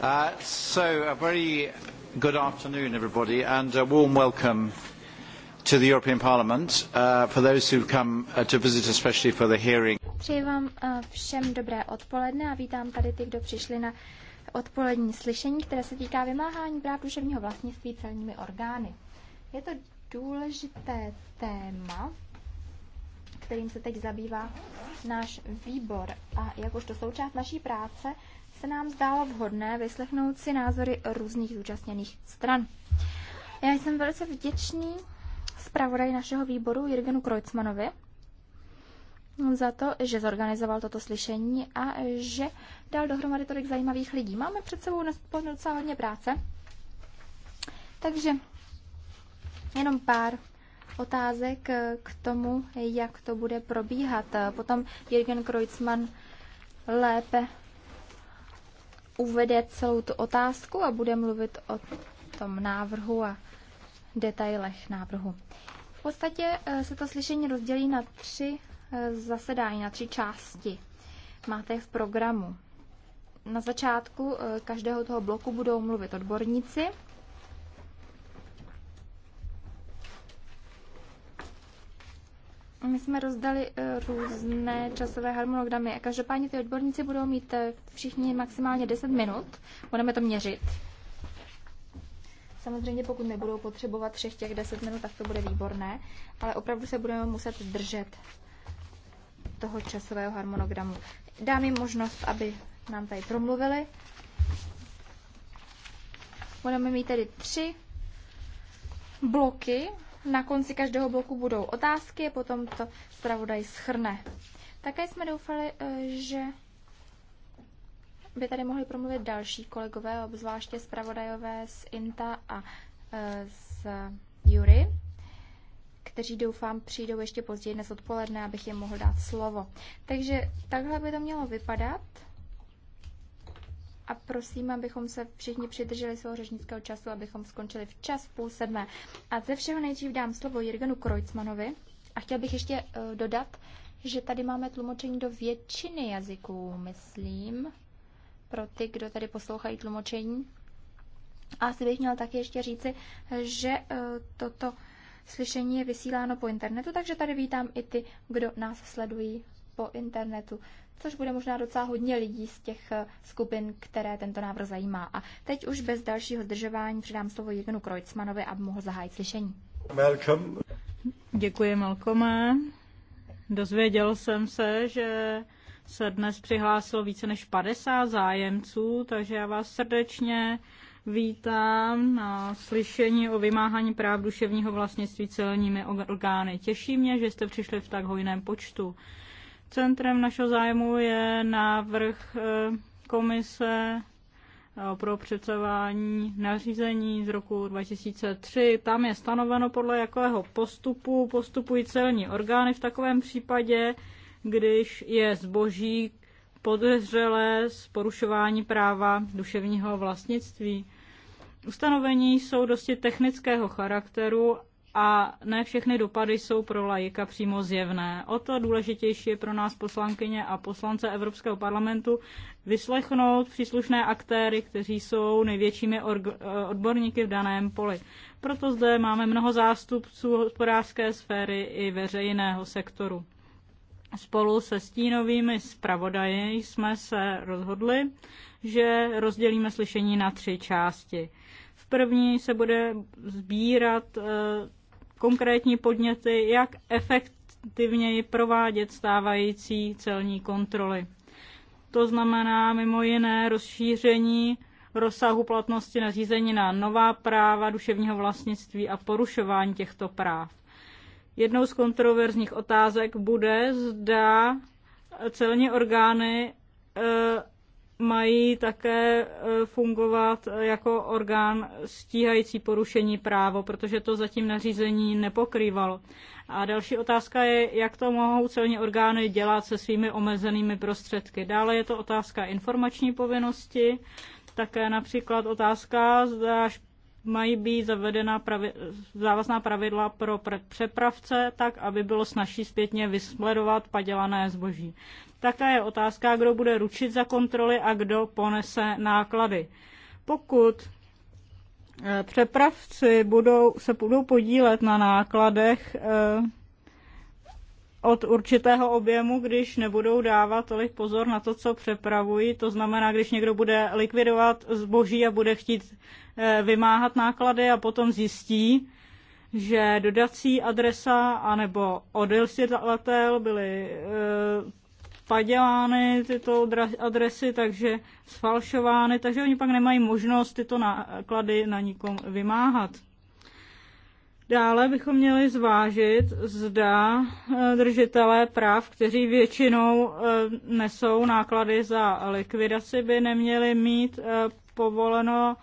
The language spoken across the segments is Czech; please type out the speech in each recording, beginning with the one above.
Uh, so, a very good afternoon, everybody, and a warm welcome to the European Parliament uh, for those who come uh, to visit, especially for the hearing. Přeji vám uh, všem dobré odpoledne a vítám tady ty, kdo přišli na odpolední slyšení, které se týká vymáhání práv duševního vlastnictví celními orgány. Je to důležité téma, kterým se teď zabývá náš výbor. A jakožto součást naší práce se nám zdálo vhodné vyslechnout si názory různých zúčastněných stran. Já jsem velice vděčný zpravodaj našeho výboru Jirgenu Kreutzmanovi za to, že zorganizoval toto slyšení a že dal dohromady tolik zajímavých lidí. Máme před sebou docela hodně práce, takže jenom pár otázek eh, k tomu, jak to bude probíhat. Eh, potom Jürgen Kreuzmann lépe uvede celou tu otázku a bude mluvit o tom návrhu a detailech návrhu. V podstatě eh, se to slyšení rozdělí na tři zasedání, na tři části. Máte v programu. Na začátku každého toho bloku budou mluvit odborníci My jsme rozdali eh, různé časové harmonogramy a každopádně ty odborníci budou mít eh, všichni maximálně 10 minut. Budeme to měřit. Samozřejmě pokud nebudou potřebovat všech těch 10 minut, tak to bude výborné, ale opravdu se budeme muset držet toho časového harmonogramu. Dám jim možnost, aby nám tady promluvili. Budeme mít tedy tři bloky na konci každého bloku budou otázky, potom to zpravodaj schrne. Také jsme doufali, eh, že by tady mohli promluvit další kolegové, obzvláště zpravodajové z INTA a eh, z Jury, kteří doufám přijdou ještě později dnes odpoledne, abych jim mohl dát slovo. Takže takhle by to mělo vypadat a prosím, abychom se všichni přidrželi svého řečnického času, abychom skončili včas půl sedmé. A ze všeho nejdřív dám slovo Jirgenu Krojcmanovi a chtěl bych ještě uh, dodat, že tady máme tlumočení do většiny jazyků, myslím, pro ty, kdo tady poslouchají tlumočení. A asi bych měl taky ještě říci, že uh, toto slyšení je vysíláno po internetu, takže tady vítám i ty, kdo nás sledují po internetu což bude možná docela hodně lidí z těch eh, skupin, které tento návrh zajímá. A teď už bez dalšího zdržování předám slovo Jirgenu Krojcmanovi, aby mohl zahájit slyšení. Malcolm. Děkuji, Malcolme. Dozvěděl jsem se, že se dnes přihlásilo více než 50 zájemců, takže já vás srdečně vítám na slyšení o vymáhání práv duševního vlastnictví celními orgány. Těší mě, že jste přišli v tak hojném počtu. Centrem našeho zájmu je návrh eh, komise eh, pro předsevání nařízení z roku 2003. Tam je stanoveno podle jakého postupu postupují celní orgány v takovém případě, když je zboží podezřelé z porušování práva duševního vlastnictví. Ustanovení jsou dosti technického charakteru a ne všechny dopady jsou pro lajka přímo zjevné. O to důležitější je pro nás poslankyně a poslance Evropského parlamentu vyslechnout příslušné aktéry, kteří jsou největšími eh, odborníky v daném poli. Proto zde máme mnoho zástupců hospodářské sféry i veřejného sektoru. Spolu se stínovými zpravodaji jsme se rozhodli, že rozdělíme slyšení na tři části. V první se bude sbírat eh, konkrétní podněty, jak efektivněji provádět stávající celní kontroly. To znamená mimo jiné rozšíření rozsahu platnosti nařízení na nová práva duševního vlastnictví a porušování těchto práv. Jednou z kontroverzních otázek bude, zda celní orgány eh, mají také e, fungovat jako orgán stíhající porušení právo, protože to zatím nařízení nepokrývalo. A další otázka je, jak to mohou celní orgány dělat se svými omezenými prostředky. Dále je to otázka informační povinnosti, také například otázka, zda mají být zavedena pravi, závazná pravidla pro přepravce, tak aby bylo snažší zpětně vysledovat padělané zboží. Také je otázka, kdo bude ručit za kontroly a kdo ponese náklady. Pokud eh, přepravci budou, se budou podílet na nákladech eh, od určitého objemu, když nebudou dávat tolik pozor na to, co přepravují. To znamená, když někdo bude likvidovat zboží a bude chtít eh, vymáhat náklady a potom zjistí, že dodací adresa anebo odesilatel byly padělány tyto adresy, takže sfalšovány, takže oni pak nemají možnost tyto náklady na nikom vymáhat. Dále bychom měli zvážit, zda eh, držitelé práv, kteří většinou eh, nesou náklady za likvidaci, by neměli mít eh, povoleno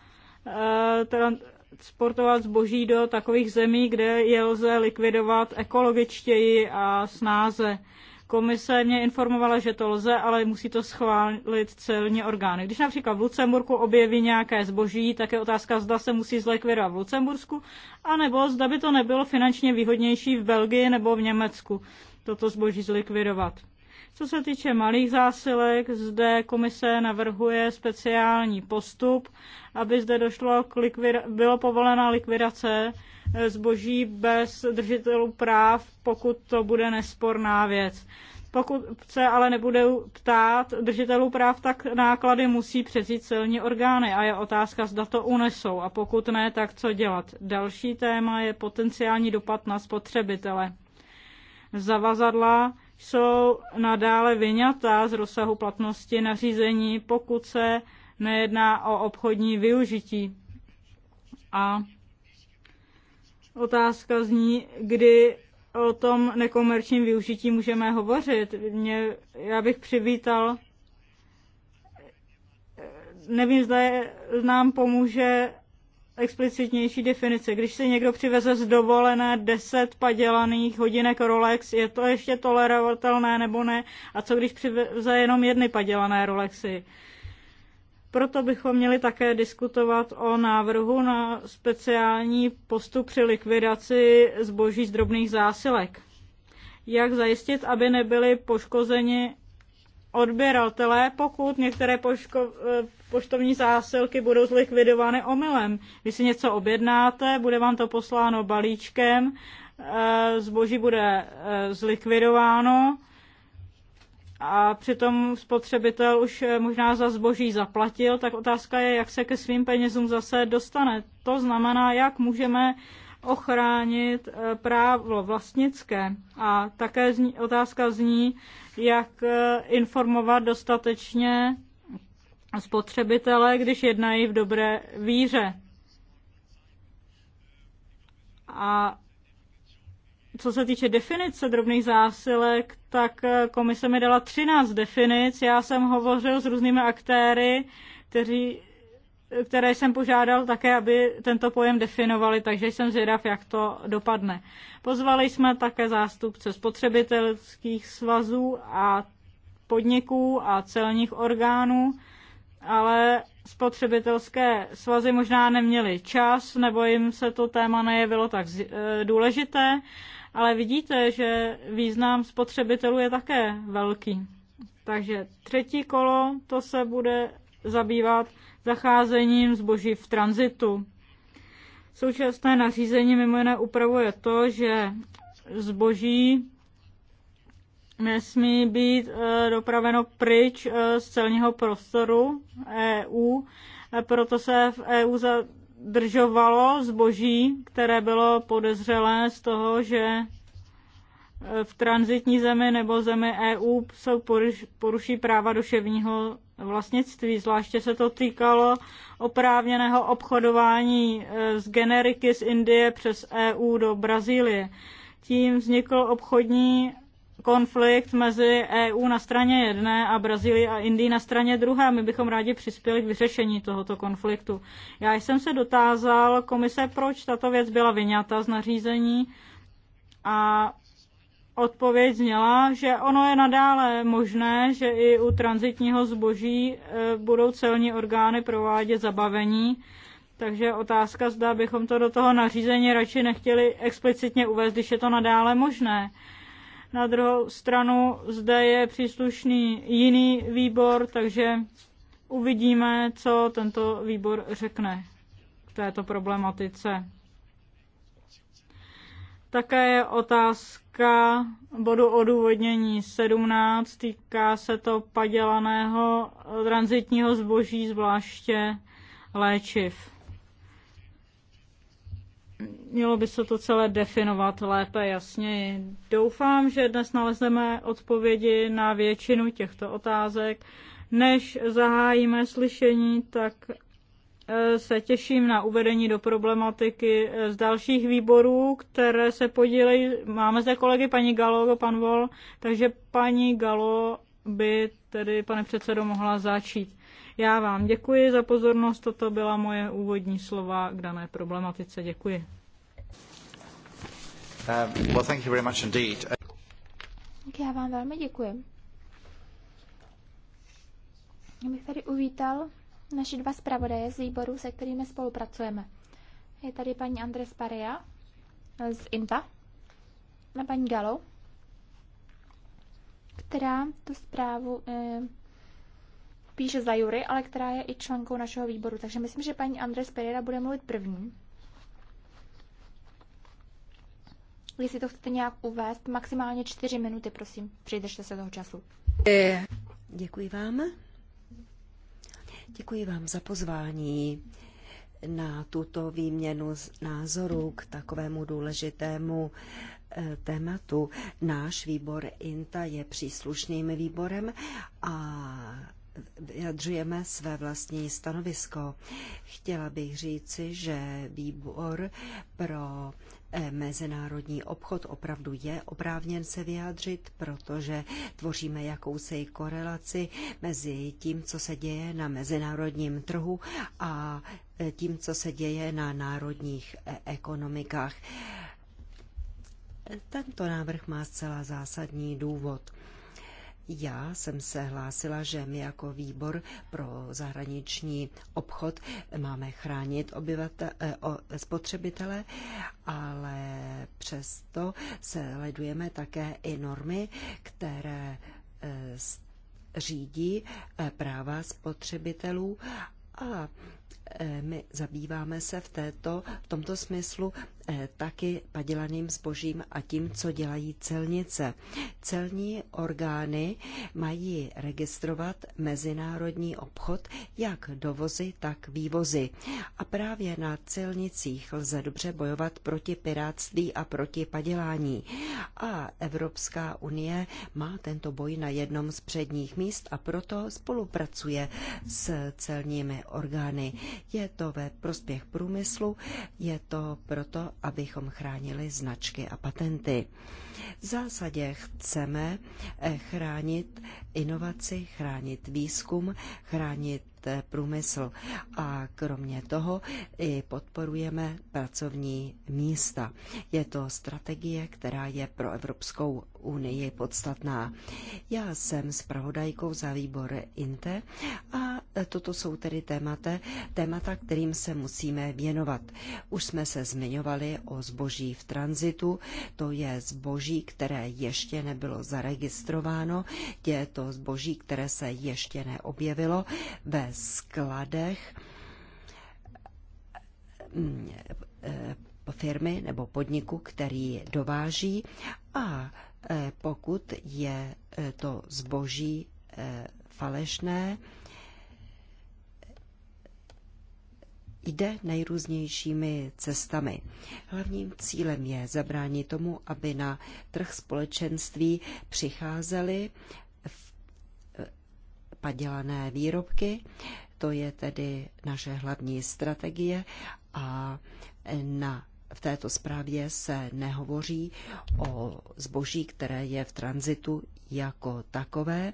transportovat zboží do takových zemí, kde je lze likvidovat ekologičtěji a snáze. Komise mě informovala, že to lze, ale musí to schválit celní orgány. Když například v Lucemburku objeví nějaké zboží, tak je otázka, zda se musí zlikvidovat v Lucembursku, anebo zda by to nebylo finančně výhodnější v Belgii nebo v Německu toto zboží zlikvidovat. Co se týče malých zásilek, zde komise navrhuje speciální postup, aby zde došlo k likvida- bylo povolena likvidace eh, zboží bez držitelů práv, pokud to bude nesporná věc. Pokud se ale nebude ptát držitelů práv, tak náklady musí přezít celní orgány a je otázka, zda to unesou a pokud ne, tak co dělat. Další téma je potenciální dopad na spotřebitele. Zavazadla jsou nadále vyňata z rozsahu platnosti nařízení, pokud se nejedná o obchodní využití. A otázka zní, kdy o tom nekomerčním využití můžeme hovořit. Mě, já bych přivítal, nevím, zda je, nám pomůže explicitnější definice. Když si někdo přiveze z dovolené 10 padělaných hodinek Rolex, je to ještě tolerovatelné nebo ne? A co když přiveze jenom jedny padělané Rolexy? Proto bychom měli také diskutovat o návrhu na speciální postup při likvidaci zboží z drobných zásilek. Jak zajistit, aby nebyly poškozeni odběratelé, pokud některé poško, eh, poštovní zásilky budou zlikvidovány omylem. Když si něco objednáte, bude vám to posláno balíčkem, eh, zboží bude eh, zlikvidováno a přitom spotřebitel už možná za zboží zaplatil, tak otázka je, jak se ke svým penězům zase dostane. To znamená, jak můžeme ochránit eh, právo vlastnické. A také zní, otázka zní, jak eh, informovat dostatečně spotřebitele, když jednají v dobré víře. A co se týče definice drobných zásilek, tak eh, komise mi dala 13 definic. Já jsem hovořil s různými aktéry, kteří které jsem požádal také, aby tento pojem definovali, takže jsem zvědav, jak to dopadne. Pozvali jsme také zástupce spotřebitelských svazů a podniků a celních orgánů, ale spotřebitelské svazy možná neměly čas, nebo jim se to téma nejevilo tak e, důležité, ale vidíte, že význam spotřebitelů je také velký. Takže třetí kolo, to se bude zabývat zacházením zboží v tranzitu. Současné nařízení mimo jiné upravuje to, že zboží nesmí být eh, dopraveno pryč eh, z celního prostoru EU, eh, proto se v EU zadržovalo zboží, které bylo podezřelé z toho, že v transitní zemi nebo zemi EU jsou poruší práva duševního vlastnictví. Zvláště se to týkalo oprávněného obchodování eh, z generiky z Indie přes EU do Brazílie. Tím vznikl obchodní konflikt mezi EU na straně jedné a Brazílii a Indii na straně druhé. My bychom rádi přispěli k vyřešení tohoto konfliktu. Já jsem se dotázal komise, proč tato věc byla vyňata z nařízení a odpověď zněla, že ono je nadále možné, že i u transitního zboží eh, budou celní orgány provádět zabavení. Takže otázka, zda bychom to do toho nařízení radši nechtěli explicitně uvést, když je to nadále možné. Na druhou stranu zde je příslušný jiný výbor, takže uvidíme, co tento výbor řekne k této problematice. Také je otázka, týká bodu odůvodnění 17, týká se to padělaného transitního zboží, zvláště léčiv. Mělo by se to celé definovat lépe, jasněji. Doufám, že dnes nalezneme odpovědi na většinu těchto otázek. Než zahájíme slyšení, tak E, se těším na uvedení do problematiky e, z dalších výborů, které se podílejí. Máme zde kolegy paní Galo a pan Vol, takže paní Galo by tedy, pane předsedo, mohla začít. Já vám děkuji za pozornost, toto byla moje úvodní slova k dané problematice. Děkuji. Uh, well, thank you very much indeed. Já vám velmi děkuji. Já bych tady uvítal naši dva zpravodaje z výboru, se kterými spolupracujeme. Je tady paní Andres Parea z INTA a paní Galo, která tu zprávu e, píše za Jury, ale která je i členkou našeho výboru. Takže myslím, že paní Andres Pereira bude mluvit první. Jestli to chcete nějak uvést, maximálně čtyři minuty, prosím, přidržte se toho času. Děkuji vám. Děkuji vám za pozvání na tuto výměnu názorů k takovému důležitému eh, tématu. Náš výbor INTA je příslušným výborem a vyjadřujeme své vlastní stanovisko. Chtěla bych říci, že výbor pro Eh, mezinárodní obchod opravdu je oprávněn se vyjádřit, protože tvoříme jakousi korelaci mezi tím, co se děje na mezinárodním trhu a eh, tím, co se děje na národních eh, ekonomikách. Tento návrh má zcela zásadní důvod. Já jsem se hlásila, že my jako výbor pro zahraniční obchod máme chránit obyvatel, eh, spotřebitele, ale přesto ledujeme také i normy, které eh, řídí eh, práva spotřebitelů a Eh, my zabýváme se v, této, v tomto smyslu eh, taky padělaným zbožím a tím, co dělají celnice. Celní orgány mají registrovat mezinárodní obchod, jak dovozy, tak vývozy. A právě na celnicích lze dobře bojovat proti pirátství a proti padělání. A Evropská unie má tento boj na jednom z předních míst a proto spolupracuje s celními orgány. Je to ve prospěch průmyslu, je to proto, abychom chránili značky a patenty. V zásadě chceme eh, chránit inovaci, chránit výzkum, chránit eh, průmysl a kromě toho i podporujeme pracovní místa. Je to strategie, která je pro Evropskou unii podstatná. Já jsem zpravodajkou za výbor INTE a eh, toto jsou tedy témata, témata, kterým se musíme věnovat. Už jsme se zmiňovali o zboží v tranzitu, to je zboží zboží, které ještě nebylo zaregistrováno, je to zboží, které se ještě neobjevilo ve skladech mm, e, firmy nebo podniku, který dováží a e, pokud je e, to zboží falešné, jde nejrůznějšími cestami. Hlavním cílem je zabránit tomu, aby na trh společenství přicházely eh, padělané výrobky. To je tedy naše hlavní strategie a na v této zprávě se nehovoří o zboží, které je v tranzitu jako takové.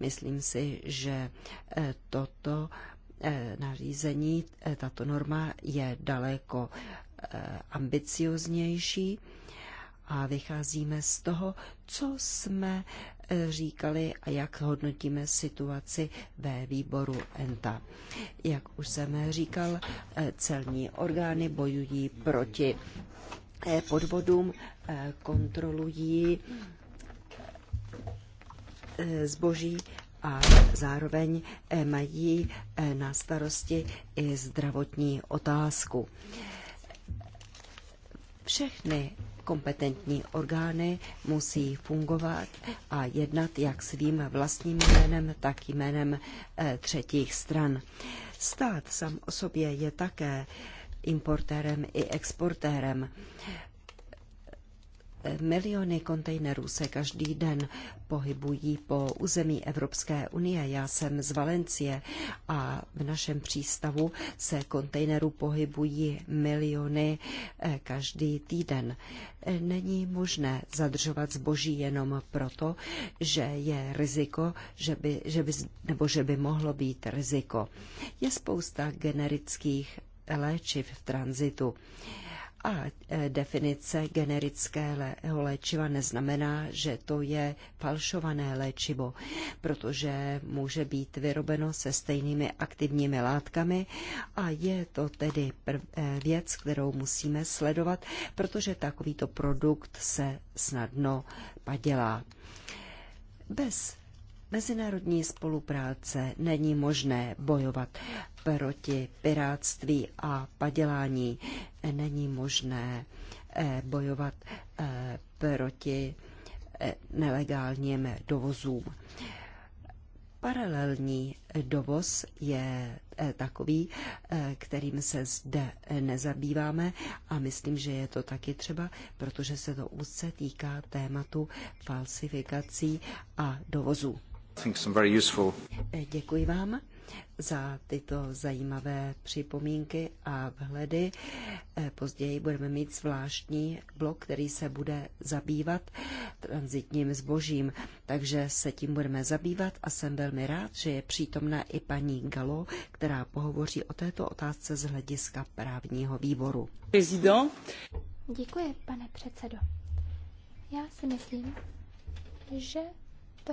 Myslím si, že eh, toto Eh, nařízení eh, tato norma je daleko eh, ambicioznější a vycházíme z toho, co jsme říkali a jak hodnotíme situaci ve výboru ENTA. Jak už jsem říkal, celní orgány bojují proti podvodům, kontrolují zboží a zároveň eh, mají eh, na starosti i zdravotní otázku. Všechny kompetentní orgány musí fungovat a jednat jak svým vlastním jménem, tak jménem eh, třetích stran. Stát sám o sobě je také importérem i exportérem. Miliony kontejnerů se každý den pohybují po území Evropské unie. Já jsem z Valencie a v našem přístavu se kontejnerů pohybují miliony eh, každý týden. Eh, není možné zadržovat zboží jenom proto, že je riziko, že by, že by, nebo že by mohlo být riziko. Je spousta generických léčiv v tranzitu. A e, definice generického léčiva neznamená, že to je falšované léčivo, protože může být vyrobeno se stejnými aktivními látkami a je to tedy e, věc, kterou musíme sledovat, protože takovýto produkt se snadno padělá. Bez mezinárodní spolupráce není možné bojovat proti piráctví a padělání. Není možné eh, bojovat eh, proti eh, nelegálním dovozům. Paralelní dovoz je takový, kterým se zde nezabýváme a myslím, že je to taky třeba, protože se to úzce týká tématu falsifikací a dovozů. Eh, děkuji vám za tyto zajímavé připomínky a vhledy. Eh, později budeme mít zvláštní blok, který se bude zabývat transitním zbožím, takže se tím budeme zabývat a jsem velmi rád, že je přítomna i paní Galo, která pohovoří o této otázce z hlediska právního výboru. Prezident. Děkuji, pane předsedo. Já si myslím, že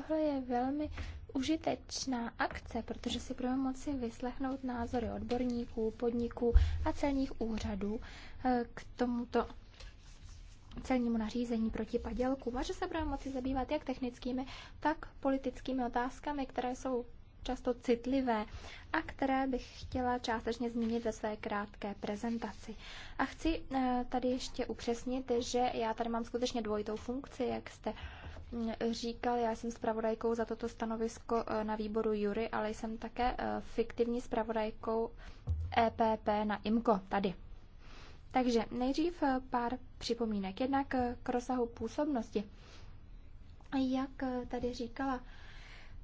tohle je velmi užitečná akce, protože si budeme moci vyslechnout názory odborníků, podniků a celních úřadů eh, k tomuto celnímu nařízení proti padělkům a že se budeme moci zabývat jak technickými, tak politickými otázkami, které jsou často citlivé a které bych chtěla částečně zmínit ve své krátké prezentaci. A chci eh, tady ještě upřesnit, že já tady mám skutečně dvojitou funkci, jak jste říkal, já jsem zpravodajkou za toto stanovisko eh, na výboru Jury, ale jsem také eh, fiktivní zpravodajkou EPP na IMKO tady. Takže nejdřív eh, pár připomínek. Jednak k rozsahu působnosti. Jak tady říkala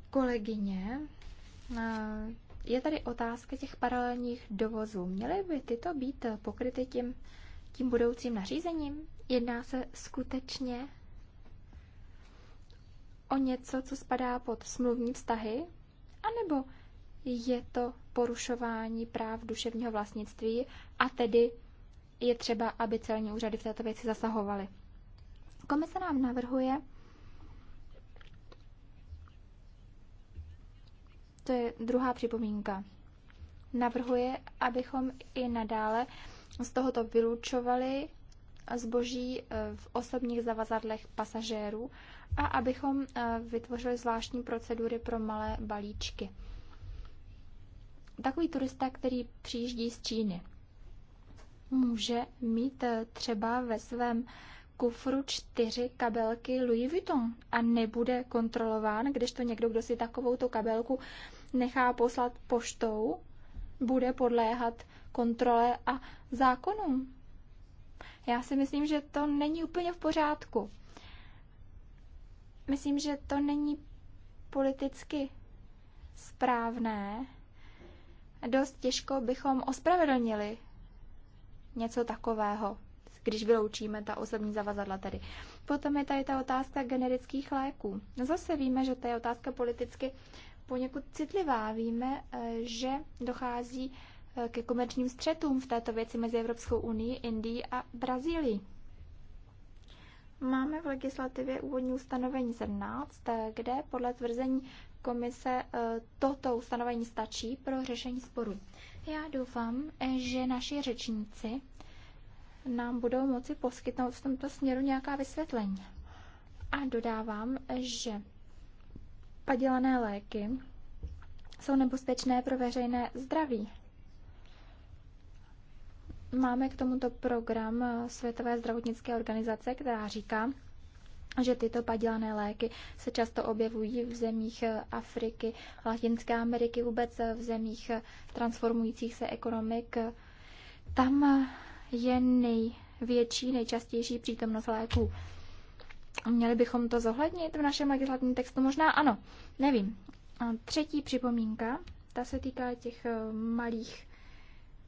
kolegyně, je tady otázka těch paralelních dovozů. Měly by tyto být pokryty tím, tím budoucím nařízením? Jedná se skutečně o něco, co spadá pod smluvní vztahy? A nebo je to porušování práv duševního vlastnictví a tedy je třeba, aby celní úřady v této věci zasahovaly? Komise nám navrhuje, to je druhá připomínka, navrhuje, abychom i nadále z tohoto vylučovali zboží eh, v osobních zavazadlech pasažérů a abychom eh, vytvořili zvláštní procedury pro malé balíčky. Takový turista, který přijíždí z Číny, může mít eh, třeba ve svém kufru čtyři kabelky Louis Vuitton a nebude kontrolován, když to někdo, kdo si takovou tu kabelku nechá poslat poštou, bude podléhat kontrole a zákonům. Já si myslím, že to není úplně v pořádku myslím, že to není politicky správné. Dost těžko bychom ospravedlnili něco takového, když vyloučíme ta osobní zavazadla tedy. Potom je tady ta otázka generických léků. Zase víme, že to je otázka politicky poněkud citlivá. Víme, eh, že dochází eh, ke komerčním střetům v této věci mezi Evropskou unii, Indií a Brazílií. Máme v legislativě úvodní ustanovení 17, kde podle tvrzení komise eh, toto ustanovení stačí pro řešení sporu. Já doufám, že naši řečníci nám budou moci poskytnout v tomto směru nějaká vysvětlení. A dodávám, že padělané léky jsou nebezpečné pro veřejné zdraví. Máme k tomuto program eh, Světové zdravotnické organizace, která říká, že tyto padělané léky se často objevují v zemích eh, Afriky, Latinské Ameriky, vůbec eh, v zemích transformujících se ekonomik. Tam je největší, nejčastější přítomnost léků. Měli bychom to zohlednit v našem legislativním textu? Možná ano, nevím. třetí připomínka, ta se týká těch malých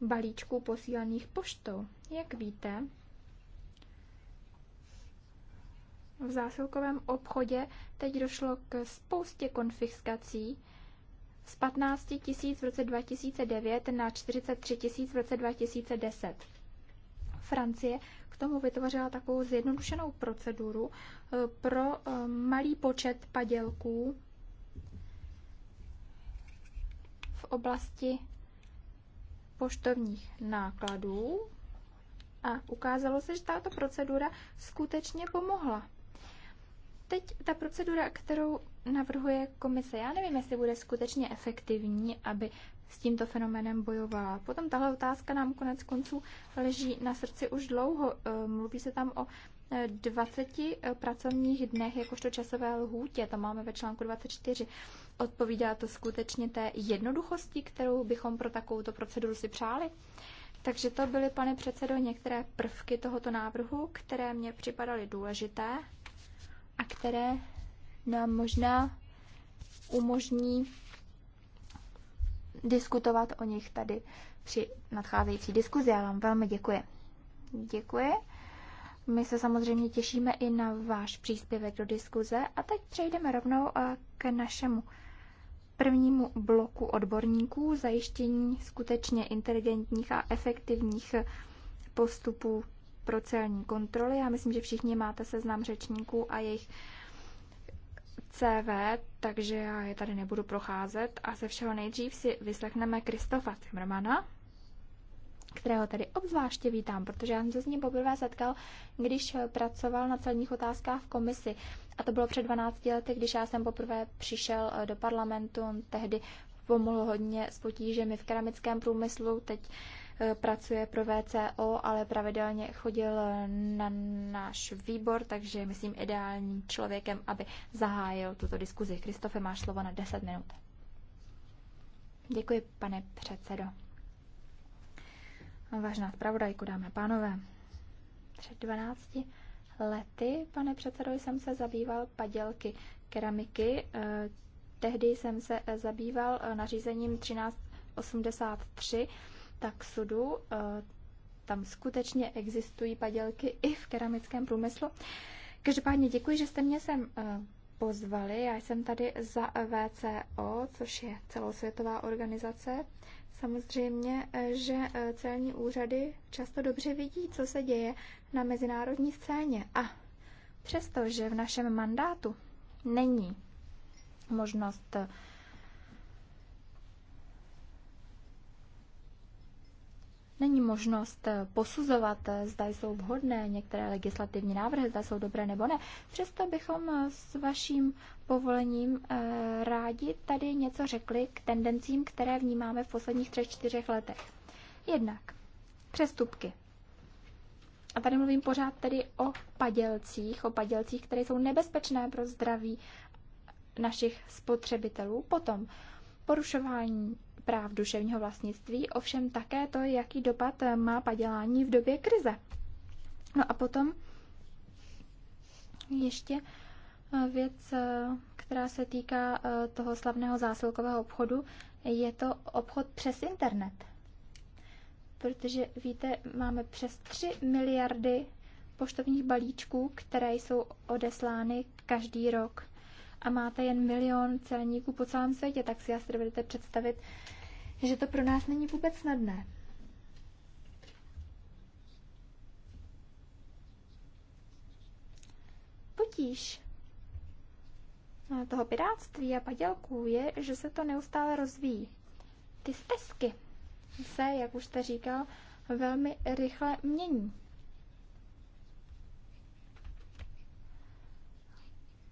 balíčků posílaných poštou. Jak víte, v zásilkovém obchodě teď došlo k spoustě konfiskací z 15 tisíc v roce 2009 na 43 tisíc v roce 2010. Francie k tomu vytvořila takovou zjednodušenou proceduru eh, pro eh, malý počet padělků v oblasti poštovních nákladů a ukázalo se, že tato procedura skutečně pomohla. Teď ta procedura, kterou navrhuje komise, já nevím, jestli bude skutečně efektivní, aby s tímto fenoménem bojovala. Potom tahle otázka nám konec konců leží na srdci už dlouho. Eh, mluví se tam o 20 eh, eh, pracovních dnech jakožto časové lhůtě, to máme ve článku 24. Odpovídá to skutečně té jednoduchosti, kterou bychom pro takovouto proceduru si přáli? Takže to byly, pane předsedo, některé prvky tohoto návrhu, které mě připadaly důležité a které nám možná umožní diskutovat o nich tady při nadcházející diskuzi. Já vám velmi děkuji. Děkuji. My se samozřejmě těšíme i na váš příspěvek do diskuze a teď přejdeme rovnou eh, k našemu prvnímu bloku odborníků, zajištění skutečně inteligentních a efektivních postupů pro celní kontroly. Já myslím, že všichni máte seznam řečníků a jejich CV, takže já je tady nebudu procházet a ze všeho nejdřív si vyslechneme Kristofa Zimmermana, kterého tady obzvláště vítám, protože já jsem se s ním poprvé setkal, když pracoval na celních otázkách v komisi. A to bylo před 12 lety, když já jsem poprvé přišel eh, do parlamentu. On tehdy pomohl hodně s potížemi v keramickém průmyslu, teď eh, pracuje pro VCO, ale pravidelně chodil eh, na náš výbor, takže myslím, ideálním člověkem, aby zahájil tuto diskuzi. Kristofe, máš slovo na 10 minut. Děkuji, pane předsedo. Vážná zpravodajku, dámy a pánové, před 12 lety, pane předsedo, jsem se zabýval padělky keramiky. Eh, tehdy jsem se eh, zabýval eh, nařízením 1383 tak sudu. Tam skutečně existují padělky i v keramickém průmyslu. Každopádně děkuji, že jste mě sem pozvali. Já jsem tady za VCO, což je celosvětová organizace Samozřejmě, eh, že eh, celní úřady často dobře vidí, co se děje na mezinárodní scéně. A přestože v našem mandátu není možnost eh, není možnost eh, posuzovat, eh, zda jsou vhodné některé legislativní návrhy, zda jsou dobré nebo ne. Přesto bychom eh, s vaším povolením rádi tady něco řekli k tendencím, které vnímáme v posledních třech, čtyřech letech. Jednak přestupky. A tady mluvím pořád tedy o padělcích, o padělcích, které jsou nebezpečné pro zdraví našich spotřebitelů. Potom porušování práv duševního vlastnictví, ovšem také to, jaký dopad má padělání v době krize. No a potom ještě eh, věc, eh, která se týká eh, toho slavného zásilkového obchodu, je to obchod přes internet. Protože víte, máme přes 3 miliardy poštovních balíčků, které jsou odeslány každý rok a máte jen milion celníků po celém světě, tak si asi dovedete představit, že to pro nás není vůbec snadné. Potíž eh, toho pirátství a padělků je, že se to neustále rozvíjí. Ty stezky se, jak už jste říkal, velmi rychle mění.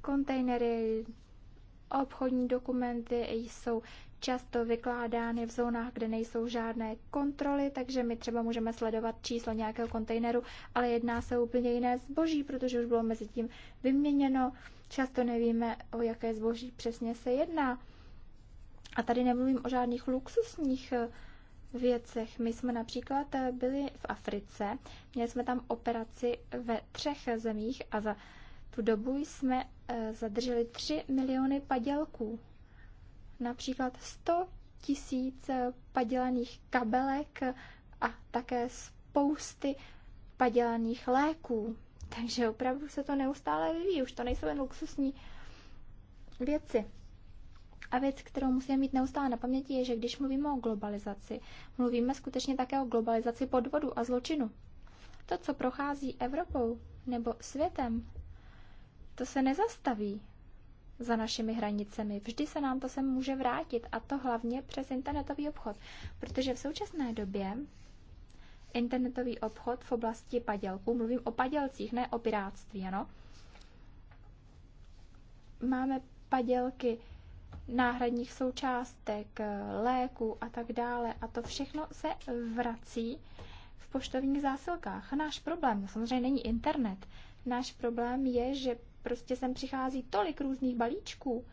Kontejnery, obchodní dokumenty jsou často vykládány v zónách, kde nejsou žádné kontroly, takže my třeba můžeme sledovat číslo nějakého kontejneru, ale jedná se úplně jiné zboží, protože už bylo mezi tím vyměněno. Často nevíme, o jaké zboží přesně se jedná. A tady nemluvím o žádných luxusních eh, věcech. My jsme například eh, byli v Africe, měli jsme tam operaci ve třech zemích a za tu dobu jsme eh, zadrželi 3 miliony padělků. Například 100 tisíc eh, padělaných kabelek eh, a také spousty padělaných léků. Takže opravdu se to neustále vyvíjí, už to nejsou jen luxusní věci. A věc, kterou musíme mít neustále na paměti, je, že když mluvíme o globalizaci, mluvíme skutečně také o globalizaci podvodu a zločinu. To, co prochází Evropou nebo světem, to se nezastaví za našimi hranicemi. Vždy se nám to sem může vrátit a to hlavně přes internetový obchod, protože v současné době internetový obchod v oblasti padělků, mluvím o padělcích, ne o piráctví, ano. Máme padělky náhradních součástek, léků a tak dále a to všechno se vrací v poštovních zásilkách. náš problém samozřejmě není internet. Náš problém je, že prostě sem přichází tolik různých balíčků,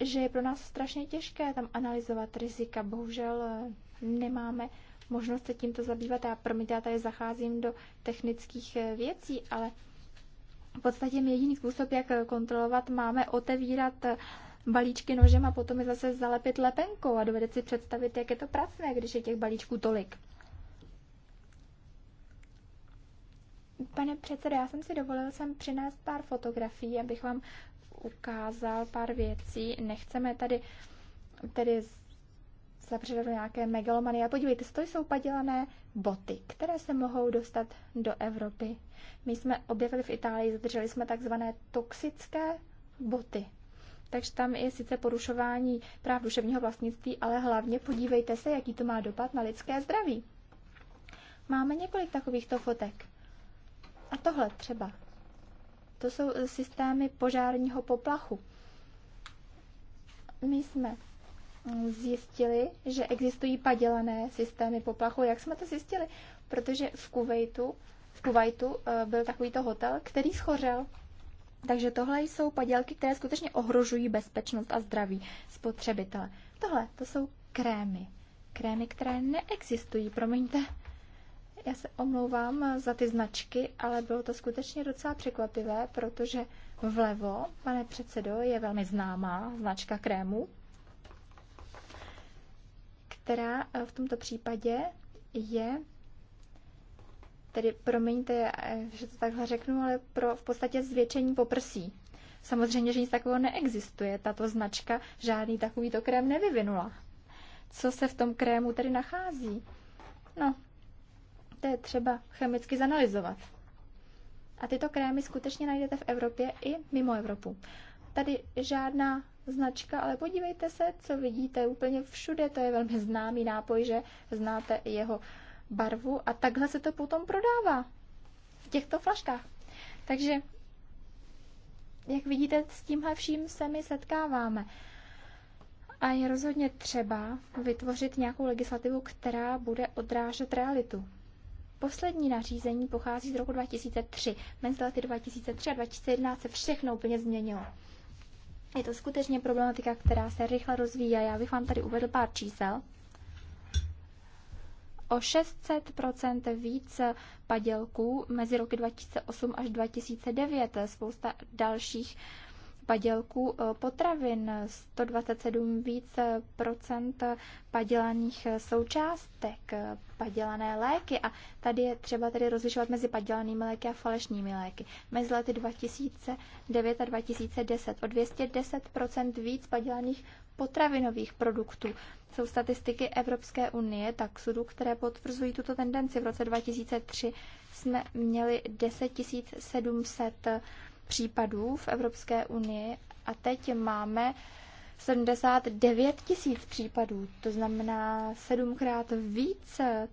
že je pro nás strašně těžké tam analyzovat rizika. Bohužel eh, nemáme možnost se tímto zabývat. Já promiňte, já tady zacházím do technických eh, věcí, ale v podstatě jediný způsob, jak eh, kontrolovat, máme otevírat balíčky nožem a potom je zase zalepit lepenkou a dovedete si představit, jak je to pracné, když je těch balíčků tolik. Pane předsedo, já jsem si dovolil sem přinést pár fotografií, abych vám ukázal pár věcí. Nechceme tady tedy zapředat do nějaké megalomany. A podívejte to jsou padělané boty, které se mohou dostat do Evropy. My jsme objevili v Itálii, zadrželi jsme takzvané toxické boty. Takže tam je sice porušování práv duševního vlastnictví, ale hlavně podívejte se, jaký to má dopad na lidské zdraví. Máme několik takovýchto fotek. A tohle třeba. To jsou eh, systémy požárního poplachu. My jsme hm, zjistili, že existují padělané systémy poplachu. Jak jsme to zjistili? Protože v Kuwaitu, v Kuwaitu eh, byl takovýto hotel, který schořel. Takže tohle jsou padělky, které skutečně ohrožují bezpečnost a zdraví spotřebitele. Tohle, to jsou krémy. Krémy, které neexistují, promiňte. Já se omlouvám eh, za ty značky, ale bylo to skutečně docela překvapivé, protože vlevo, pane předsedo, je velmi známá značka krému, která eh, v tomto případě je tedy promiňte, eh, že to takhle řeknu, ale pro v podstatě zvětšení poprsí. Samozřejmě, že nic takového neexistuje. Tato značka žádný takovýto krém nevyvinula. Co se v tom krému tedy nachází? No, to je třeba chemicky zanalizovat. A tyto krémy skutečně najdete v Evropě i mimo Evropu. Tady žádná značka, ale podívejte se, co vidíte úplně všude. To je velmi známý nápoj, že znáte jeho barvu a takhle se to potom prodává v těchto flaškách. Takže, jak vidíte, s tímhle vším se my setkáváme. A je rozhodně třeba vytvořit nějakou legislativu, která bude odrážet realitu. Poslední nařízení pochází z roku 2003. Mezi lety 2003 a 2011 se všechno úplně změnilo. Je to skutečně problematika, která se rychle rozvíjí a já bych vám tady uvedl pár čísel. O 600% víc padělků mezi roky 2008 až 2009, spousta dalších uh, padělků eh, potravin, 127 víc eh, procent padělaných eh, součástek, padělané léky a tady je třeba tedy rozlišovat mezi padělanými léky a falešnými léky. Mezi lety 2009 a 2010 o 210% procent víc padělaných potravinových produktů. Jsou statistiky Evropské unie taxudu, které potvrzují tuto tendenci. V roce 2003 jsme měli 10 700 případů v Evropské unii a teď máme 79 tisíc případů, to znamená sedmkrát více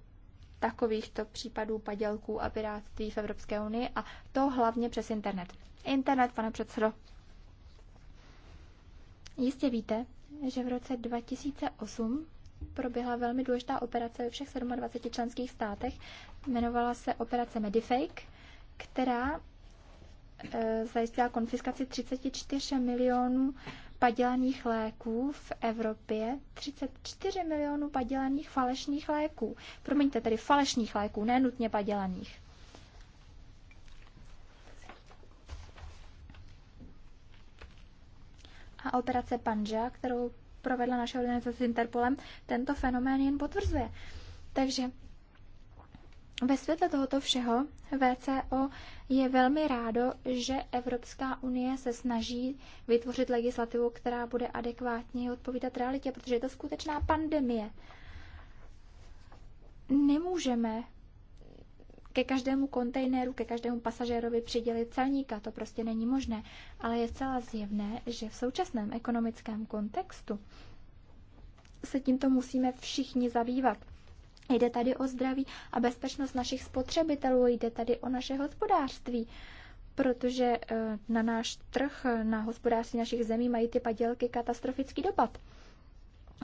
takovýchto případů padělků a pirátství v Evropské unii a to hlavně přes internet. Internet, pane předsedo. Jistě víte, že v roce 2008 proběhla velmi důležitá operace ve všech 27 členských státech. Jmenovala se operace Medifake, která Eh, zajistila konfiskaci 34 milionů padělaných léků v Evropě, 34 milionů padělaných falešných léků. Promiňte, tedy falešných léků, ne nutně padělaných. A operace Panja, kterou provedla naše organizace s Interpolem, tento fenomén jen potvrzuje. Takže ve světle tohoto všeho VCO je velmi rádo, že Evropská unie se snaží vytvořit legislativu, která bude adekvátně odpovídat realitě, protože je to skutečná pandemie. Nemůžeme ke každému kontejneru, ke každému pasažérovi přidělit celníka, to prostě není možné, ale je zcela zjevné, že v současném ekonomickém kontextu se tímto musíme všichni zabývat. Jde tady o zdraví a bezpečnost našich spotřebitelů, jde tady o naše hospodářství, protože eh, na náš trh, na hospodářství našich zemí mají ty padělky katastrofický dopad.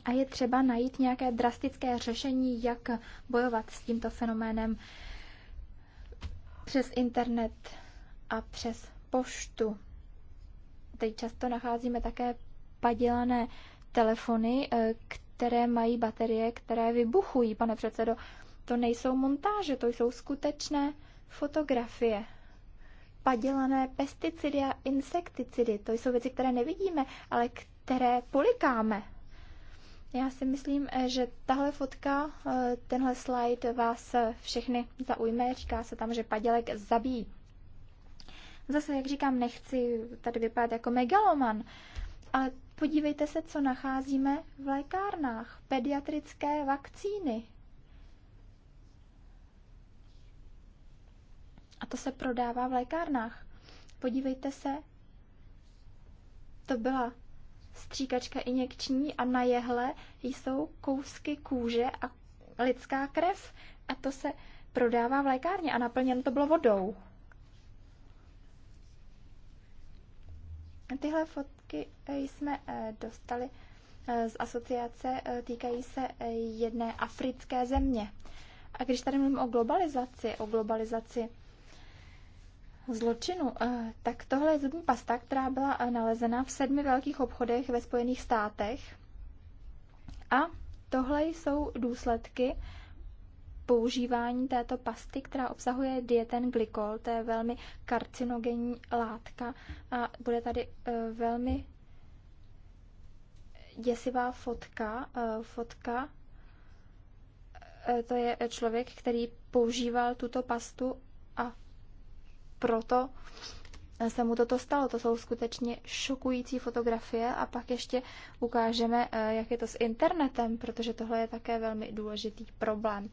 A je třeba najít nějaké drastické řešení, jak bojovat s tímto fenoménem přes internet a přes poštu. Teď často nacházíme také padělané telefony, které eh, které mají baterie, které vybuchují, pane předsedo. To nejsou montáže, to jsou skutečné fotografie. Padělané pesticidy a insekticidy, to jsou věci, které nevidíme, ale které polikáme. Já si myslím, že tahle fotka, eh, tenhle slide vás všechny zaujme. Říká se tam, že padělek zabíjí. Zase, jak říkám, nechci tady vypadat jako megaloman, ale Podívejte se, co nacházíme v lékárnách. Pediatrické vakcíny. A to se prodává v lékárnách. Podívejte se, to byla stříkačka injekční a na jehle jsou kousky kůže a lidská krev. A to se prodává v lékárně a naplněno to bylo vodou. Tyhle fot- otázky eh, jsme eh, dostali eh, z asociace, týkají se jedné africké země. A když tady mluvím o globalizaci, o globalizaci zločinu, tak tohle je zubní pasta, která byla nalezena v sedmi velkých obchodech ve Spojených státech. A tohle jsou důsledky používání této pasty, která obsahuje dieten glykol, to je velmi karcinogenní látka a bude tady eh, velmi děsivá fotka, eh, fotka eh, to je člověk, který používal tuto pastu a proto se mu toto stalo. To jsou skutečně šokující fotografie a pak ještě ukážeme, jak je to s internetem, protože tohle je také velmi důležitý problém.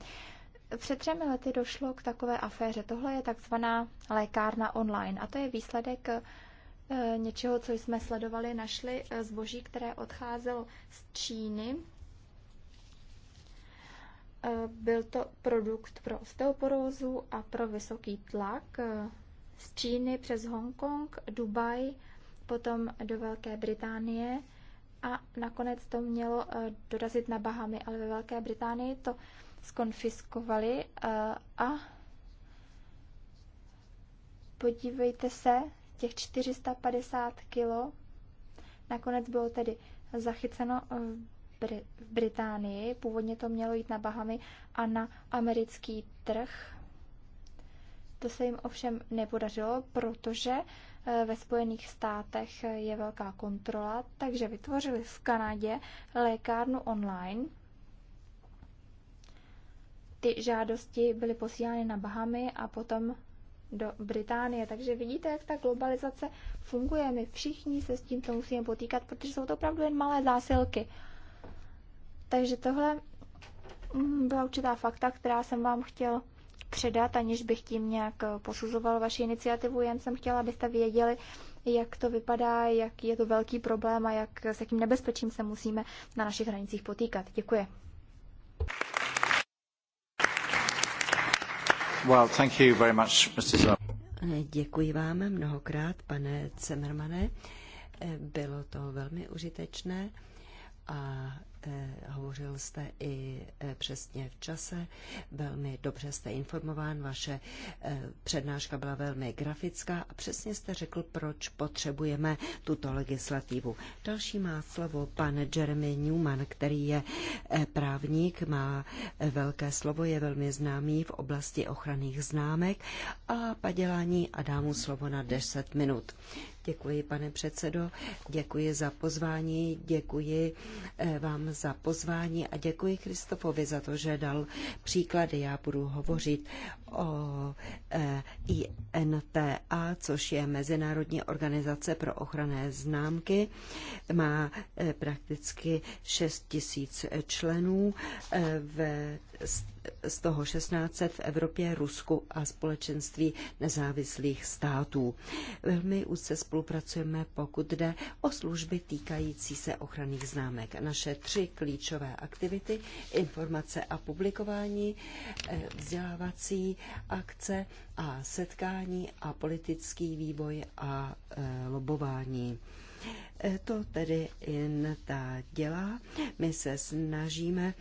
Před třemi lety došlo k takové aféře. Tohle je takzvaná lékárna online a to je výsledek eh, něčeho, co jsme sledovali, našli eh, zboží, které odcházelo z Číny. Eh, byl to produkt pro osteoporózu a pro vysoký tlak z Číny přes Hongkong, Dubaj, potom do Velké Británie a nakonec to mělo dorazit na Bahamy, ale ve Velké Británii to skonfiskovali a podívejte se, těch 450 kilo nakonec bylo tedy zachyceno v, Br- v Británii. Původně to mělo jít na Bahamy a na americký trh. To se jim ovšem nepodařilo, protože e, ve Spojených státech je velká kontrola, takže vytvořili v Kanadě lékárnu online, ty žádosti byly posílány na Bahamy a potom do Británie. Takže vidíte, jak ta globalizace funguje. My všichni se s tímto musíme potýkat, protože jsou to opravdu jen malé zásilky. Takže tohle mm, byla určitá fakta, která jsem vám chtěl předat, aniž bych tím nějak eh, posuzoval vaši iniciativu, jen jsem chtěla, abyste věděli, jak to vypadá, jak je to velký problém a jak, s jakým nebezpečím se musíme na našich hranicích potýkat. Děkuji. Well, thank you very much, Mr. Děkuji vám mnohokrát, pane Cemermane. Bylo to velmi užitečné a hovořil jste i eh, přesně v čase, velmi dobře jste informován, vaše eh, přednáška byla velmi grafická a přesně jste řekl, proč potřebujeme tuto legislativu. Další má slovo pan Jeremy Newman, který je eh, právník, má velké slovo, je velmi známý v oblasti ochranných známek a padělání a dá mu slovo na 10 minut. Děkuji, pane předsedo, děkuji za pozvání, děkuji vám za pozvání a děkuji Kristofovi za to, že dal příklady. Já budu hovořit o e, INTA, což je Mezinárodní organizace pro ochranné známky. Má e, prakticky 6 tisíc členů e, ve z toho 16 v Evropě, Rusku a společenství nezávislých států. Velmi úzce spolupracujeme, pokud jde o služby týkající se ochranných známek. Naše tři klíčové aktivity, informace a publikování, eh, vzdělávací akce a setkání a politický vývoj a eh, lobování. To tedy jen ta dělá. My se snažíme,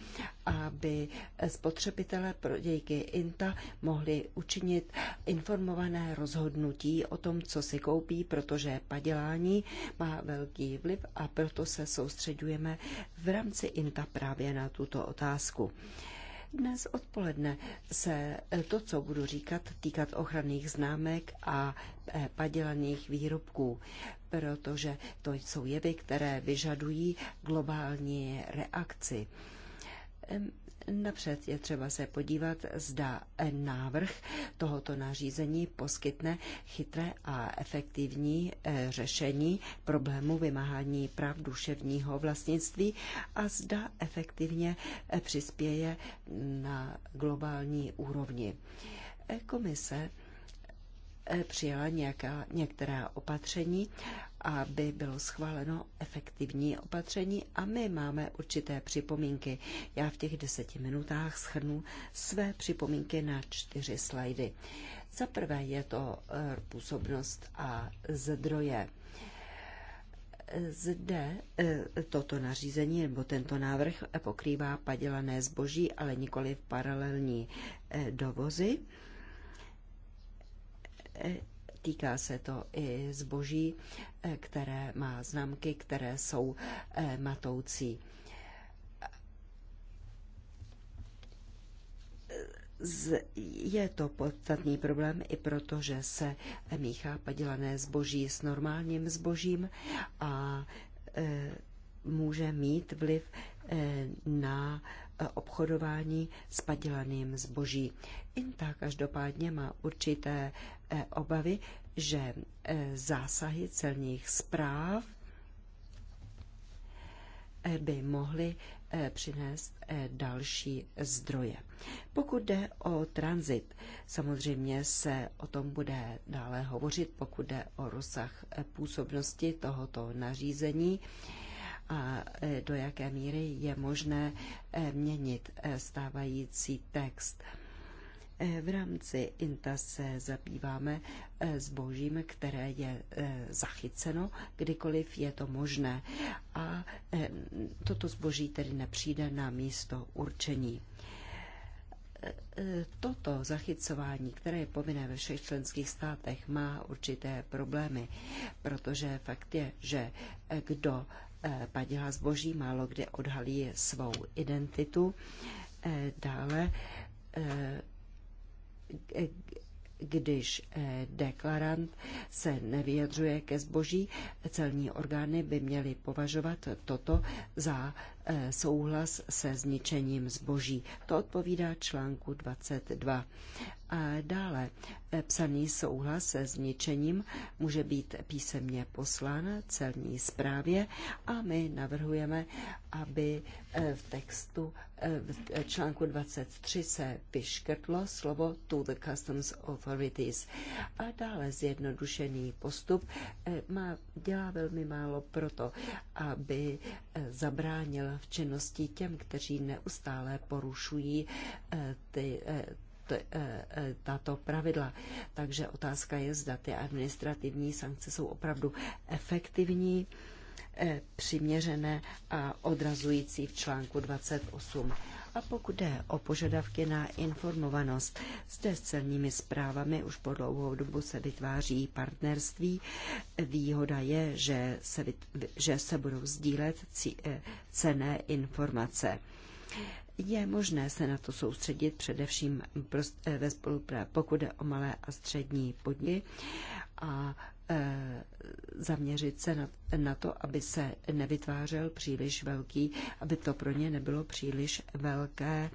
aby spotřebitelé dějky INTA mohli učinit informované rozhodnutí o tom, co si koupí, protože padělání má velký vliv a proto se soustředujeme v rámci INTA právě na tuto otázku. Dnes odpoledne se to, co budu říkat, týkat ochranných známek a padělaných výrobků protože to jsou jevy, které vyžadují globální reakci. Napřed je třeba se podívat, zda návrh tohoto nařízení poskytne chytré a efektivní eh, řešení problému vymáhání práv duševního vlastnictví a zda efektivně eh, přispěje na globální úrovni. Eh, komise přijala nějaká, některá opatření aby bylo schváleno efektivní opatření a my máme určité připomínky. Já v těch deseti minutách schrnu své připomínky na čtyři slajdy. Za prvé je to eh, působnost a zdroje zde eh, toto nařízení nebo tento návrh pokrývá padělané zboží, ale nikoli v paralelní eh, dovozy. Týká se to i zboží, eh, které má známky, které jsou eh, matoucí. Je to podstatný problém i proto, že se míchá padělané zboží s normálním zbožím a eh, může mít vliv na obchodování s padělaným zboží. Inta každopádně má určité eh, obavy, že eh, zásahy celních zpráv eh, by mohly přinést další zdroje. Pokud jde o tranzit, samozřejmě se o tom bude dále hovořit, pokud jde o rozsah působnosti tohoto nařízení a e, do jaké míry je možné e, měnit e, stávající text. V rámci INTA se zabýváme zbožím, které je zachyceno, kdykoliv je to možné. A toto zboží tedy nepřijde na místo určení toto zachycování, které je povinné ve všech členských státech, má určité problémy, protože fakt je, že kdo Eh, padělá zboží, málo kde odhalí svou identitu. Eh, dále, eh, když deklarant se nevyjadřuje ke zboží, celní orgány by měly považovat toto za Eh, souhlas se zničením zboží. To odpovídá článku 22. A dále eh, psaný souhlas se zničením může být písemně poslán celní zprávě a my navrhujeme, aby eh, v textu v článku 23 se vyškrtlo slovo to the customs authorities. A dále zjednodušený postup má, dělá velmi málo proto, aby zabránil v činnosti těm, kteří neustále porušují eh, ty, eh, eh, tato pravidla. Takže otázka je, zda ty administrativní sankce jsou opravdu efektivní, přiměřené a odrazující v článku 28. A pokud jde o požadavky na informovanost, zde s celními zprávami už po dlouhou dobu se vytváří partnerství. Výhoda je, že se, že se budou sdílet eh, cené informace. Je možné se na to soustředit především eh, ve spolupráci, pokud jde o malé a střední podniky a Eh, zaměřit se na, na to, aby se nevytvářel příliš velký, aby to pro ně nebylo příliš velké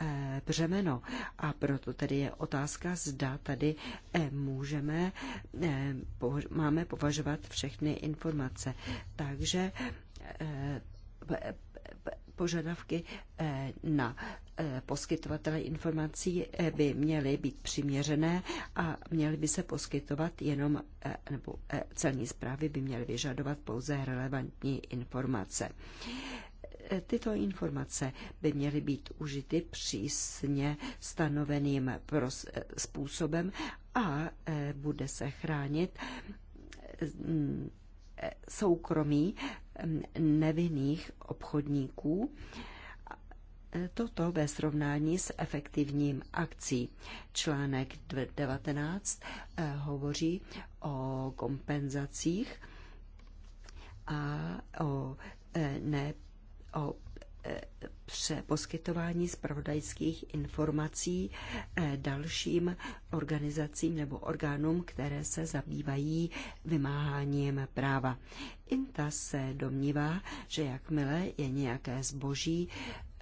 eh, břemeno. A proto tedy je otázka, zda tady eh, můžeme, máme považovat všechny informace. Takže požadavky eh, na eh, poskytovatele informací eh, by měly být přiměřené a měly by se poskytovat jenom, nebo celní zprávy by měly vyžadovat pouze relevantní informace. Tyto informace by měly být užity přísně stanoveným způsobem a bude se chránit soukromí nevinných obchodníků. Toto ve srovnání s efektivním akcí. Článek 19 eh, hovoří o kompenzacích a o, eh, ne, o poskytování zpravodajských informací eh, dalším organizacím nebo orgánům, které se zabývají vymáháním práva. INTA se domnívá, že jakmile je nějaké zboží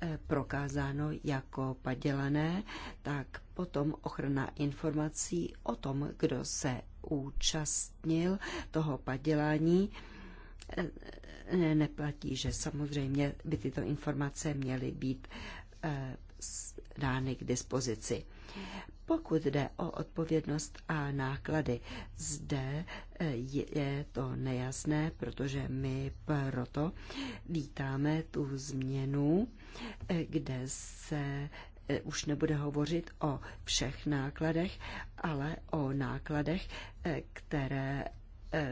eh, prokázáno jako padělané, tak potom ochrana informací o tom, kdo se účastnil toho padělání, eh, neplatí, že samozřejmě by tyto informace měly být eh, dány k dispozici. Pokud jde o odpovědnost a náklady, zde eh, je to nejasné, protože my proto vítáme tu změnu, eh, kde se už nebude hovořit o všech nákladech, ale o nákladech, které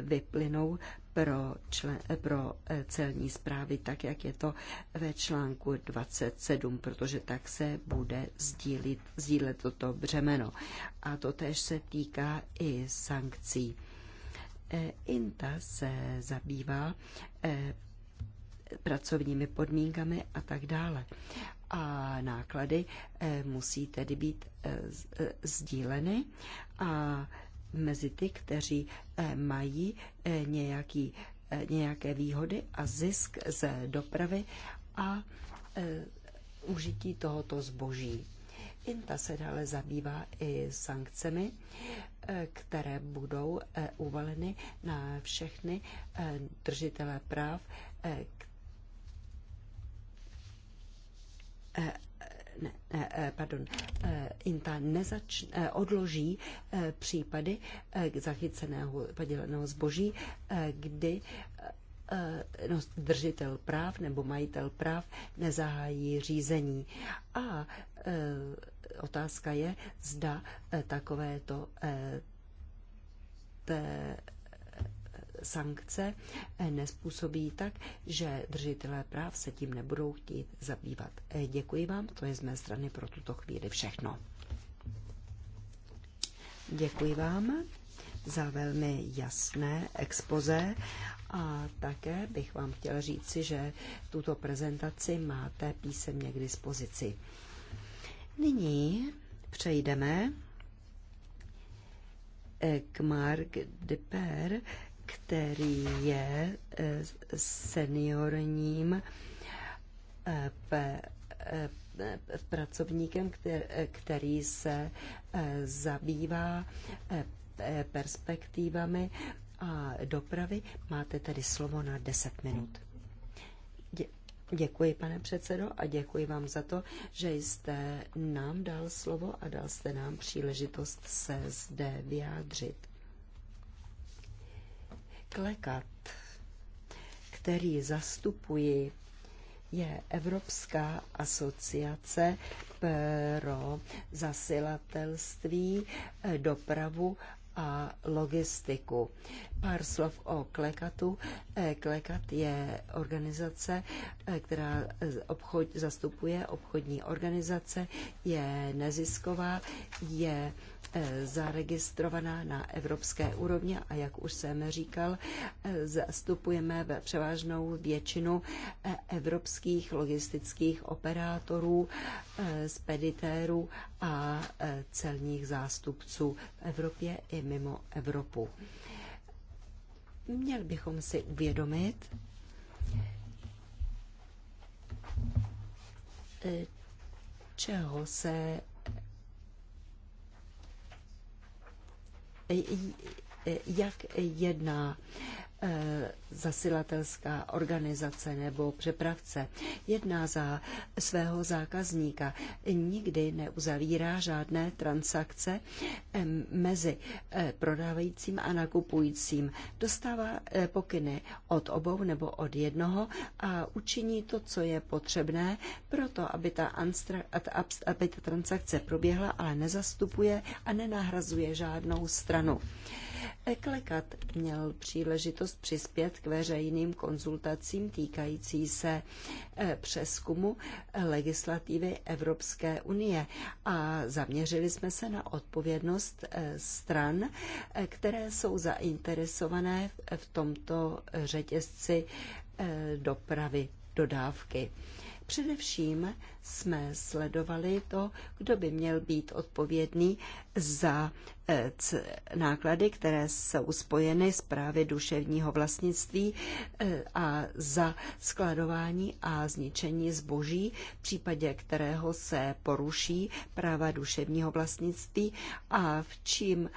vyplynou pro, člen, eh, pro eh, celní zprávy, tak jak je to ve článku 27, protože tak se bude sdílit, sdílet toto břemeno. A to tež se týká i sankcí. Eh, INTA se zabývá pracovními podmínkami a tak dále. A náklady musí tedy být sdíleny a mezi ty, kteří eh, mají eh, nějaký, eh, nějaké výhody a zisk z dopravy a užití tohoto zboží. INTA se dále zabývá i sankcemi, které budou uvaleny na všechny držitele práv ne, eh, eh, pardon, eh, INTA nezač, odloží případy zachyceného paděleného zboží, kdy no, držitel práv nebo majitel práv nezahájí řízení. A otázka je, zda takovéto sankce eh, nespůsobí tak, že držitelé práv se tím nebudou chtít zabývat. Eh, děkuji vám, to je z mé strany pro tuto chvíli všechno. Děkuji vám za velmi jasné expoze a také bych vám chtěla říci, že tuto prezentaci máte písemně k dispozici. Nyní přejdeme eh, k Mark Deper, který je eh, seniorním eh, eh, pracovníkem, který se zabývá perspektivami a dopravy. Máte tedy slovo na 10 minut. Děkuji, pane předsedo, a děkuji vám za to, že jste nám dal slovo a dal jste nám příležitost se zde vyjádřit. Klekat, který zastupuji, je Evropská asociace pro zasilatelství, dopravu a logistiku. Pár slov o Klekatu. Eh, Klekat je organizace, eh, která obchod, zastupuje obchodní organizace, je nezisková, je eh, zaregistrovaná na evropské úrovni a jak už jsem říkal, zastupujeme ve převážnou většinu evropských logistických operátorů, speditérů a e, celních zástupců v Evropě i mimo Evropu. Měli bychom si uvědomit, e, čeho se e, jak jedná Eh, zasilatelská organizace nebo přepravce jedná za svého zákazníka, nikdy neuzavírá žádné transakce mezi eh, prodávajícím a nakupujícím. Dostává eh, pokyny od obou nebo od jednoho a učiní to, co je potřebné proto, aby ta, anstra, aby ta transakce proběhla, ale nezastupuje a nenahrazuje žádnou stranu. Eklekat měl příležitost přispět k veřejným konzultacím týkající se e, přeskumu e, legislativy Evropské unie a zaměřili jsme se na odpovědnost e, stran, které jsou zainteresované v tomto řetězci dopravy dodávky. Především jsme sledovali to, kdo by měl být odpovědný za eh, náklady, které jsou spojeny s právě duševního vlastnictví eh, a za skladování a zničení zboží, v případě kterého se poruší práva duševního vlastnictví a v čím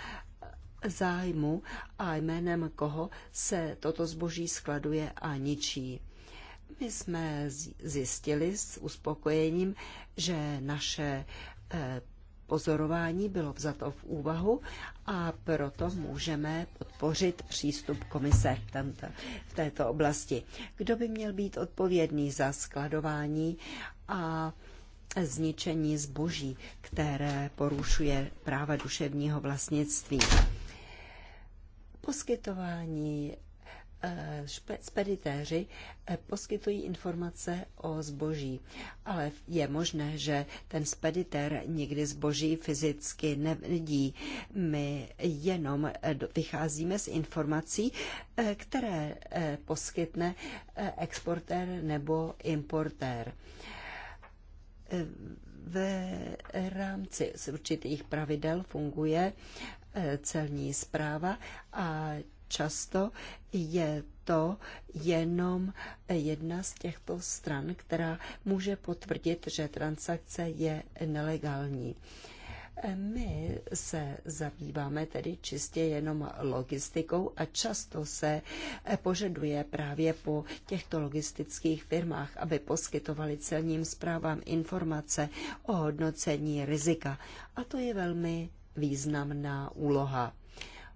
eh, zájmu a jménem koho se toto zboží skladuje a ničí. My jsme zjistili s uspokojením, že naše eh, pozorování bylo vzato v úvahu a proto můžeme podpořit přístup komise v, v této oblasti. Kdo by měl být odpovědný za skladování a zničení zboží, které porušuje práva duševního vlastnictví? Poskytování Eh, speditéři eh, poskytují informace o zboží, ale je možné, že ten speditér nikdy zboží fyzicky nevidí. My jenom eh, vycházíme z informací, které poskytne exportér nebo importér v rámci určitých pravidel funguje celní zpráva a často je to jenom jedna z těchto stran, která může potvrdit, že transakce je nelegální. My se zabýváme tedy čistě jenom logistikou a často se požaduje právě po těchto logistických firmách, aby poskytovali celním zprávám informace o hodnocení rizika. A to je velmi významná úloha.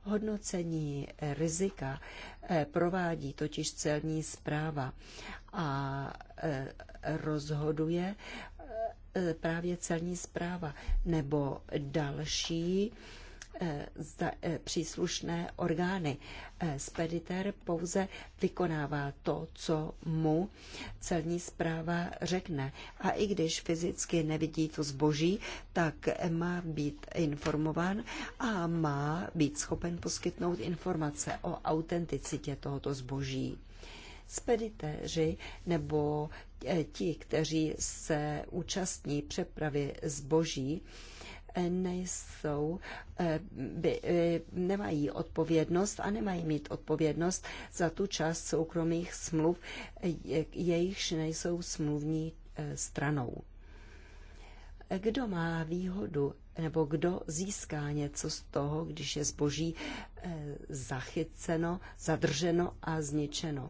Hodnocení eh, rizika eh, provádí totiž celní zpráva a eh, rozhoduje právě celní zpráva nebo další Eh, eh, příslušné orgány. Eh, Spediter pouze vykonává to, co mu celní zpráva řekne. A i když fyzicky nevidí to zboží, tak má být informován a má být schopen poskytnout informace o autenticitě tohoto zboží Spediteři nebo ti, kteří se účastní přepravy zboží, Eh, nejsou, eh, by, eh, nemají odpovědnost a nemají mít odpovědnost za tu část soukromých smluv, jejichž nejsou smluvní stranou. Kdo má výhodu nebo kdo získá něco z toho, když je zboží zachyceno, zadrženo a zničeno?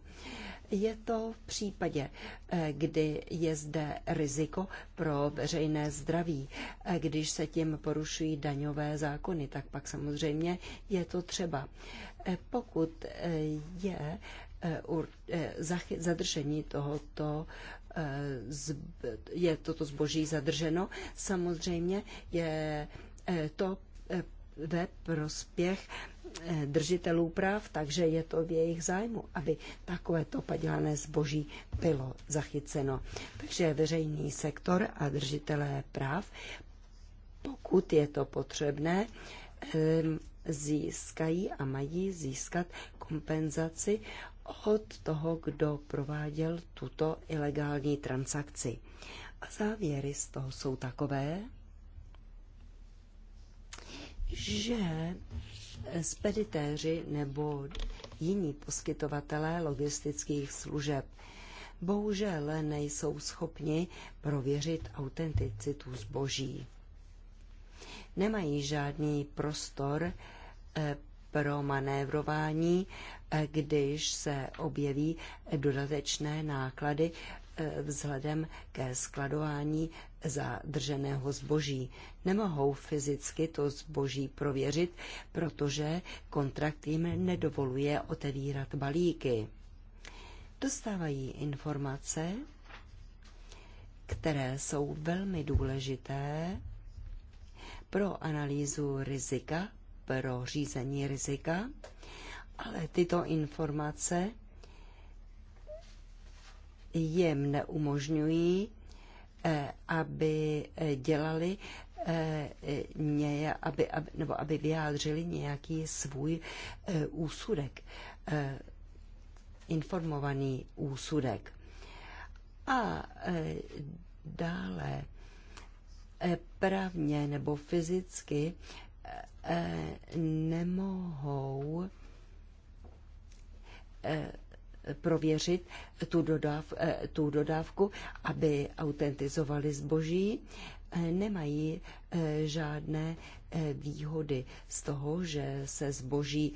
Je to v případě, eh, kdy je zde riziko pro veřejné zdraví. Eh, když se tím porušují daňové zákony, tak pak samozřejmě je to třeba. Eh, pokud je zadržení tohoto je toto zboží zadrženo, samozřejmě je to ve prospěch Eh, držitelů práv, takže je to v jejich zájmu, aby takovéto padělané zboží bylo zachyceno. Takže veřejný sektor a držitelé práv, pokud je to potřebné, získají a mají získat kompenzaci od toho, kdo prováděl tuto ilegální transakci. A závěry z toho jsou takové, že speditéři nebo jiní poskytovatelé logistických služeb. Bohužel nejsou schopni prověřit autenticitu zboží. Nemají žádný prostor eh, pro manévrování, eh, když se objeví dodatečné náklady E, vzhledem ke skladování zadrženého zboží. Nemohou fyzicky to zboží prověřit, protože kontrakt jim nedovoluje otevírat balíky. Dostávají informace, které jsou velmi důležité pro analýzu rizika, pro řízení rizika, ale tyto informace jim neumožňují, eh, aby eh, dělali eh, ně, aby, aby, nebo aby vyjádřili nějaký svůj úsudek, informovaný úsudek. A dále právně nebo fyzicky nemohou prověřit tu, dodáv, eh, tu dodávku, aby autentizovali zboží, eh, nemají eh, žádné výhody z toho, že se zboží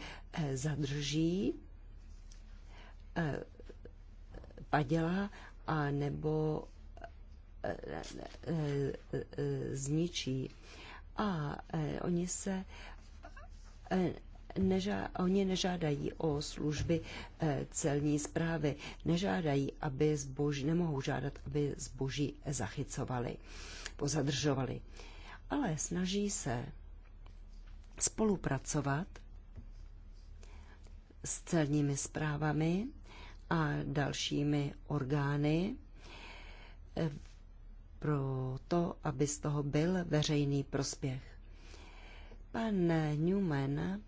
zadrží, padělá a nebo zničí. A oni se neža- oni nežádají o služby eh, celní zprávy, nežádají, aby zboží, nemohou žádat, aby zboží zachycovali, pozadržovali. Ale snaží se spolupracovat s celními zprávami a dalšími orgány eh, pro to, aby z toho byl veřejný prospěch. Pan Newman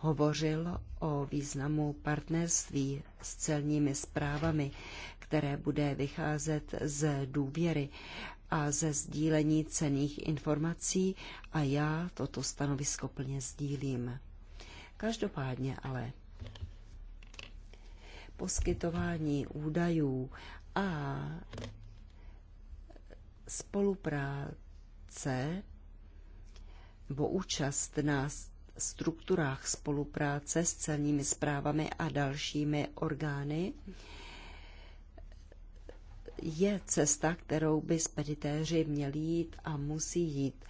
hovořil o významu partnerství s celními zprávami, které bude vycházet z důvěry a ze sdílení cených informací a já toto stanovisko plně sdílím. Každopádně ale poskytování údajů a spolupráce nebo účast na strukturách spolupráce s celními zprávami a dalšími orgány je cesta, kterou by speditéři měli jít a musí jít.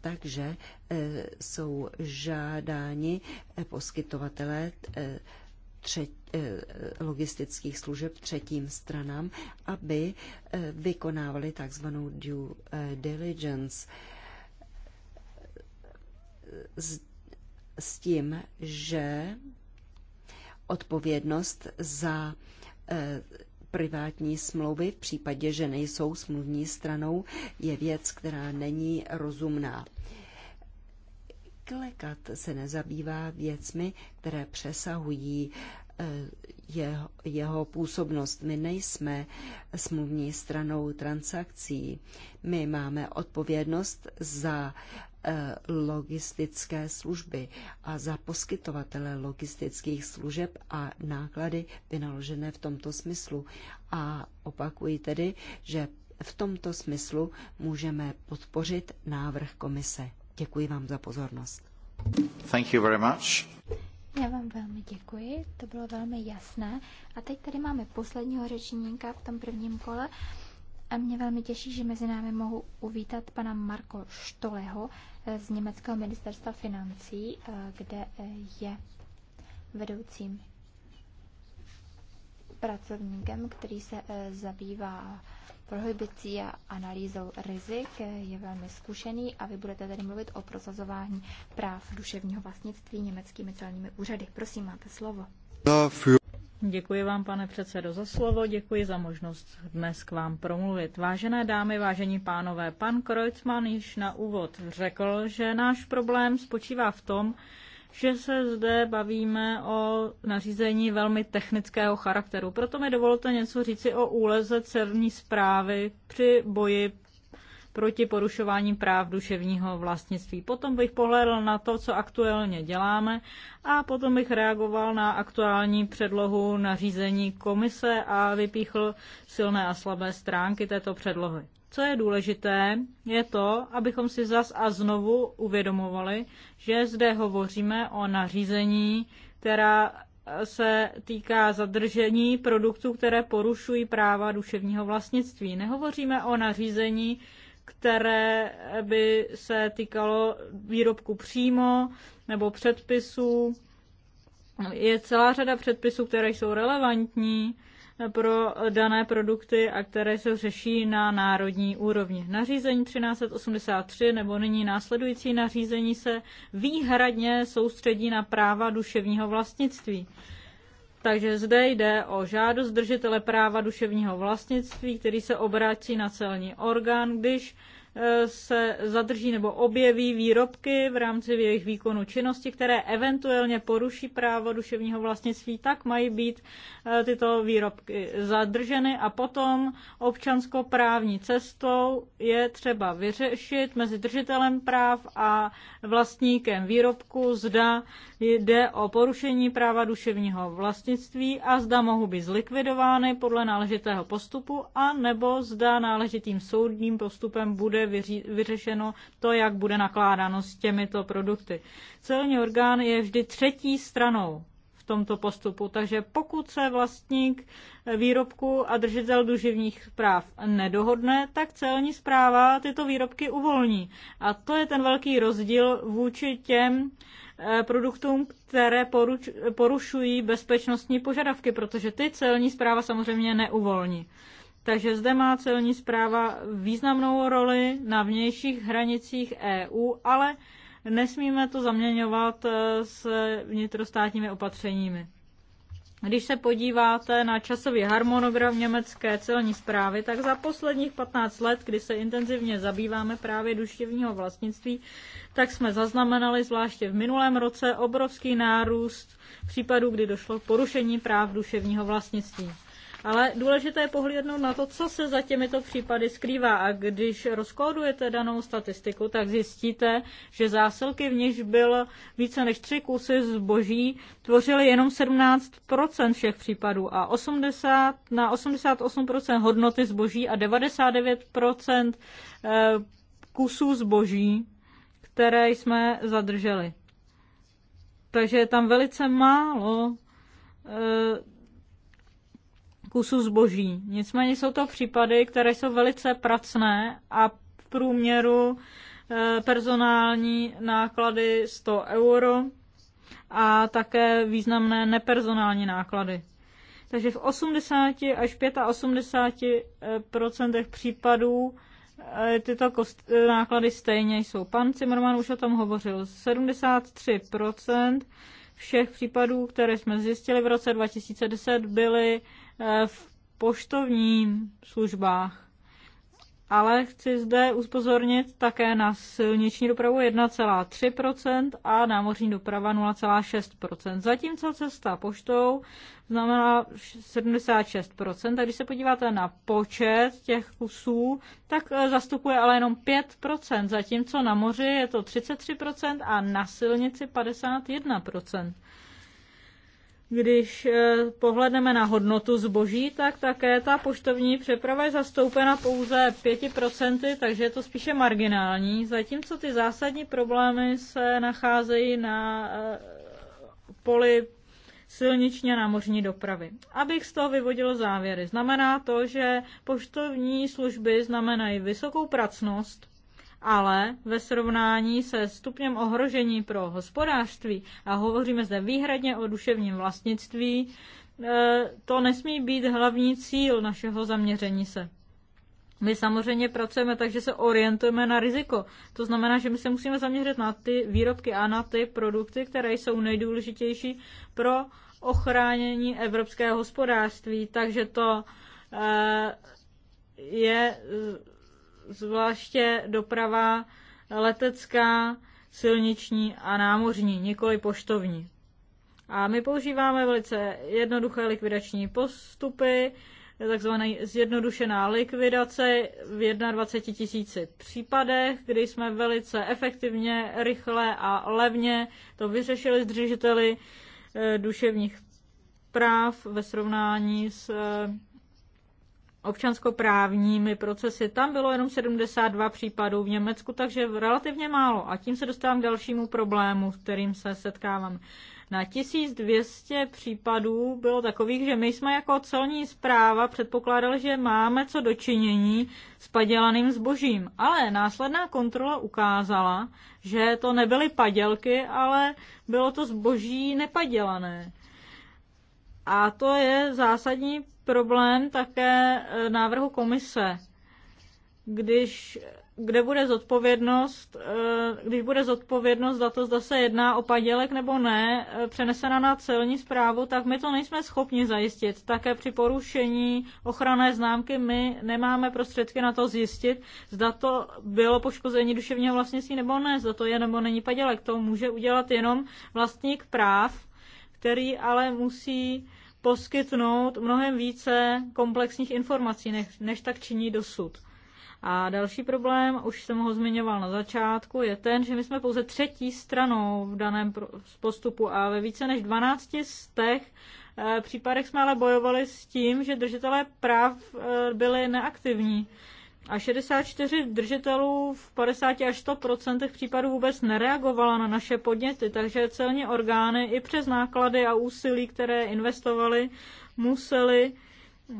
Takže eh, jsou žádáni eh, poskytovatelé eh, logistických služeb třetím stranám, aby vykonávali takzvanou due diligence s, s tím, že odpovědnost za eh, privátní smlouvy v případě, že nejsou smluvní stranou, je věc, která není rozumná. Klekat se nezabývá věcmi, které přesahují eh, jeho, působnost. My nejsme smluvní stranou transakcí. My máme odpovědnost za Eh, logistické služby a za poskytovatele logistických služeb a náklady vynaložené v tomto smyslu. A opakuji tedy, že v tomto smyslu můžeme podpořit návrh komise. Děkuji vám za pozornost. Thank you very much. Já vám velmi děkuji, to bylo velmi jasné. A teď tady máme posledního řečníka v tom prvním kole. A mě velmi těší, že mezi námi mohu uvítat pana Marko Štoleho, z německého ministerstva financí, eh, kde eh, je vedoucím pracovníkem, který se eh, zabývá prohibicí a analýzou rizik, je velmi zkušený a vy budete tedy mluvit o prosazování práv duševního vlastnictví německými celními úřady. Prosím, máte slovo. Děkuji vám, pane předsedo, za slovo. Děkuji za možnost dnes k vám promluvit. Vážené dámy, vážení pánové, pan Kreutzmann již na úvod řekl, že náš problém spočívá v tom, že se zde bavíme o nařízení velmi technického charakteru. Proto mi dovolte něco říci o úleze celní zprávy při boji proti porušování práv duševního vlastnictví. Potom bych pohledl na to, co aktuálně děláme a potom bych reagoval na aktuální předlohu nařízení komise a vypíchl silné a slabé stránky této předlohy. Co je důležité, je to, abychom si zas a znovu uvědomovali, že zde hovoříme o nařízení, která se týká zadržení produktů, které porušují práva duševního vlastnictví. Nehovoříme o nařízení, které by se týkalo výrobku přímo nebo předpisů. Je celá řada předpisů, které jsou relevantní pro dané produkty a které se řeší na národní úrovni. Nařízení 1383 nebo nyní následující nařízení se výhradně soustředí na práva duševního vlastnictví. Takže zde jde o žádost držitele práva duševního vlastnictví, který se obrací na celní orgán, když eh, se zadrží nebo objeví výrobky v rámci jejich výkonu činnosti, které eventuálně poruší právo duševního vlastnictví, tak mají být eh, tyto výrobky zadrženy a potom občanskoprávní cestou je třeba vyřešit mezi držitelem práv a vlastníkem výrobku, zda jde o porušení práva duševního vlastnictví a zda mohou být zlikvidovány podle náležitého postupu a nebo zda náležitým soudním postupem bude vyřešeno to, jak bude nakládáno s těmito produkty. Celní orgán je vždy třetí stranou tomto postupu. Takže pokud se vlastník výrobku a držitel duživních práv nedohodne, tak celní zpráva tyto výrobky uvolní. A to je ten velký rozdíl vůči těm eh, produktům, které porušují bezpečnostní požadavky, protože ty celní zpráva samozřejmě neuvolní. Takže zde má celní zpráva významnou roli na vnějších hranicích EU, ale Nesmíme to zaměňovat eh, s vnitrostátními opatřeními. Když se podíváte na časový harmonogram německé celní zprávy, tak za posledních 15 let, kdy se intenzivně zabýváme právě duševního vlastnictví, tak jsme zaznamenali zvláště v minulém roce obrovský nárůst případů, kdy došlo k porušení práv duševního vlastnictví. Ale důležité je pohlídnout na to, co se za těmito případy skrývá. A když rozkódujete danou statistiku, tak zjistíte, že zásilky, v nichž bylo více než tři kusy zboží, tvořily jenom 17 všech případů a 80, na 88 hodnoty zboží a 99 eh, kusů zboží, které jsme zadrželi. Takže je tam velice málo eh, kusu zboží. Nicméně jsou to případy, které jsou velice pracné a v průměru eh, personální náklady 100 euro a také významné nepersonální náklady. Takže v 80 až 85 eh, případů eh, tyto kost, náklady stejně jsou. Pan Zimmerman už o tom hovořil. 73 všech případů, které jsme zjistili v roce 2010, byly Eh, v poštovním službách. Ale chci zde upozornit také na silniční dopravu 1,3% a námořní doprava 0,6%. Zatímco cesta poštou znamená 76%, a když se podíváte na počet těch kusů, tak eh, zastupuje ale jenom 5%, zatímco na moři je to 33% a na silnici 51%. Když eh, pohledneme na hodnotu zboží, tak také ta poštovní přeprava je zastoupena pouze 5%, takže je to spíše marginální, zatímco ty zásadní problémy se nacházejí na eh, poli silniční a námořní dopravy. Abych z toho vyvodil závěry, znamená to, že poštovní služby znamenají vysokou pracnost, ale ve srovnání se stupněm ohrožení pro hospodářství, a hovoříme zde výhradně o duševním vlastnictví, e, to nesmí být hlavní cíl našeho zaměření se. My samozřejmě pracujeme tak, že se orientujeme na riziko. To znamená, že my se musíme zaměřit na ty výrobky a na ty produkty, které jsou nejdůležitější pro ochránění evropského hospodářství. Takže to e, je zvláště doprava letecká, silniční a námořní, nikoli poštovní. A my používáme velice jednoduché likvidační postupy, takzvaná zjednodušená likvidace v 21 tisíci případech, kdy jsme velice efektivně, rychle a levně to vyřešili s držiteli eh, duševních práv ve srovnání s eh, občanskoprávními procesy. Tam bylo jenom 72 případů v Německu, takže relativně málo. A tím se dostávám k dalšímu problému, s kterým se setkávám. Na 1200 případů bylo takových, že my jsme jako celní zpráva předpokládali, že máme co dočinění s padělaným zbožím. Ale následná kontrola ukázala, že to nebyly padělky, ale bylo to zboží nepadělané. A to je zásadní problém také e, návrhu komise. Když, kde bude zodpovědnost, e, když bude zodpovědnost za to, zda se jedná o padělek nebo ne, e, přenesena na celní zprávu, tak my to nejsme schopni zajistit. Také při porušení ochranné známky my nemáme prostředky na to zjistit, zda to bylo poškození duševního vlastnictví nebo ne, zda to je nebo není padělek. To může udělat jenom vlastník práv, který ale musí poskytnout mnohem více komplexních informací, než, než tak činí dosud. A další problém, už jsem ho zmiňoval na začátku, je ten, že my jsme pouze třetí stranou v daném postupu a ve více než 12 z těch případech jsme ale bojovali s tím, že držitelé práv eh, byli neaktivní a 64 držitelů v 50 až 100 případů vůbec nereagovala na naše podněty, takže celní orgány i přes náklady a úsilí, které investovali, museli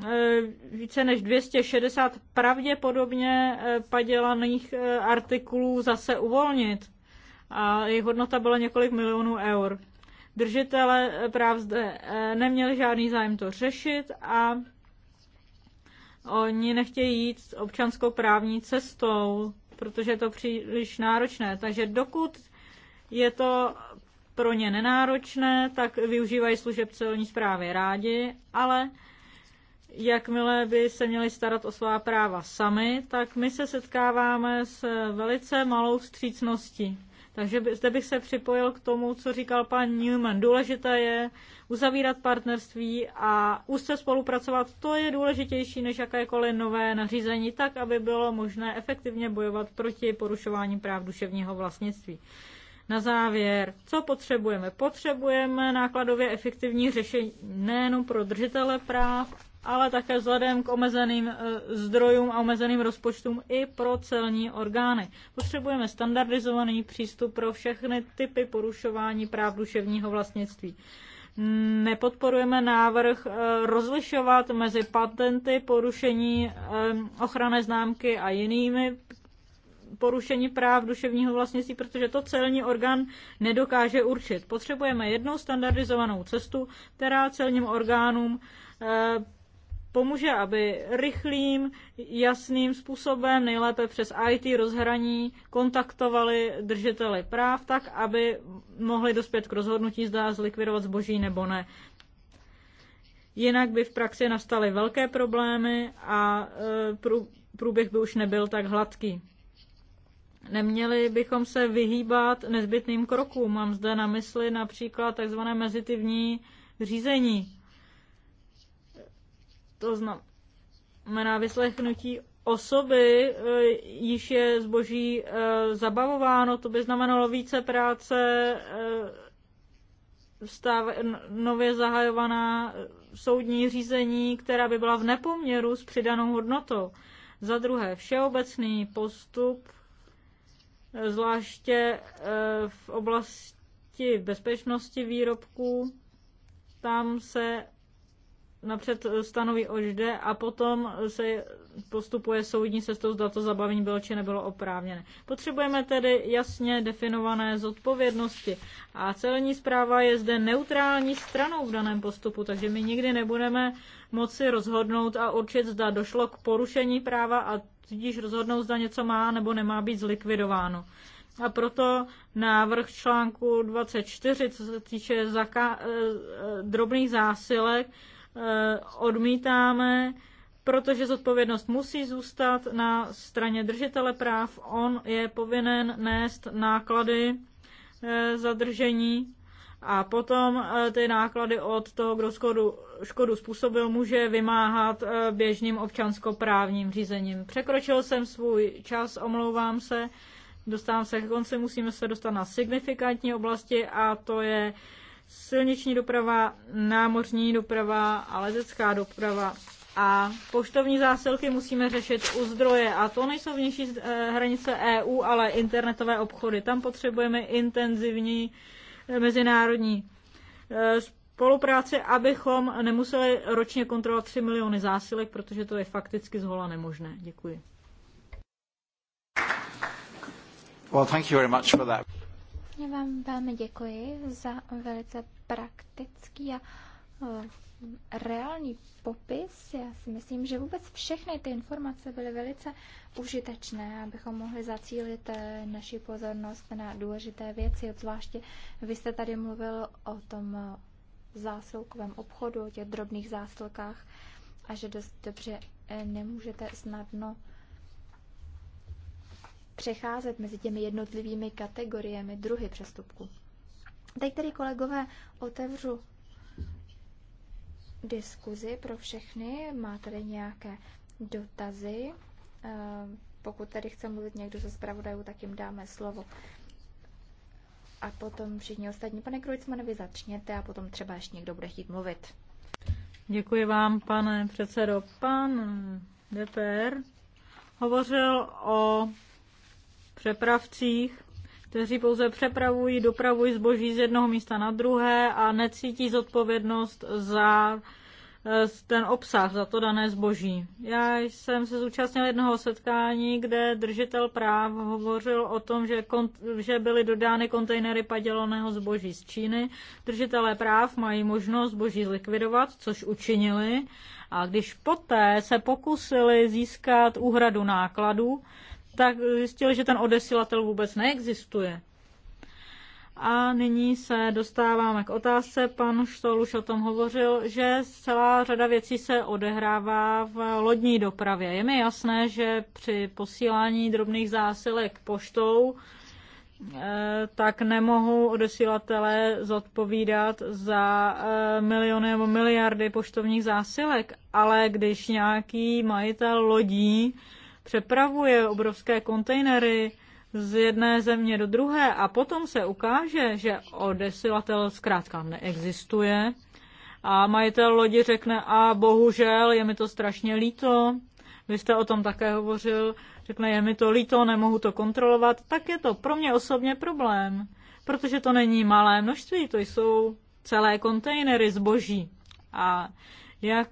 e, více než 260 pravděpodobně e, padělaných e, artikulů zase uvolnit. A jejich hodnota byla několik milionů eur. Držitele práv zde neměli žádný zájem to řešit a Oni nechtějí jít s občanskou právní cestou, protože je to příliš náročné. Takže dokud je to pro ně nenáročné, tak využívají služeb celní zprávy rádi, ale jakmile by se měli starat o svá práva sami, tak my se setkáváme s velice malou vstřícností. Takže zde bych se připojil k tomu, co říkal pan Newman. Důležité je uzavírat partnerství a úzce spolupracovat. To je důležitější než jakékoliv nové nařízení, tak aby bylo možné efektivně bojovat proti porušování práv duševního vlastnictví. Na závěr, co potřebujeme? Potřebujeme nákladově efektivní řešení nejenom pro držitele práv, ale také vzhledem k omezeným e, zdrojům a omezeným rozpočtům i pro celní orgány. Potřebujeme standardizovaný přístup pro všechny typy porušování práv duševního vlastnictví. Nepodporujeme návrh e, rozlišovat mezi patenty, porušení e, ochranné známky a jinými porušení práv duševního vlastnictví, protože to celní orgán nedokáže určit. Potřebujeme jednou standardizovanou cestu, která celním orgánům pomůže, aby rychlým, jasným způsobem, nejlépe přes IT rozhraní, kontaktovali držiteli práv tak, aby mohli dospět k rozhodnutí, zda zlikvidovat zboží nebo ne. Jinak by v praxi nastaly velké problémy a e, průběh by už nebyl tak hladký. Neměli bychom se vyhýbat nezbytným krokům. Mám zde na mysli například tzv. mezitivní řízení, to znamená vyslechnutí osoby, eh, již je zboží eh, zabavováno, to by znamenalo více práce, eh, stav, nově zahajovaná soudní řízení, která by byla v nepoměru s přidanou hodnotou. Za druhé, všeobecný postup, zvláště v oblasti bezpečnosti výrobků, tam se napřed eh, stanoví jde, a potom se postupuje soudní cestou, zda to zabavení bylo či nebylo oprávněné. Potřebujeme tedy jasně definované zodpovědnosti a celní zpráva je zde neutrální stranou v daném postupu, takže my nikdy nebudeme moci rozhodnout a určit, zda došlo k porušení práva a tudíž rozhodnout, zda něco má nebo nemá být zlikvidováno. A proto návrh článku 24, co se týče eh, eh, drobných zásilek, Eh, odmítáme, protože zodpovědnost musí zůstat na straně držitele práv. On je povinen nést náklady eh, zadržení a potom eh, ty náklady od toho, kdo škodu, škodu způsobil, může vymáhat běžným občanskoprávním řízením. Překročil jsem svůj čas, omlouvám se, dostávám se k konci, musíme se dostat na signifikantní oblasti a to je silniční doprava, námořní doprava a letecká doprava. A poštovní zásilky musíme řešit u zdroje. A to nejsou vnější eh, hranice EU, ale internetové obchody. Tam potřebujeme intenzivní eh, mezinárodní eh, spolupráci, abychom nemuseli ročně kontrolovat 3 miliony zásilek, protože to je fakticky zhola nemožné. Děkuji. Well, thank you very much for that. Obecně vám velmi děkuji za velice praktický a eh, reálný popis. Já si myslím, že vůbec všechny ty informace byly velice užitečné, abychom mohli zacílit eh, naši pozornost na důležité věci. Obzvláště vy jste tady mluvil o tom eh, zásilkovém obchodu, o těch drobných zásilkách a že dost dobře nemůžete snadno přecházet mezi těmi jednotlivými kategoriemi druhy přestupku. Teď tedy, kolegové, otevřu diskuzi pro všechny. máte tady nějaké dotazy? Eh, pokud tady chce mluvit někdo ze zpravodajů, tak jim dáme slovo. A potom všichni ostatní. Pane Krojcmanovi, začněte a potom třeba ještě někdo bude chtít mluvit. Děkuji vám, pane předsedo. Pan DPR hovořil o přepravcích, kteří pouze přepravují, dopravují zboží z jednoho místa na druhé a necítí zodpovědnost za eh, ten obsah, za to dané zboží. Já jsem se zúčastnil jednoho setkání, kde držitel práv hovořil o tom, že, kont- že byly dodány kontejnery padělaného zboží z Číny. Držitelé práv mají možnost zboží zlikvidovat, což učinili. A když poté se pokusili získat úhradu nákladů, tak zjistil, že ten odesilatel vůbec neexistuje. A nyní se dostáváme k otázce. Pan Štol už o tom hovořil, že celá řada věcí se odehrává v lodní dopravě. Je mi jasné, že při posílání drobných zásilek poštou eh, tak nemohou odesílatelé zodpovídat za eh, miliony nebo miliardy poštovních zásilek, ale když nějaký majitel lodí přepravuje obrovské kontejnery z jedné země do druhé a potom se ukáže, že odesilatel zkrátka neexistuje a majitel lodi řekne, a bohužel, je mi to strašně líto, vy jste o tom také hovořil, řekne, je mi to líto, nemohu to kontrolovat, tak je to pro mě osobně problém, protože to není malé množství, to jsou celé kontejnery zboží. A jak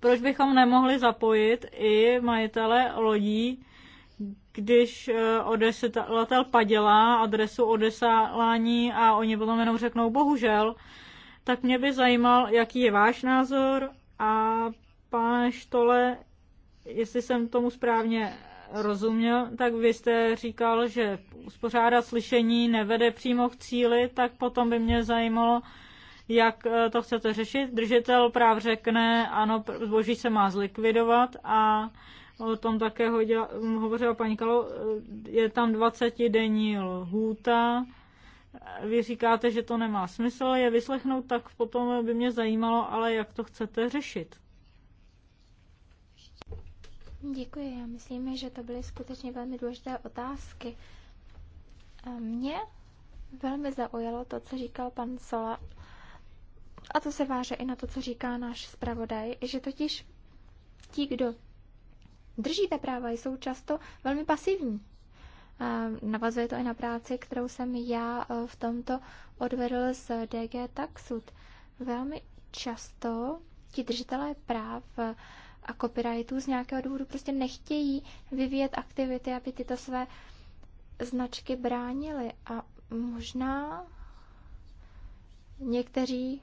proč bychom nemohli zapojit i majitele lodí, když eh, odesilatel padělá adresu odeslání a oni potom jenom řeknou bohužel, tak mě by zajímal, jaký je váš názor a pane Štole, jestli jsem tomu správně rozuměl, tak vy jste říkal, že uspořádat slyšení nevede přímo k cíli, tak potom by mě zajímalo, jak eh, to chcete řešit. Držitel práv řekne, ano, zboží se má zlikvidovat a o tom také hodila, hovořila paní Kalo, eh, je tam 20 denní lhůta. Vy říkáte, že to nemá smysl je vyslechnout, tak potom by mě zajímalo, ale jak to chcete řešit. Děkuji, já myslím, že to byly skutečně velmi důležité otázky. Mě velmi zaujalo to, co říkal pan Sola a to se váže i na to, co říká náš zpravodaj, že totiž ti, kdo drží ta práva, jsou často velmi pasivní. Navazuje to i na práci, kterou jsem já e, v tomto odvedl s DG Taxud. Velmi často ti držitelé práv e, a copyrightů z nějakého důvodu prostě nechtějí vyvíjet aktivity, aby tyto své značky bránily. A možná někteří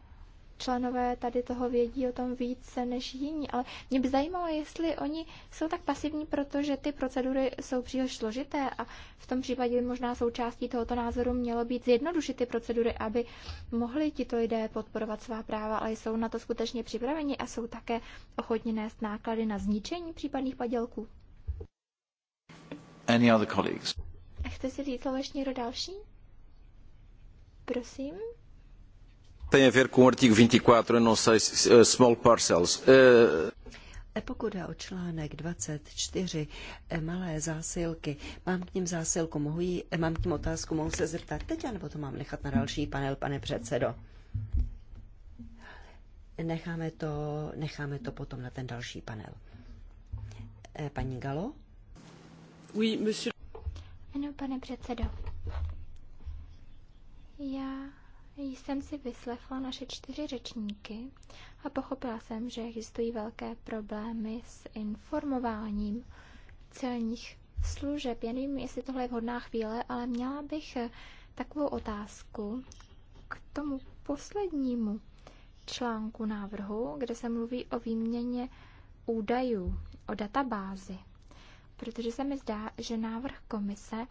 členové tady toho vědí o tom více než jiní, ale mě by zajímalo, jestli oni jsou tak pasivní, protože ty procedury jsou příliš složité a v tom případě by možná součástí tohoto názoru mělo být zjednodušit ty procedury, aby mohli tito lidé podporovat svá práva, ale jsou na to skutečně připraveni a jsou také ochotni nést náklady na zničení případných padělků. Any other colleagues? Chce si říct slovo ještě někdo další? Prosím tem a ver com o artigo 24, e eu não sei, eh, small parcels. Eh, Pokud jde o článek 24, eh, malé zásilky, mám k ním zásilku, mohu jí, mám k ním otázku, mohu se zeptat teď, anebo to mám nechat na další panel, pane předsedo? Necháme to, necháme to potom na ten další panel. Paní Galo? Oui, monsieur. Ano, pane předsedo. Já jsem si vyslechla naše čtyři řečníky a pochopila jsem, že existují velké problémy s informováním celních služeb. Já nevím, jestli tohle je vhodná chvíle, ale měla bych eh, takovou otázku k tomu poslednímu článku návrhu, kde se mluví o výměně údajů, o databázi. Protože se mi zdá, že návrh komise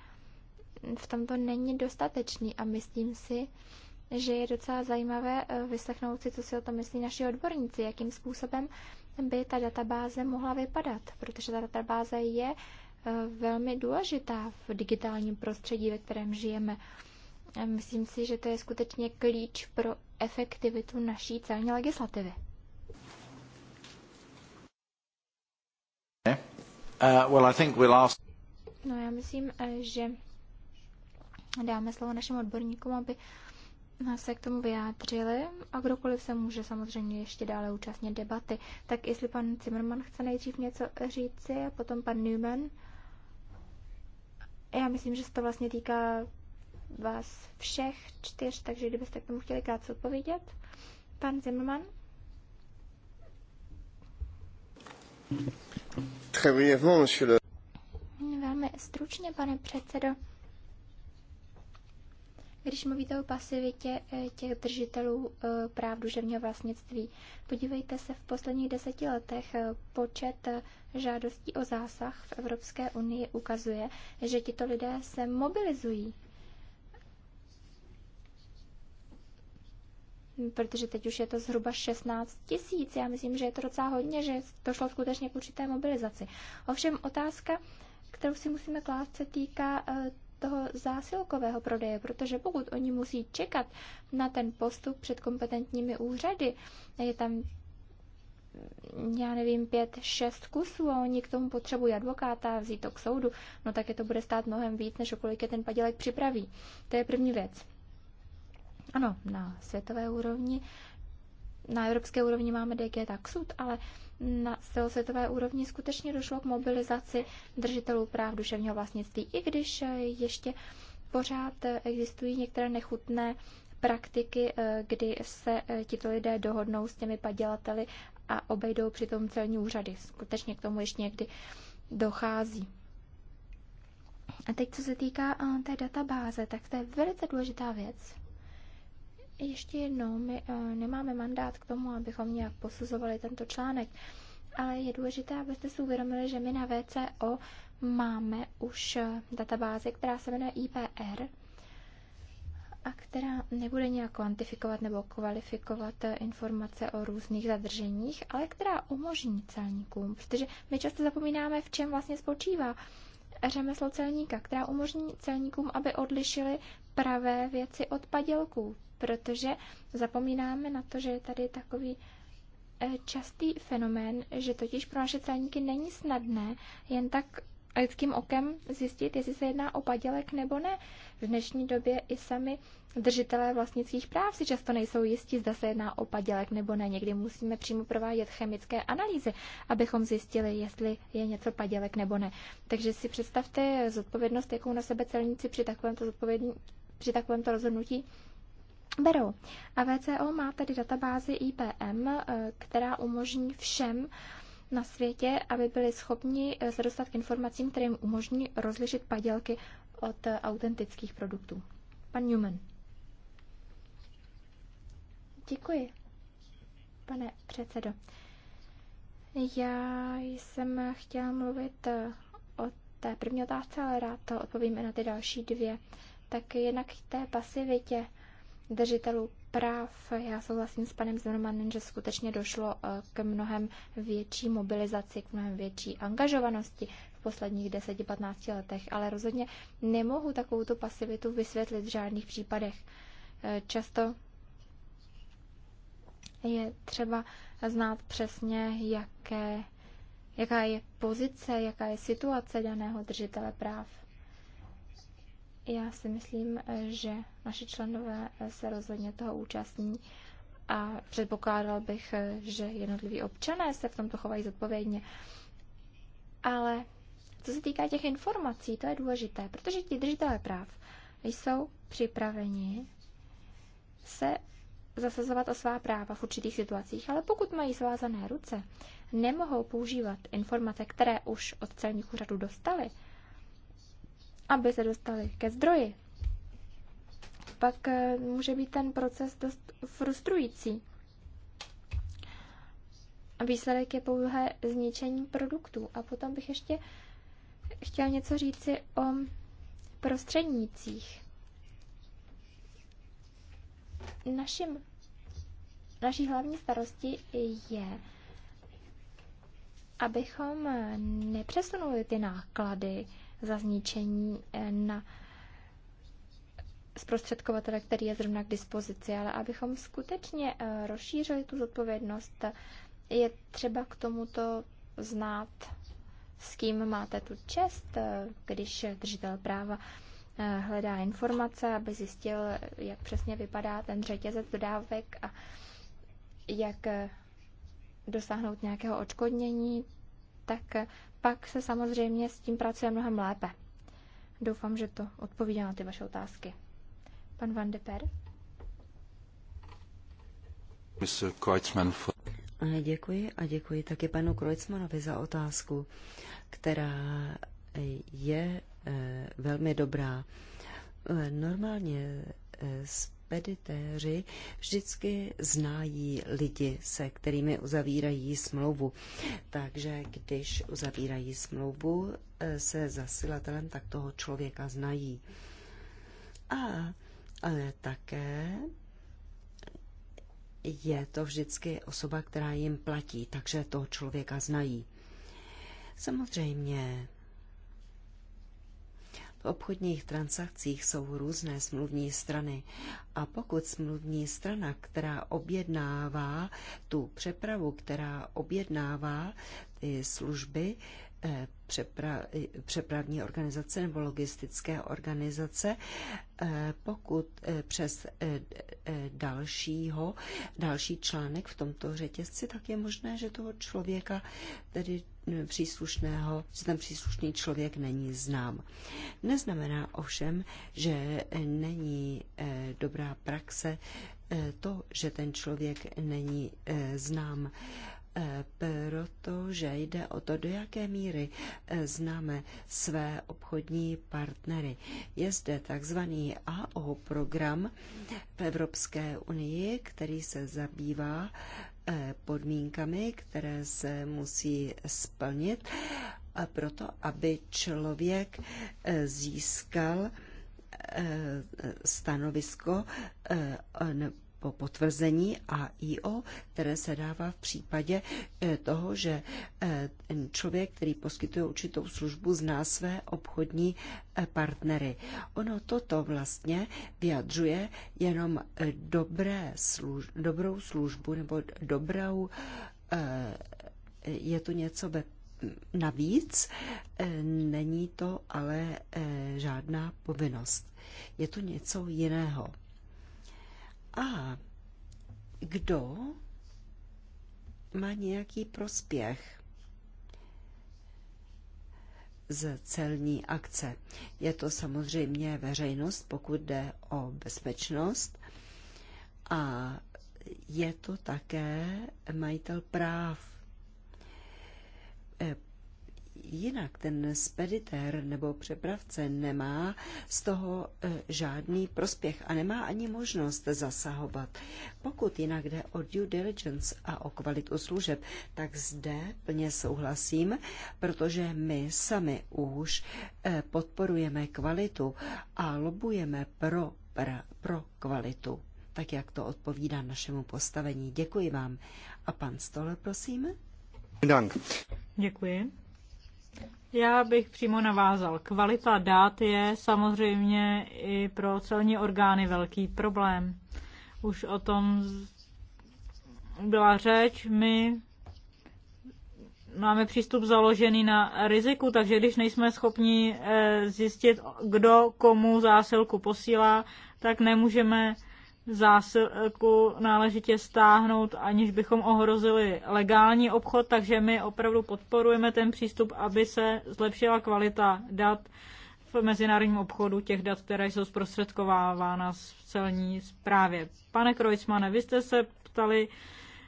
v tomto není dostatečný a myslím si, že je docela zajímavé eh, vyslechnout si, co si o tom myslí naši odborníci, jakým způsobem by ta databáze mohla vypadat, protože ta databáze je eh, velmi důležitá v digitálním prostředí, ve kterém žijeme. Eh, myslím si, že to je skutečně klíč pro efektivitu naší celní legislativy. No já myslím, že dáme slovo našim odborníkům, aby se k tomu vyjádřili a kdokoliv se může samozřejmě ještě dále účastnit debaty. Tak jestli pan Zimmerman chce nejdřív něco říci a potom pan Newman. Já myslím, že se to vlastně týká vás všech čtyř, takže kdybyste k tomu chtěli krátce odpovědět. Pan Zimmerman. Velmi stručně, pane předsedo. Když mluvíte o pasivitě eh, těch držitelů eh, práv duševního vlastnictví, podívejte se v posledních deseti letech eh, počet žádostí o zásah v Evropské unii ukazuje, že tito lidé se mobilizují. Protože teď už je to zhruba 16 tisíc. Já myslím, že je to docela hodně, že šlo skutečně k určité mobilizaci. Ovšem otázka, kterou si musíme klást, se týká toho zásilkového prodeje, protože pokud oni musí čekat na ten postup před kompetentními úřady, je tam mm, já nevím, pět, šest kusů a oni k tomu potřebují advokáta a vzít to k soudu, no tak je to bude stát mnohem víc, než kolik je ten padělek připraví. To je první věc. Ano, na světové úrovni, na evropské úrovni máme DG sud, ale na celosvětové úrovni skutečně došlo k mobilizaci držitelů práv duševního vlastnictví, i když eh, ještě pořád eh, existují některé nechutné praktiky, eh, kdy se tito lidé dohodnou s těmi padělateli a obejdou přitom celní úřady. Skutečně k tomu ještě někdy dochází. A teď, co se týká té databáze, tak to je velice důležitá věc. Ještě jednou, my eh, nemáme mandát k tomu, abychom nějak posuzovali tento článek, ale je důležité, abyste si uvědomili, že my na VCO máme už eh, databázi, která se jmenuje IPR a která nebude nějak kvantifikovat nebo kvalifikovat eh, informace o různých zadrženích, ale která umožní celníkům, protože my často zapomínáme, v čem vlastně spočívá řemeslo celníka, která umožní celníkům, aby odlišili pravé věci od padělků protože zapomínáme na to, že je tady takový eh, častý fenomén, že totiž pro naše celníky není snadné jen tak lidským eh, okem zjistit, jestli se jedná o padělek nebo ne. V dnešní době i sami držitelé vlastnických práv si často nejsou jistí, zda se jedná o padělek nebo ne. Někdy musíme přímo provádět chemické analýzy, abychom zjistili, jestli je něco padělek nebo ne. Takže si představte zodpovědnost, jakou na sebe celníci při takovémto, při takovémto rozhodnutí berou. A VCO má tedy databázi IPM, eh, která umožní všem na světě, aby byli schopni eh, se dostat k informacím, které jim umožní rozlišit padělky od eh, autentických produktů. Pan Newman. Děkuji, pane předsedo. Já jsem chtěla mluvit o té první otázce, ale rád to odpovím i na ty další dvě. Tak jednak k té pasivitě držitelů práv. Já souhlasím s panem Zemanem, že skutečně došlo eh, k mnohem větší mobilizaci, k mnohem větší angažovanosti v posledních 10-15 letech, ale rozhodně nemohu takovou tu pasivitu vysvětlit v žádných případech. Eh, často je třeba znát přesně, jaké, jaká je pozice, jaká je situace daného držitele práv. Já si myslím, že naši členové se rozhodně toho účastní a předpokládal bych, že jednotliví občané se v tomto chovají zodpovědně. Ale co se týká těch informací, to je důležité, protože ti držitelé práv jsou připraveni se zasazovat o svá práva v určitých situacích, ale pokud mají svázané ruce, nemohou používat informace, které už od celních úřadů dostali, aby se dostali ke zdroji, pak eh, může být ten proces dost frustrující. Výsledek je pouhé zničení produktů. A potom bych ještě chtěla něco říci o prostřednících. Naším, naší hlavní starosti je, abychom eh, nepřesunuli ty náklady za zničení eh, na zprostředkovatele, který je zrovna k dispozici, ale abychom skutečně eh, rozšířili tu zodpovědnost, je třeba k tomuto znát, s kým máte tu čest, eh, když držitel práva hledá informace, aby zjistil, jak přesně vypadá ten řetězec dodávek a jak dosáhnout nějakého odškodnění tak pak se samozřejmě s tím pracuje mnohem lépe. Doufám, že to odpovídá na ty vaše otázky. Pan Van de Per. Eh, děkuji a děkuji také panu Kreutzmanovi za otázku, která eh, je eh, velmi dobrá. Normálně z speditéři vždycky znají lidi, se kterými uzavírají smlouvu. Takže když uzavírají smlouvu eh, se zasilatelem, tak toho člověka znají. A ale také je to vždycky osoba, která jim platí, takže toho člověka znají. Samozřejmě v obchodních transakcích jsou různé smluvní strany a pokud smluvní strana, která objednává tu přepravu, která objednává ty služby, eh, přepra- přepravní organizace nebo logistické organizace, eh, pokud eh, přes dalšího, další článek v tomto řetězci, tak je možné, že toho člověka tedy Eh, příslušného, že ten příslušný člověk není znám. Neznamená ovšem, že eh, není eh, dobrá praxe to, že ten člověk není znám protože jde o to, do jaké míry známe své obchodní partnery. Je zde takzvaný AO program v Evropské unii, který se zabývá Eh, podmínkami, které se musí splnit a proto, aby člověk eh, získal eh, stanovisko o potvrzení IO, které se dává v případě eh, toho, že eh, člověk, který poskytuje určitou službu, zná své obchodní eh, partnery. Ono toto vlastně vyjadřuje jenom dobré služ, dobrou službu nebo dobrou je to něco ve hm, navíc, není to ale žádná povinnost. Je to něco jiného. A kdo má nějaký prospěch z celní akce? Je to samozřejmě veřejnost, pokud jde o bezpečnost, a je to také majitel práv jinak ten speditér nebo přepravce nemá z toho e, žádný prospěch a nemá ani možnost zasahovat. Pokud jinak jde o due diligence a o kvalitu služeb, tak zde plně souhlasím, protože my sami už e, podporujeme kvalitu a lobujeme pro, pro kvalitu tak jak to odpovídá našemu postavení. Děkuji vám. A pan Stole, prosím. Dank. Děkuji. Já bych přímo navázal. Kvalita dát je samozřejmě i pro celní orgány velký problém. Už o tom byla řeč. My máme přístup založený na riziku, takže když nejsme schopni eh, zjistit, kdo komu zásilku posílá, tak nemůžeme zásilku náležitě stáhnout, aniž bychom ohrozili legální obchod, takže my opravdu podporujeme ten přístup, aby se zlepšila kvalita dat v mezinárodním obchodu, těch dat, které jsou zprostředkovávána v celní zprávě. Pane Krojcmane, vy jste se ptali,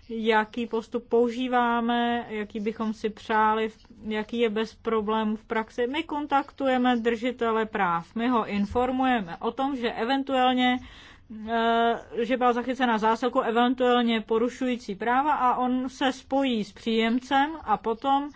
jaký postup používáme, jaký bychom si přáli, jaký je bez problémů v praxi. My kontaktujeme držitele práv, my ho informujeme o tom, že eventuálně Eh, že byla zachycena zásilku eventuálně porušující práva a on se spojí s příjemcem a potom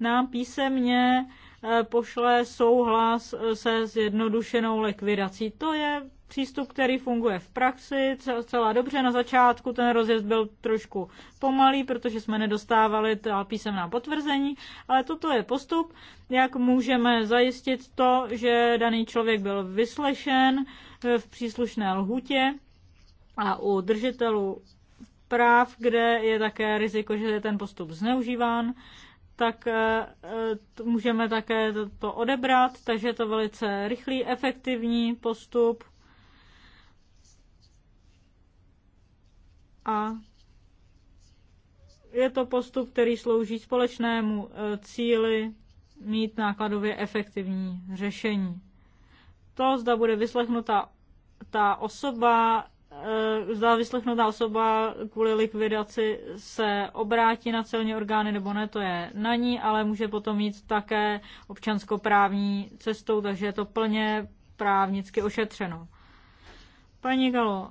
nám písemně eh, pošle souhlas eh, se zjednodušenou likvidací. To je přístup, který funguje v praxi celá dobře. Na začátku ten rozjezd byl trošku pomalý, protože jsme nedostávali ta písemná potvrzení, ale toto je postup, jak můžeme zajistit to, že daný člověk byl vyslešen, v příslušné lhutě a u držitelů práv, kde je také riziko, že je ten postup zneužíván, tak eh, můžeme také to odebrat, takže je to velice rychlý, efektivní postup. A je to postup, který slouží společnému eh, cíli mít nákladově efektivní řešení. To, zda bude vyslechnutá ta osoba, eh, zda vyslechnutá osoba kvůli likvidaci se obrátí na celní orgány nebo ne, to je na ní, ale může potom jít také občanskoprávní cestou, takže je to plně právnicky ošetřeno. Paní Galo,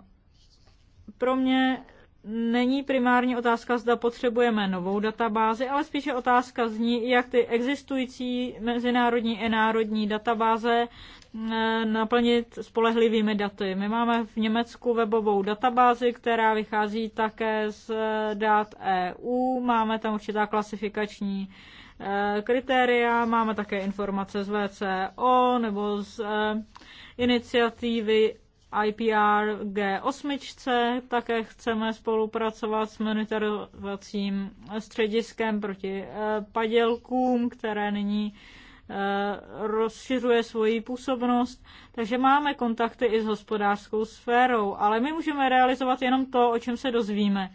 pro mě není primární otázka, zda potřebujeme novou databázi, ale spíše otázka zní, jak ty existující mezinárodní i národní databáze Eh, naplnit spolehlivými daty. My máme v Německu webovou databázi, která vychází také z eh, dat EU, máme tam určitá klasifikační eh, kritéria, máme také informace z VCO nebo z iniciativy IPR G8, také chceme spolupracovat s monitorovacím střediskem proti padělkům, které nyní Eh, rozšiřuje svoji působnost, takže máme kontakty i s hospodářskou sférou, ale my můžeme realizovat jenom to, o čem se dozvíme.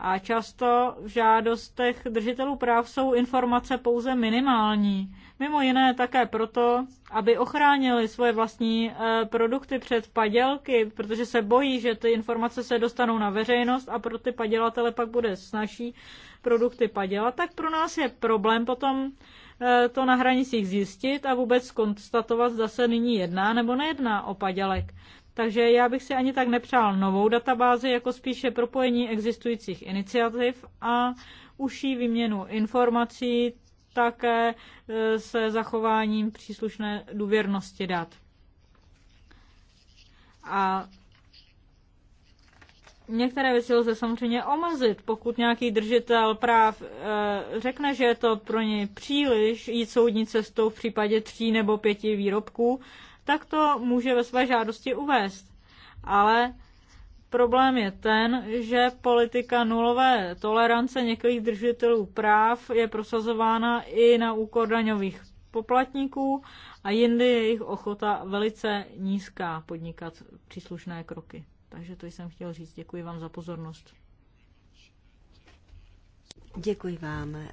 A často v žádostech držitelů práv jsou informace pouze minimální. Mimo jiné také proto, aby ochránili svoje vlastní eh, produkty před padělky, protože se bojí, že ty informace se dostanou na veřejnost a pro ty padělatele pak bude snažší produkty padělat. Tak pro nás je problém potom eh, to na hranicích zjistit a vůbec konstatovat, zda se nyní jedná nebo nejedná o padělek. Takže já bych si ani tak nepřál novou databázi, jako spíše propojení existujících iniciativ a užší výměnu informací také e, se zachováním příslušné důvěrnosti dat. A některé věci lze samozřejmě omezit, pokud nějaký držitel práv e, řekne, že je to pro něj příliš jít soudní cestou v případě tří nebo pěti výrobků, tak to může ve své žádosti uvést. Ale problém je ten, že politika nulové tolerance některých držitelů práv je prosazována i na úkor daňových poplatníků a jindy je jejich ochota velice nízká podnikat příslušné kroky. Takže to jsem chtěl říct. Děkuji vám za pozornost. Děkuji vám eh,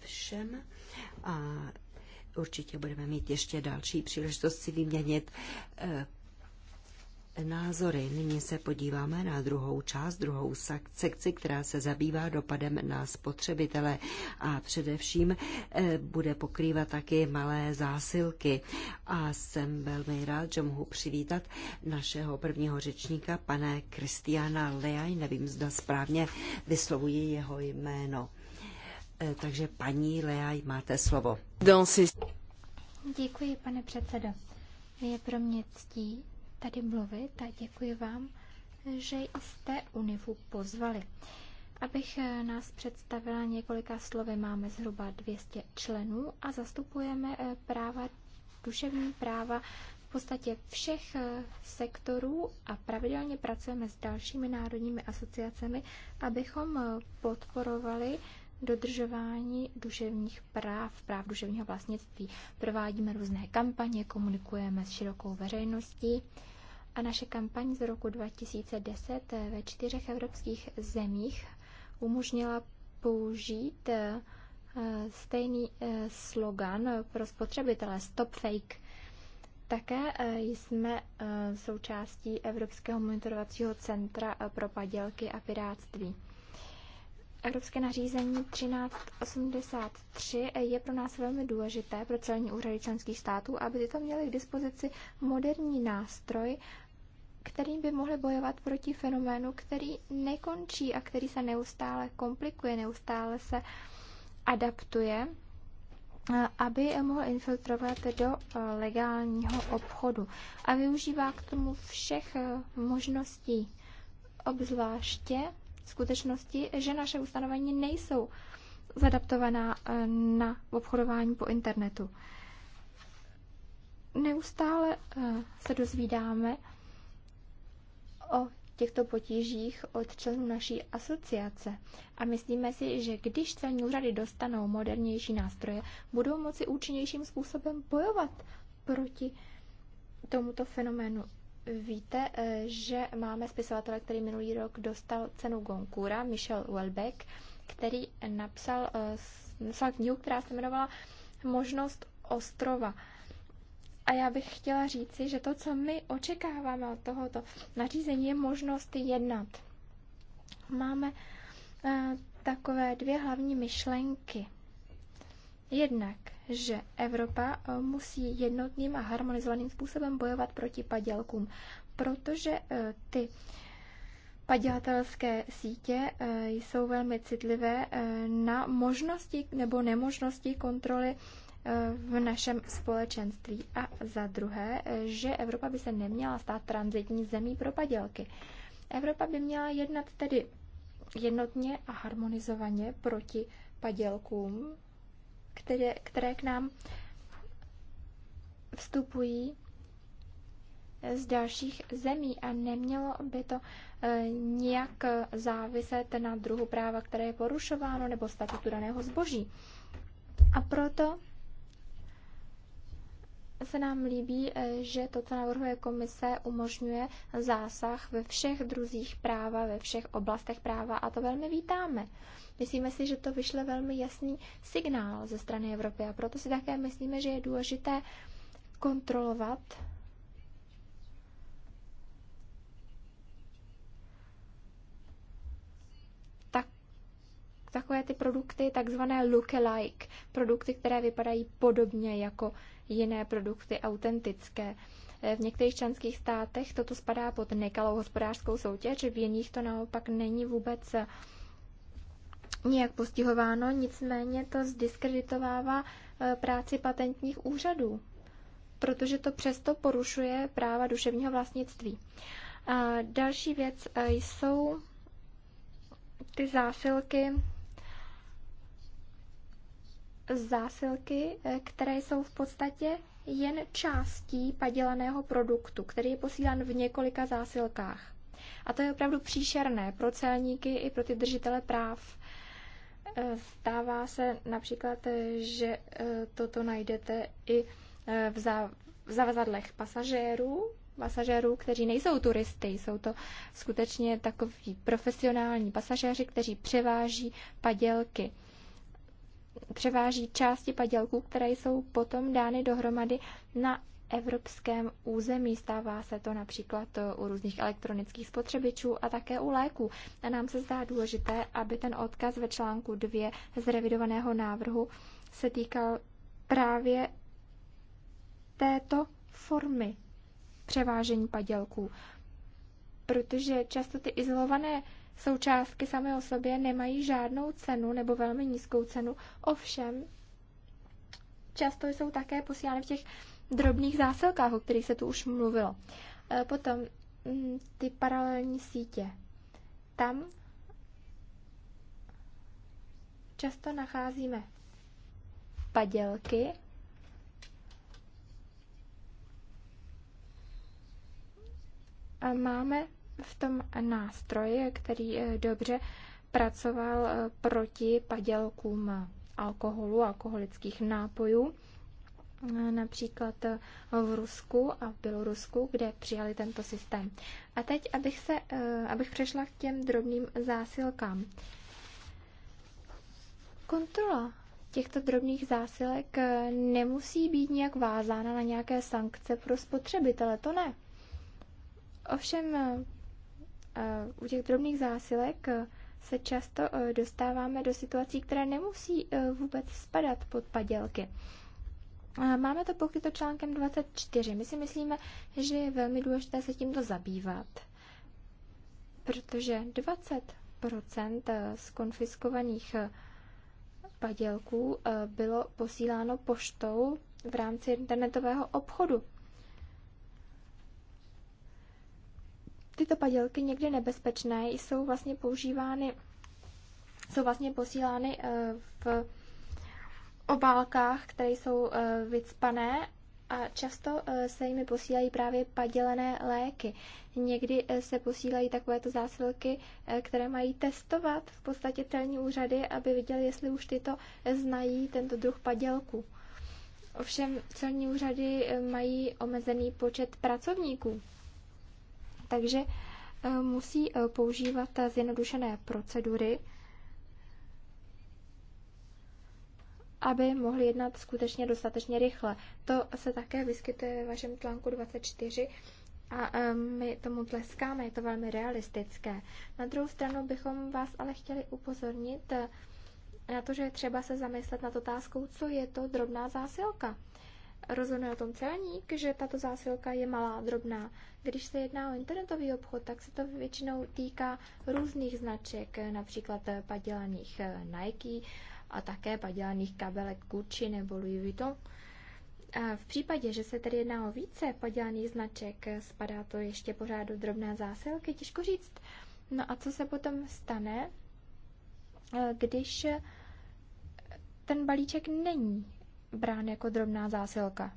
všem a Určitě budeme mít ještě další příležitost si vyměnit eh, názory. Nyní se podíváme na druhou část, druhou sekci, která se zabývá dopadem na spotřebitele a především eh, bude pokrývat taky malé zásilky. A jsem velmi rád, že mohu přivítat našeho prvního řečníka, pane Kristiana Leaj, nevím, zda správně vyslovuji jeho jméno. E, takže paní Lea, máte slovo. Děkuji, pane předsedo. Je pro mě ctí tady mluvit a děkuji vám, že jste Univu pozvali. Abych e, nás představila několika slovy, máme zhruba 200 členů a zastupujeme e, práva, duševní práva v podstatě všech sektorů a pravidelně pracujeme s dalšími národními asociacemi, abychom podporovali dodržování duševních práv, práv duševního vlastnictví. Provádíme různé kampaně, komunikujeme s širokou veřejností a naše kampaň z roku 2010 ve čtyřech evropských zemích umožnila použít eh, stejný eh, slogan pro spotřebitele Stop Fake. Také eh, jsme součástí Evropského monitorovacího centra pro padělky a pirátství. Evropské nařízení 1383 je pro nás velmi důležité pro celní úřady členských států, aby tyto měly k dispozici moderní nástroj, který by mohly bojovat proti fenoménu, který nekončí a který se neustále komplikuje, neustále se adaptuje, aby mohl infiltrovat do e, legálního obchodu. A využívá k tomu všech e, možností, obzvláště skutečnosti, že naše ustanovení nejsou zadaptovaná eh, na obchodování po internetu. Neustále eh, se dozvídáme o těchto potížích od členů naší asociace a myslíme si, že když celní úřady dostanou modernější nástroje, budou moci účinnějším způsobem bojovat proti tomuto fenoménu Víte, eh, že máme spisovatele, který minulý rok dostal cenu Gonkura, Michel Welbeck, který napsal, eh, napsal knihu, která se jmenovala Možnost ostrova. A já bych chtěla říci, že to, co my očekáváme od tohoto nařízení, je možnost jednat. Máme eh, takové dvě hlavní myšlenky. Jednak že Evropa eh, musí jednotným a harmonizovaným způsobem bojovat proti padělkům, protože eh, ty padělatelské sítě eh, jsou velmi citlivé na možnosti nebo nemožnosti kontroly v našem společenství. A za druhé, že Evropa by se neměla stát transitní zemí pro padělky. Evropa by měla jednat tedy jednotně a harmonizovaně proti padělkům, které, které k nám vstupují z dalších zemí a nemělo by to eh, nijak eh, záviset na druhu práva, které je porušováno nebo statutu daného zboží. A proto se nám líbí, eh, že to, co navrhuje komise, umožňuje zásah ve všech druzích práva, ve všech oblastech práva a to velmi vítáme. Myslíme si, že to vyšle velmi jasný signál ze strany Evropy a proto si také myslíme, že je důležité kontrolovat tak, takové ty produkty, takzvané lookalike, produkty, které vypadají podobně jako jiné produkty autentické. Eh, v některých členských státech toto spadá pod nekalou hospodářskou soutěž, v jiných to naopak není vůbec eh, nijak postihováno, nicméně to zdiskreditovává eh, práci patentních úřadů, protože to přesto porušuje práva duševního vlastnictví. A další věc jsou ty zásilky zásilky, eh, které jsou v podstatě jen částí padělaného produktu, který je posílán v několika zásilkách. A to je opravdu příšerné pro celníky i pro ty držitele práv. Eh, stává se například, eh, že toto najdete i v, za, zavazadlech pasažérů, pasažérů, kteří nejsou turisty, jsou to skutečně takoví profesionální pasažéři, kteří převáží padělky převáží části padělků, které jsou potom dány dohromady na evropském území. Stává se to například eh, u různých elektronických spotřebičů a také u léků. A nám se zdá důležité, aby ten odkaz ve článku 2 z revidovaného návrhu se týkal právě této formy převážení padělků. Protože často ty izolované Součástky samé o sobě nemají žádnou cenu nebo velmi nízkou cenu, ovšem často jsou také posílány v těch drobných zásilkách, o kterých se tu už mluvilo. E, potom mm, ty paralelní sítě. Tam často nacházíme padělky, a máme v tom nástroji, který eh, dobře pracoval eh, proti padělkům alkoholu, alkoholických nápojů, eh, například v Rusku a v Bělorusku, kde přijali tento systém. A teď, abych, se, abych přešla k těm drobným zásilkám. Kontrola těchto drobných zásilek nemusí být nějak vázána na nějaké sankce pro spotřebitele, to ne. Ovšem u těch drobných zásilek eh, se často eh, dostáváme do situací, které nemusí eh, vůbec spadat pod padělky. Máme to pokryto článkem 24. My si myslíme, že je velmi důležité se tímto zabývat, protože 20 z konfiskovaných padělků bylo posíláno poštou v rámci internetového obchodu. tyto padělky někdy nebezpečné jsou vlastně používány, jsou vlastně posílány eh, v obálkách, které jsou eh, vycpané a často eh, se jimi posílají právě padělené léky. Někdy se posílají takovéto zásilky, které mají testovat v podstatě celní úřady, aby viděli, jestli už tyto znají tento druh padělku. Ovšem celní úřady mají omezený počet pracovníků. Takže eh, musí eh, používat eh, zjednodušené procedury, aby mohli jednat skutečně dostatečně rychle. To se také vyskytuje ve vašem článku 24 a my tomu tleskáme, je to velmi realistické. Na druhou stranu bychom vás ale chtěli upozornit na to, že je třeba se zamyslet nad otázkou, co je to drobná zásilka. Rozhodne o tom celník, že tato zásilka je malá, drobná. Když se jedná o internetový obchod, tak se to většinou týká různých značek, například padělaných eh, Nike a také padělaných kabelek Gucci nebo Louis Vuitton. A v případě, že se tedy jedná o více padělaných značek, eh, spadá to ještě pořád do drobné zásilky, těžko říct. No a co se potom stane, eh, když ten balíček není brán jako drobná zásilka?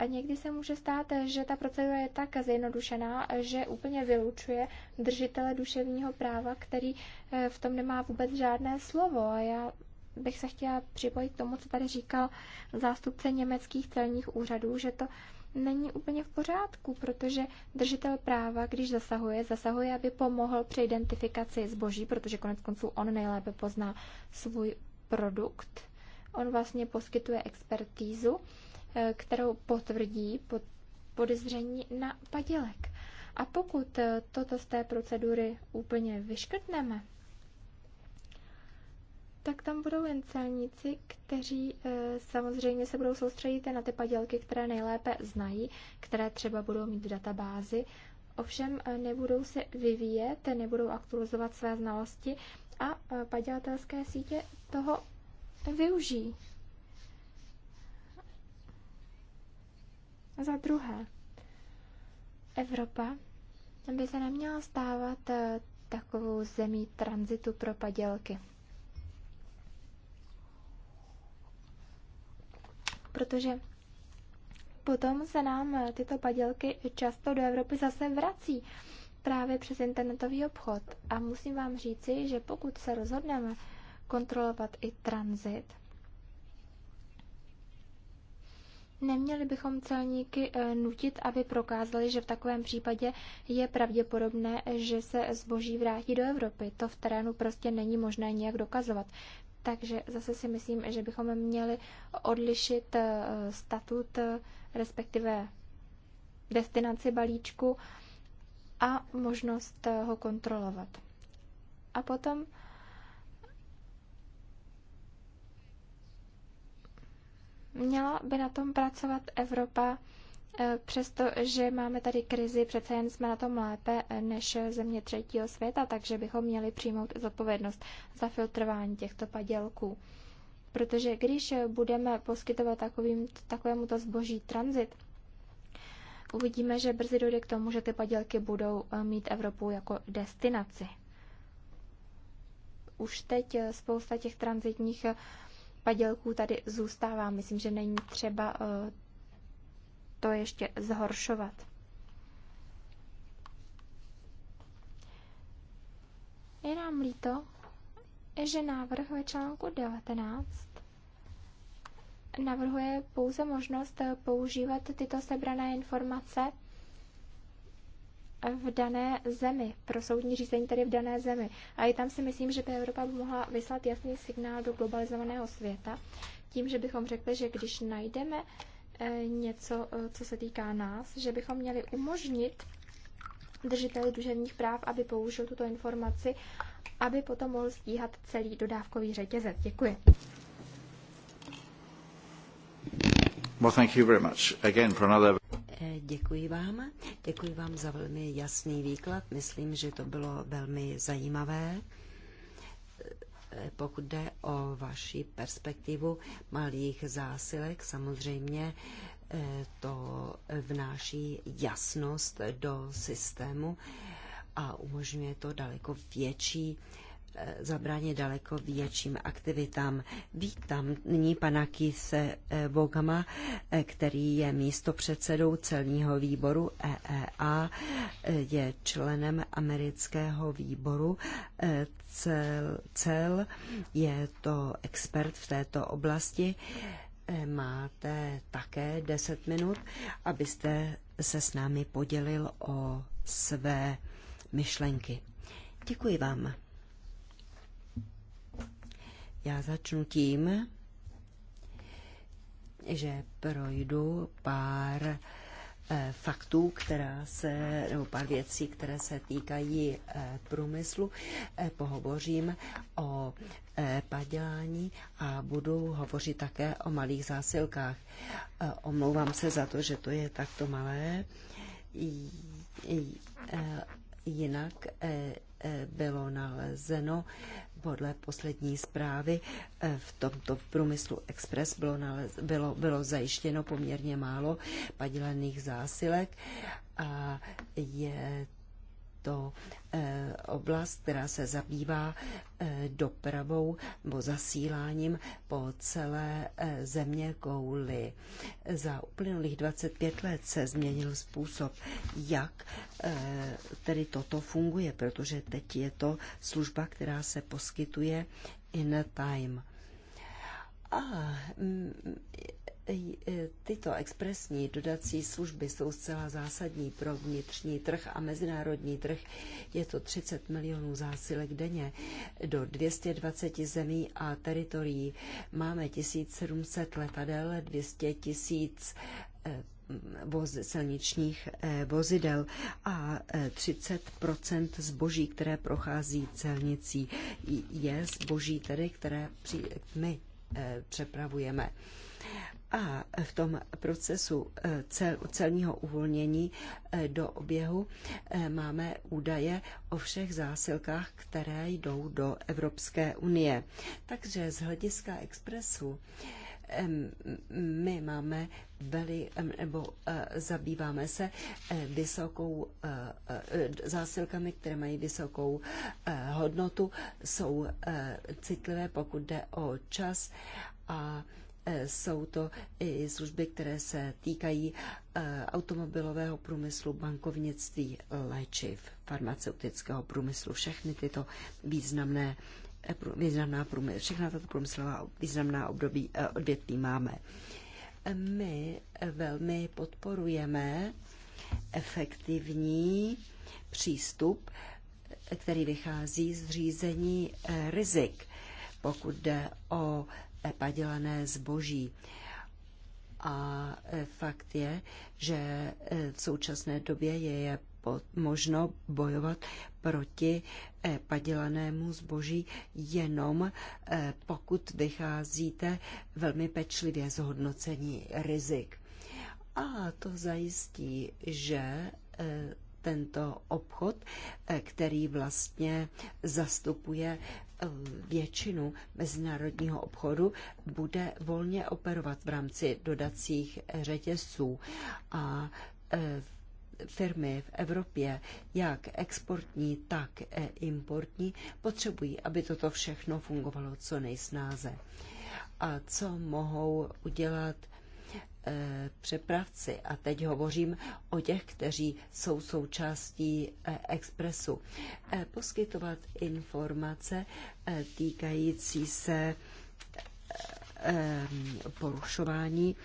A někdy se může stát, že ta procedura je tak zjednodušená, že úplně vylučuje držitele duševního práva, který eh, v tom nemá vůbec žádné slovo. A já bych se chtěla připojit k tomu, co tady říkal zástupce německých celních úřadů, že to není úplně v pořádku, protože držitel práva, když zasahuje, zasahuje, aby pomohl při identifikaci zboží, protože konec konců on nejlépe pozná svůj produkt. On vlastně poskytuje expertízu Eh, kterou potvrdí pod podezření na padělek. A pokud eh, toto z té procedury úplně vyškrtneme, tak tam budou jen celníci, kteří eh, samozřejmě se budou soustředit na ty padělky, které nejlépe znají, které třeba budou mít v databázi, ovšem nebudou se vyvíjet, nebudou aktualizovat své znalosti a padělatelské sítě toho využijí. Za druhé, Evropa by se neměla stávat eh, takovou zemí tranzitu pro padělky. Protože potom se nám eh, tyto padělky často do Evropy zase vrací právě přes internetový obchod. A musím vám říci, že pokud se rozhodneme kontrolovat i tranzit, Neměli bychom celníky eh, nutit, aby prokázali, že v takovém případě je pravděpodobné, že se zboží vrátí do Evropy. To v terénu prostě není možné nijak dokazovat. Takže zase si myslím, že bychom měli odlišit eh, statut, eh, respektive destinaci balíčku a možnost ho kontrolovat. A potom Měla by na tom pracovat Evropa, eh, přestože máme tady krizi, přece jen jsme na tom lépe eh, než země třetího světa, takže bychom měli přijmout zodpovědnost za filtrování těchto padělků. Protože když budeme poskytovat takovým, takovémuto zboží tranzit, uvidíme, že brzy dojde k tomu, že ty padělky budou eh, mít Evropu jako destinaci. Už teď spousta těch transitních padělků tady zůstává. Myslím, že není třeba eh, to ještě zhoršovat. Je nám líto, že návrh ve článku 19 navrhuje pouze možnost eh, používat tyto sebrané informace v dané zemi, pro soudní řízení tady v dané zemi. A i tam si myslím, že by Evropa mohla vyslat jasný signál do globalizovaného světa, tím, že bychom řekli, že když najdeme eh, něco, eh, co se týká nás, že bychom měli umožnit držiteli duševních práv, aby použil tuto informaci, aby potom mohl stíhat celý dodávkový řetězec. Děkuji. Well, thank you very much again for another... Děkuji vám. Děkuji vám za velmi jasný výklad. Myslím, že to bylo velmi zajímavé. Eh, pokud jde o vaši perspektivu malých zásilek, samozřejmě eh, to vnáší jasnost do systému a umožňuje to daleko větší Eh, zabránit daleko větším aktivitám. Vítám nyní pana Kise eh, Bogama, eh, který je místopředsedou celního výboru EEA, je členem amerického výboru cel, cel je to expert v této oblasti. Máte také 10 minut, abyste se s námi podělil o své myšlenky. Děkuji vám. Já začnu tím, že projdu pár eh, faktů, která se, nebo pár věcí, které se týkají eh, průmyslu. Eh, pohovořím o padělání a budu hovořit také o malých zásilkách. Omlouvám se za to, že to je takto malé. Jinak bylo nalezeno podle poslední zprávy eh, v tomto průmyslu Express bylo, nalez, bylo, bylo zajištěno poměrně málo padělených zásilek a je to eh, oblast, která se zabývá eh, dopravou nebo zasíláním po celé eh, země kouli. Za uplynulých 25 let se změnil způsob, jak tedy toto funguje, protože teď je to služba, která se poskytuje in time. A mm, E, tyto expresní dodací služby jsou zcela zásadní pro vnitřní trh a mezinárodní trh. Je to 30 milionů zásilek denně do 220 zemí a teritorií. Máme 1700 letadel, 200 tisíc e, voz, silničních e, vozidel a 30 zboží, které prochází celnicí, je zboží tedy, které při, my přepravujeme a v tom procesu eh, cel, celního uvolnění eh, do oběhu eh, máme údaje o všech zásilkách, které jdou do Evropské unie. Takže z hlediska expresu my máme veli, nebo zabýváme se vysokou zásilkami, které mají vysokou hodnotu, jsou citlivé, pokud jde o čas a Eh, jsou to i služby, které se týkají eh, automobilového průmyslu, bankovnictví, léčiv, farmaceutického průmyslu. Všechny tyto významné eh, významná průmysl, všechna tato průmyslová významná období odvětví máme. My velmi podporujeme efektivní přístup, který vychází z řízení rizik, pokud jde o padělané zboží. A e, fakt je, že e, v současné době je možno bojovat proti e, padělanému zboží jenom pokud vycházíte velmi pečlivě z hodnocení rizik. A to zajistí, že tento obchod, který vlastně zastupuje většinu mezinárodního obchodu bude volně operovat v rámci dodacích řetězců a e, firmy v Evropě, jak exportní, tak e, importní, potřebují, aby toto všechno fungovalo co nejsnáze. A co mohou udělat Eh, přepravci. A teď hovořím o těch, kteří jsou součástí eh, expresu. Eh, poskytovat informace týkající se porušování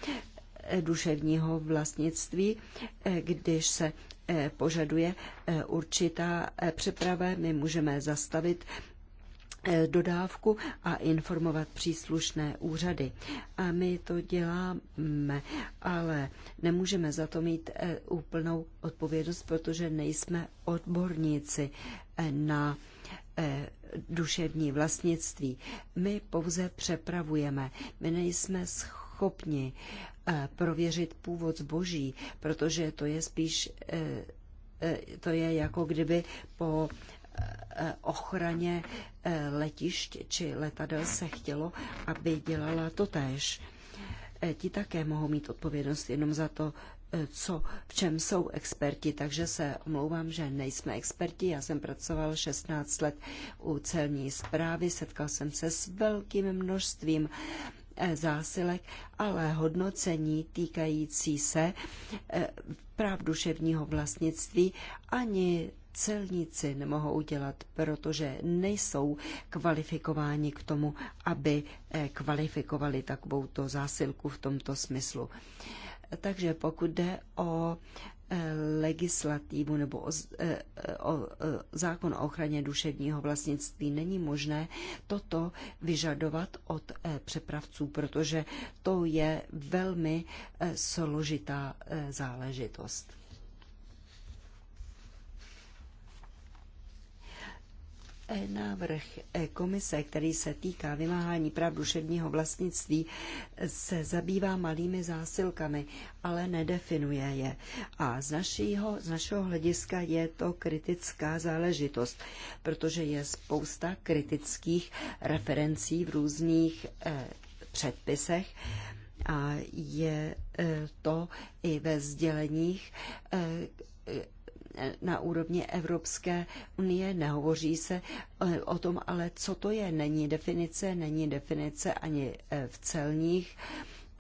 duševního vlastnictví, když se požaduje určitá přeprava, my můžeme zastavit Eh, dodávku a informovat příslušné úřady. A my to děláme, ale nemůžeme za to mít eh, úplnou odpovědnost, protože nejsme odborníci eh, na duševní vlastnictví. My pouze přepravujeme, my nejsme schopni prověřit původ zboží, protože to je spíš to je jako kdyby po ochraně eh, letišť či letadel se chtělo, aby dělala to též. Eh, ti také mohou mít odpovědnost jenom za to, eh, co, v čem jsou experti, takže se omlouvám, že nejsme experti. Já jsem pracoval 16 let u celní zprávy, setkal jsem se s velkým množstvím zásilek, ale hodnocení týkající se práv duševního vlastnictví ani celníci nemohou udělat, protože nejsou kvalifikováni k tomu, aby eh, kvalifikovali takovouto zásilku v tomto smyslu. Takže pokud jde o eh, legislativu nebo o, eh, o, zákon o ochraně duševního vlastnictví není možné toto vyžadovat od přepravců, protože to je velmi složitá záležitost. Návrh eh, komise, který se týká vymáhání práv duševního vlastnictví, se zabývá malými zásilkami, ale nedefinuje je. A z, našího, z našeho hlediska je to kritická záležitost, protože je spousta kritických referencí v různých eh, předpisech a je eh, to i ve sděleních eh, na úrovni Evropské unie, nehovoří se eh, o tom, ale co to je. Není definice, není definice ani eh, v celních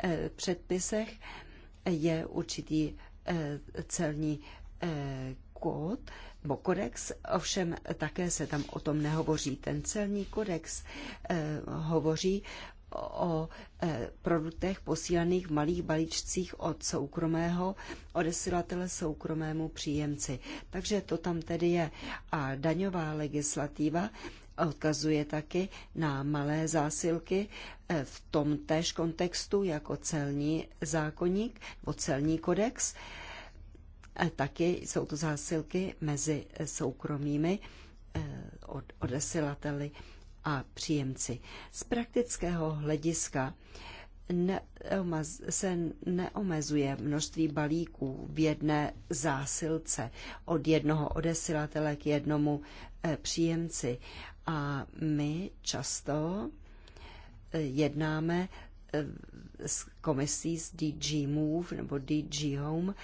eh, předpisech. Je určitý celní kód nebo kodex, ovšem také se tam o tom nehovoří. Ten celní kodex hovoří o e, produktech posílaných v malých balíčcích od soukromého odesilatele soukromému příjemci. Takže to tam tedy je. A daňová legislativa odkazuje taky na malé zásilky e, v tom též kontextu jako celní zákonník nebo celní kodex. E, taky jsou to zásilky mezi soukromými odesilateli a příjemci. Z praktického hlediska se neomezuje množství balíků v jedné zásilce od jednoho odesilatele k jednomu eh, příjemci. A my často eh, jednáme eh, s komisí z DG Move nebo DG Home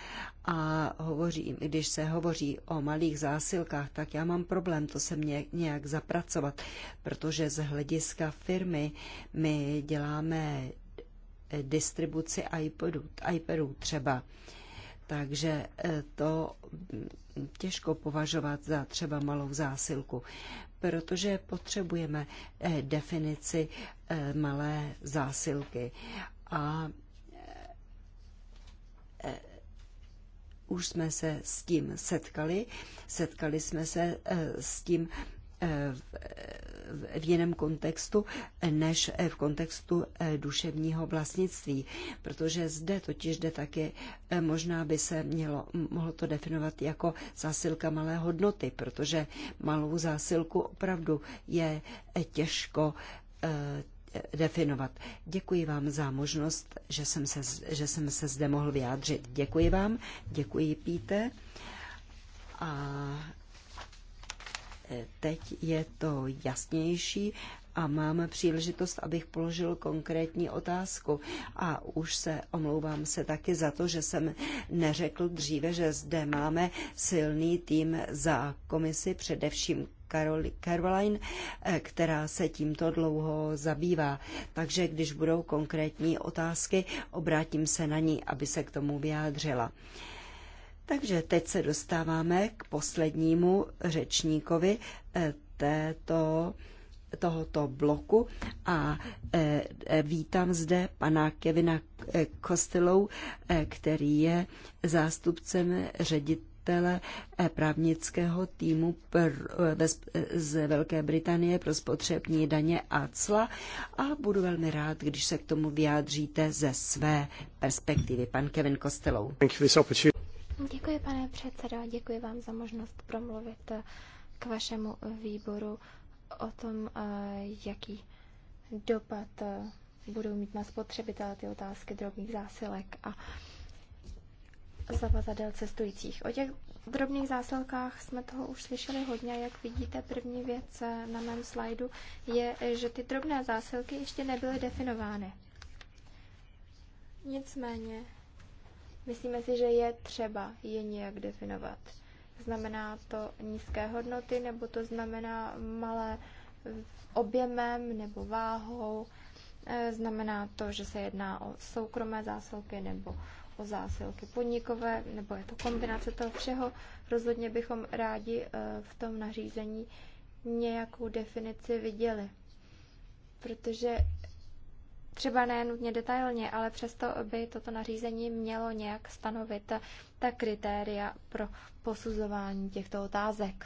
a hovoří, když se hovoří o malých zásilkách, tak já mám problém to se mě nějak zapracovat, protože z hlediska firmy my děláme eh, distribuci iPodů, iPadu třeba. Takže eh, to hm, těžko považovat za třeba malou zásilku, protože potřebujeme eh, definici malé zásilky. A už jsme se s tím setkali. Setkali jsme se eh, s tím eh, v jiném kontextu eh, než v kontextu duševního vlastnictví, protože zde totiž jde také, možná by se mělo, mohlo to definovat jako zásilka malé hodnoty, protože malou zásilku opravdu je těžko definovat. Děkuji vám za možnost, že jsem se, že jsem se zde mohl vyjádřit. Děkuji vám, děkuji Píte. A e, teď je to jasnější a mám příležitost, abych položil konkrétní otázku. A už se omlouvám se taky za to, že jsem neřekl dříve, že zde máme silný tým za komisi, především Caroline, eh, která se tímto dlouho zabývá. Takže když budou konkrétní otázky, obrátím se na ní, aby se k tomu vyjádřila. Takže teď se dostáváme k poslednímu řečníkovi eh, této tohoto bloku a eh, vítám zde pana Kevina Kostelou, který je zástupcem ředit, ředitele eh, právnického týmu eh, eh, z Velké Británie pro spotřební daně a cla a budu velmi rád, když se k tomu vyjádříte ze své perspektivy. Pan Kevin Kostelou. Děkuji, pane předsedo, děkuji vám za možnost promluvit k vašemu výboru o tom, jaký dopad budou mít na spotřebitele ty otázky drobných zásilek a zavazadel cestujících. O těch drobných zásilkách jsme toho už slyšeli hodně. Jak vidíte, první věc na mém slajdu je, že ty drobné zásilky ještě nebyly definovány. Nicméně, myslíme si, že je třeba je nějak definovat. Znamená to nízké hodnoty, nebo to znamená malé objemem nebo váhou, znamená to, že se jedná o soukromé zásilky nebo o zásilky podnikové, nebo je to kombinace toho všeho. Rozhodně bychom rádi eh, v tom nařízení nějakou definici viděli. Protože třeba ne nutně detailně, ale přesto by toto nařízení mělo nějak stanovit eh, ta kritéria pro posuzování těchto otázek.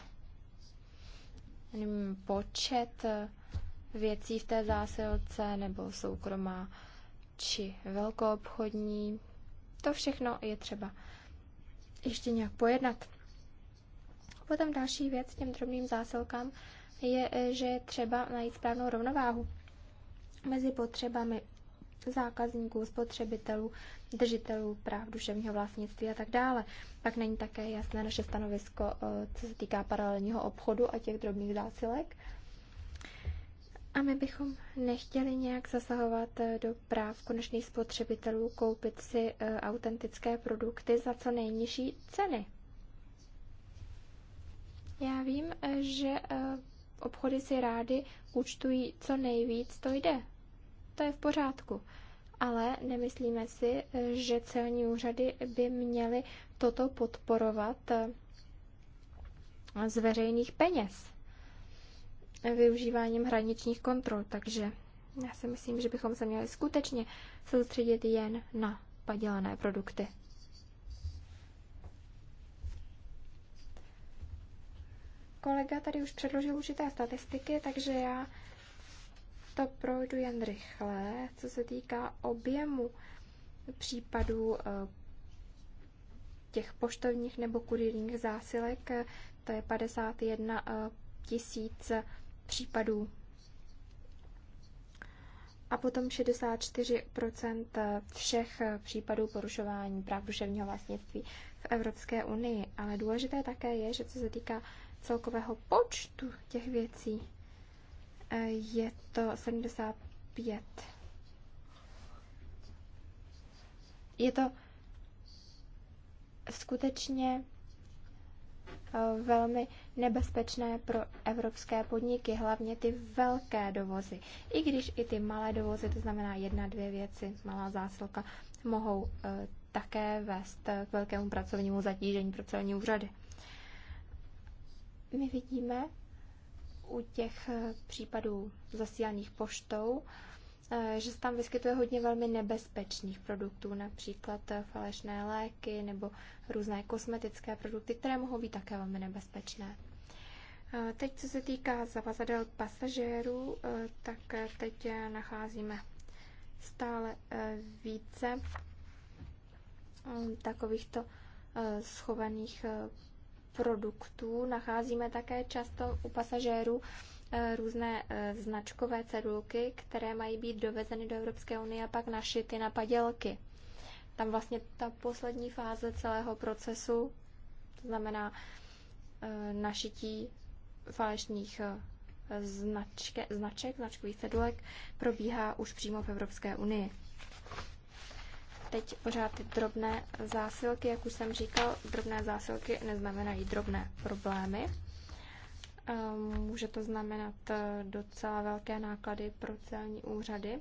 Počet eh, věcí v té zásilce nebo soukromá či velkoobchodní to všechno je třeba ještě nějak pojednat. Potom další věc těm drobným zásilkám je, eh, že je třeba najít správnou rovnováhu mezi potřebami zákazníků, spotřebitelů, držitelů práv duševního vlastnictví a tak dále. Pak není také jasné naše stanovisko, eh, co se týká paralelního obchodu a těch drobných zásilek. A my bychom nechtěli nějak zasahovat eh, do práv konečných spotřebitelů koupit si eh, autentické produkty za co nejnižší ceny. Já vím, eh, že obchody si rády účtují co nejvíc, to jde. To je v pořádku. Ale nemyslíme si, že celní úřady by měly toto podporovat z veřejných peněz využíváním hraničních kontrol. Takže já si myslím, že bychom se měli skutečně soustředit jen na padělané produkty. Kolega tady už předložil určité statistiky, takže já to projdu jen rychle. Co se týká objemu případů eh, těch poštovních nebo kurýrních zásilek, to je 51 eh, tisíc případů. A potom 64 všech případů porušování práv duševního vlastnictví v Evropské unii. Ale důležité také je, že co se týká celkového počtu těch věcí, je to 75. Je to skutečně Eh, velmi nebezpečné pro evropské podniky, hlavně ty velké dovozy. I když i ty malé dovozy, to znamená jedna, dvě věci, malá zásilka, mohou eh, také vést k velkému pracovnímu zatížení pro celní úřady. My vidíme u těch eh, případů zasílaných poštou, Eh, že se tam vyskytuje hodně velmi nebezpečných produktů, například eh, falešné léky nebo různé kosmetické produkty, které mohou být také velmi nebezpečné. Eh, teď, co se týká zavazadel pasažérů, tak teď nacházíme stále více takovýchto schovaných produktů. Nacházíme také často u pasažérů Eh, různé eh, značkové cedulky, které mají být dovezeny do Evropské unie a pak našity na padělky. Tam vlastně ta poslední fáze celého procesu, to znamená eh, našití falešných značke, značek, značkových cedulek, probíhá už přímo v Evropské unii. Teď pořád ty drobné zásilky, jak už jsem říkal, drobné zásilky neznamenají drobné problémy, Ehm, může to znamenat eh, docela velké náklady pro celní úřady.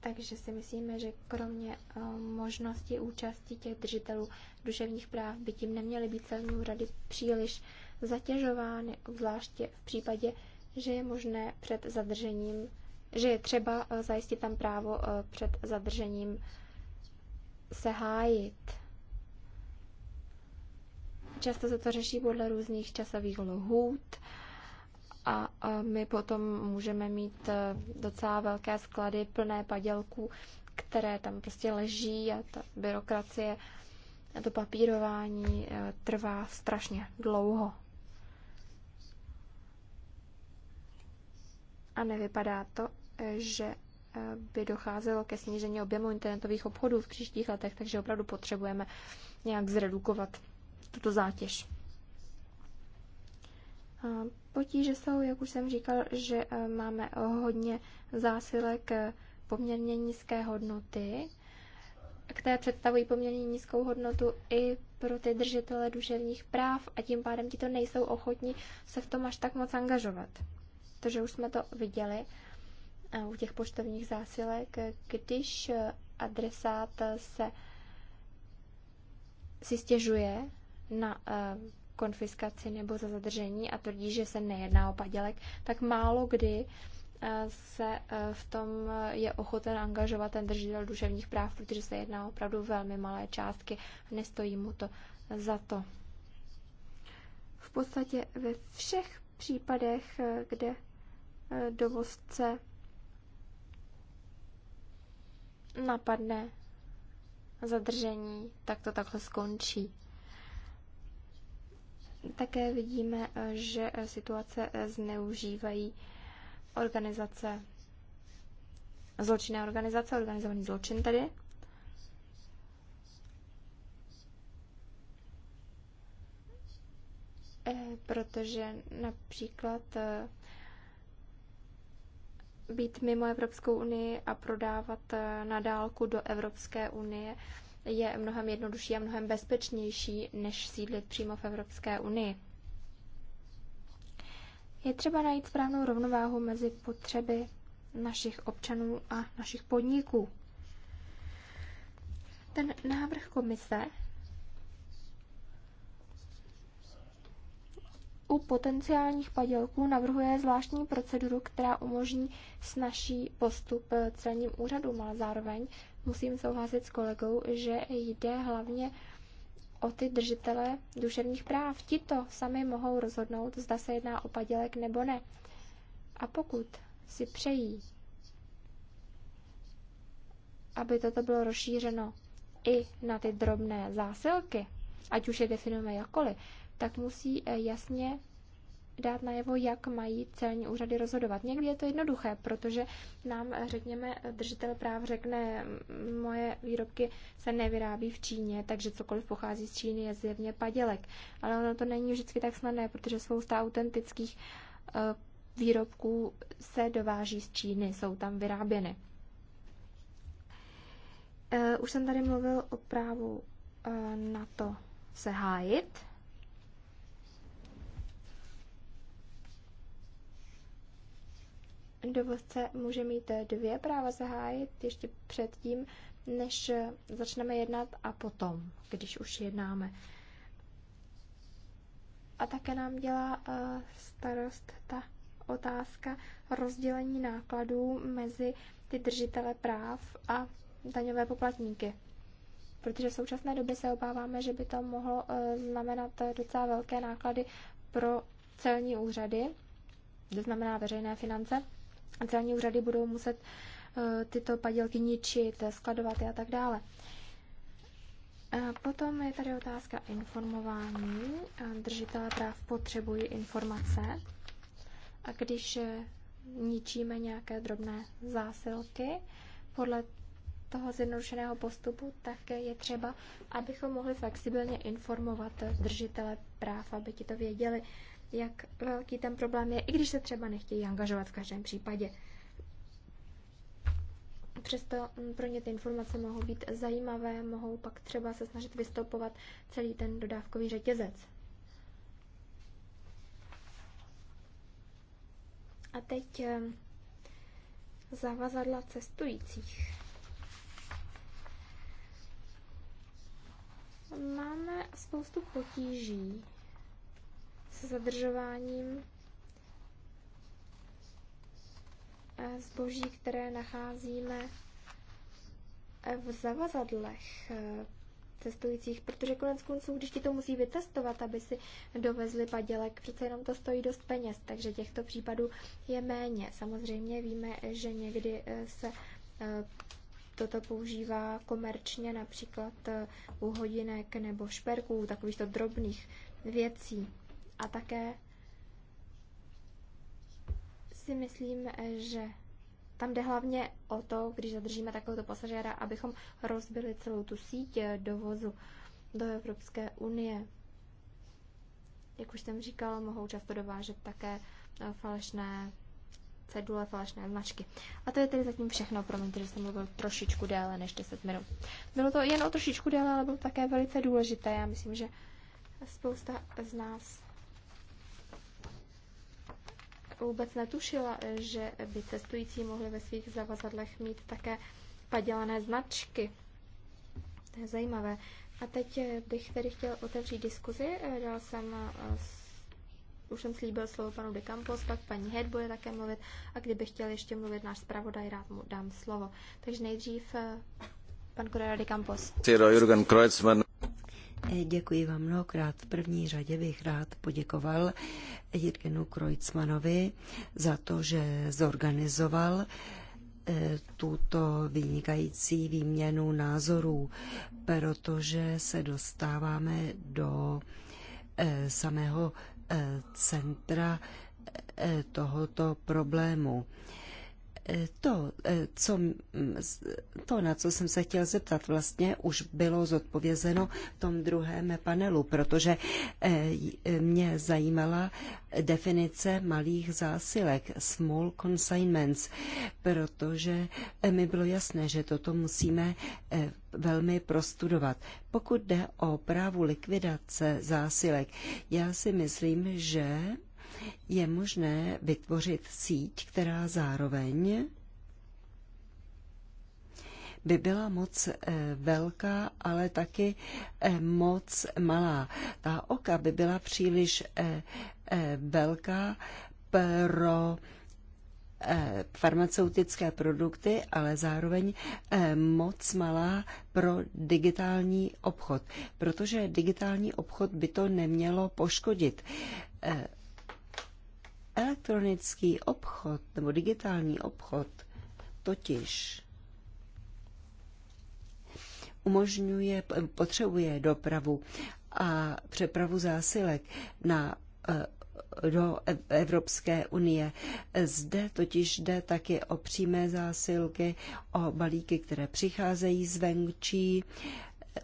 Takže si myslíme, že kromě ehm, možnosti účasti těch držitelů duševních práv by tím neměly být celní úřady příliš zatěžovány, zvláště v případě, že je možné před zadržením, že je třeba eh, zajistit tam právo eh, před zadržením se hájit. Často se to řeší podle různých časových lhůt a my potom můžeme mít e, docela velké sklady plné padělků, které tam prostě leží a ta byrokracie a to papírování e, trvá strašně dlouho. A nevypadá to, e, že by docházelo ke snížení objemu internetových obchodů v příštích letech, takže opravdu potřebujeme nějak zredukovat tuto zátěž. Potíže jsou, jak už jsem říkal, že e, máme hodně zásilek e, poměrně nízké hodnoty, které představují poměrně nízkou hodnotu i pro ty držitele duševních práv a tím pádem ti to nejsou ochotní se v tom až tak moc angažovat. Protože už jsme to viděli e, u těch poštovních zásilek, když adresát se si stěžuje na eh, konfiskaci nebo za zadržení a tvrdí, že se nejedná o padělek, tak málo kdy eh, se eh, v tom je ochoten angažovat ten držitel duševních práv, protože se jedná opravdu velmi malé částky a nestojí mu to za to. V podstatě ve všech případech, kde dovozce napadne zadržení, tak to takhle skončí. Také vidíme, eh, že eh, situace eh, zneužívají organizace, zločinné organizace, organizovaný zločin tady. Protože například být mimo Evropskou unii a prodávat na dálku do Evropské unie je mnohem jednodušší a mnohem bezpečnější, než sídlit přímo v Evropské unii. Je třeba najít správnou rovnováhu mezi potřeby našich občanů a našich podniků. Ten návrh komise u potenciálních padělků navrhuje zvláštní proceduru, která umožní snažší postup celním úřadům, ale zároveň musím souhlasit s kolegou, že jde hlavně o ty držitele duševních práv. Tito sami mohou rozhodnout, zda se jedná o padělek nebo ne. A pokud si přejí, aby toto bylo rozšířeno i na ty drobné zásilky, ať už je definujeme jakkoliv, tak musí eh, jasně dát najevo, jak mají celní úřady rozhodovat. Někdy je to jednoduché, protože nám, eh, řekněme, držitel práv řekne, moje výrobky se nevyrábí v Číně, takže cokoliv pochází z Číny je zjevně padělek. Ale ono to není vždycky tak snadné, protože spousta autentických eh, výrobků se dováží z Číny, jsou tam vyráběny. Eh, už jsem tady mluvil o právu na to se hájit. dovozce může mít dvě práva zahájit ještě předtím, než začneme jednat a potom, když už jednáme. A také nám dělá eh, starost ta otázka rozdělení nákladů mezi ty držitele práv a daňové poplatníky. Protože v současné době se obáváme, že by to mohlo eh, znamenat docela velké náklady pro celní úřady, to znamená veřejné finance, celní úřady budou muset eh, tyto padělky ničit, skladovat a tak dále. Potom je tady otázka informování. Držitelé práv potřebují informace. A když eh, ničíme nějaké drobné zásilky podle toho zjednodušeného postupu, tak je třeba, abychom mohli flexibilně informovat držitele práv, aby ti to věděli jak velký ten problém je, i když se třeba nechtějí angažovat v každém případě. Přesto mm, pro ně ty informace mohou být zajímavé, mohou pak třeba se snažit vystopovat celý ten dodávkový řetězec. A teď eh, zavazadla cestujících. Máme spoustu potíží se zadržováním eh, zboží, které nacházíme eh, v zavazadlech eh, cestujících, protože konec konců, když ti to musí vytestovat, aby si dovezli padělek, přece jenom to stojí dost peněz, takže těchto případů je méně. Samozřejmě víme, že někdy se toto používá komerčně, například u hodinek nebo šperků, takovýchto drobných věcí. A také si myslím, že tam jde hlavně o to, když zadržíme takového pasažéra, abychom rozbili celou tu síť dovozu do Evropské unie. Jak už jsem říkal, mohou často dovážet také eh, falešné cedule, falešné značky. A to je tedy zatím všechno. Promiňte, že jsem mluvil trošičku déle než 10 minut. Bylo to jen o trošičku déle, ale bylo také velice důležité. Já myslím, že spousta z nás vůbec netušila, že by cestující mohli ve svých zavazadlech mít také padělané značky. To je zajímavé. A teď eh, bych tedy chtěl otevřít diskuzi. Eh, dal jsem, eh, už jsem slíbil slovo panu De Campos, pak paní Head bude také mluvit a kdyby chtěl ještě mluvit náš zpravodaj, rád mu dám slovo. Takže nejdřív pan Correa De Campos. Jürgen Kreuzmann. Eh, děkuji vám mnohokrát. V první řadě bych rád poděkoval Jirgenu Krojcmanovi za to, že zorganizoval eh, tuto vynikající výměnu názorů, protože se dostáváme do eh, samého centra tohoto problému. To, eh, co, to, na co jsem se chtěl zeptat, vlastně už bylo zodpovězeno v tom druhém panelu, protože eh, eh, mě zajímala definice malých zásilek, small consignments, protože mi bylo jasné, že toto musíme velmi prostudovat. Pokud jde o právu likvidace zásilek, já si myslím, že je možné vytvořit síť, která zároveň by byla moc eh, velká, ale taky eh, moc malá. Ta oka by byla příliš eh, velká pro farmaceutické produkty, ale zároveň moc malá pro digitální obchod, protože digitální obchod by to nemělo poškodit Elektronický obchod nebo digitální obchod totiž umožňuje, potřebuje dopravu a přepravu zásilek na, eh, do Evropské unie. Zde totiž jde taky o přímé zásilky, o balíky, které přicházejí zvenčí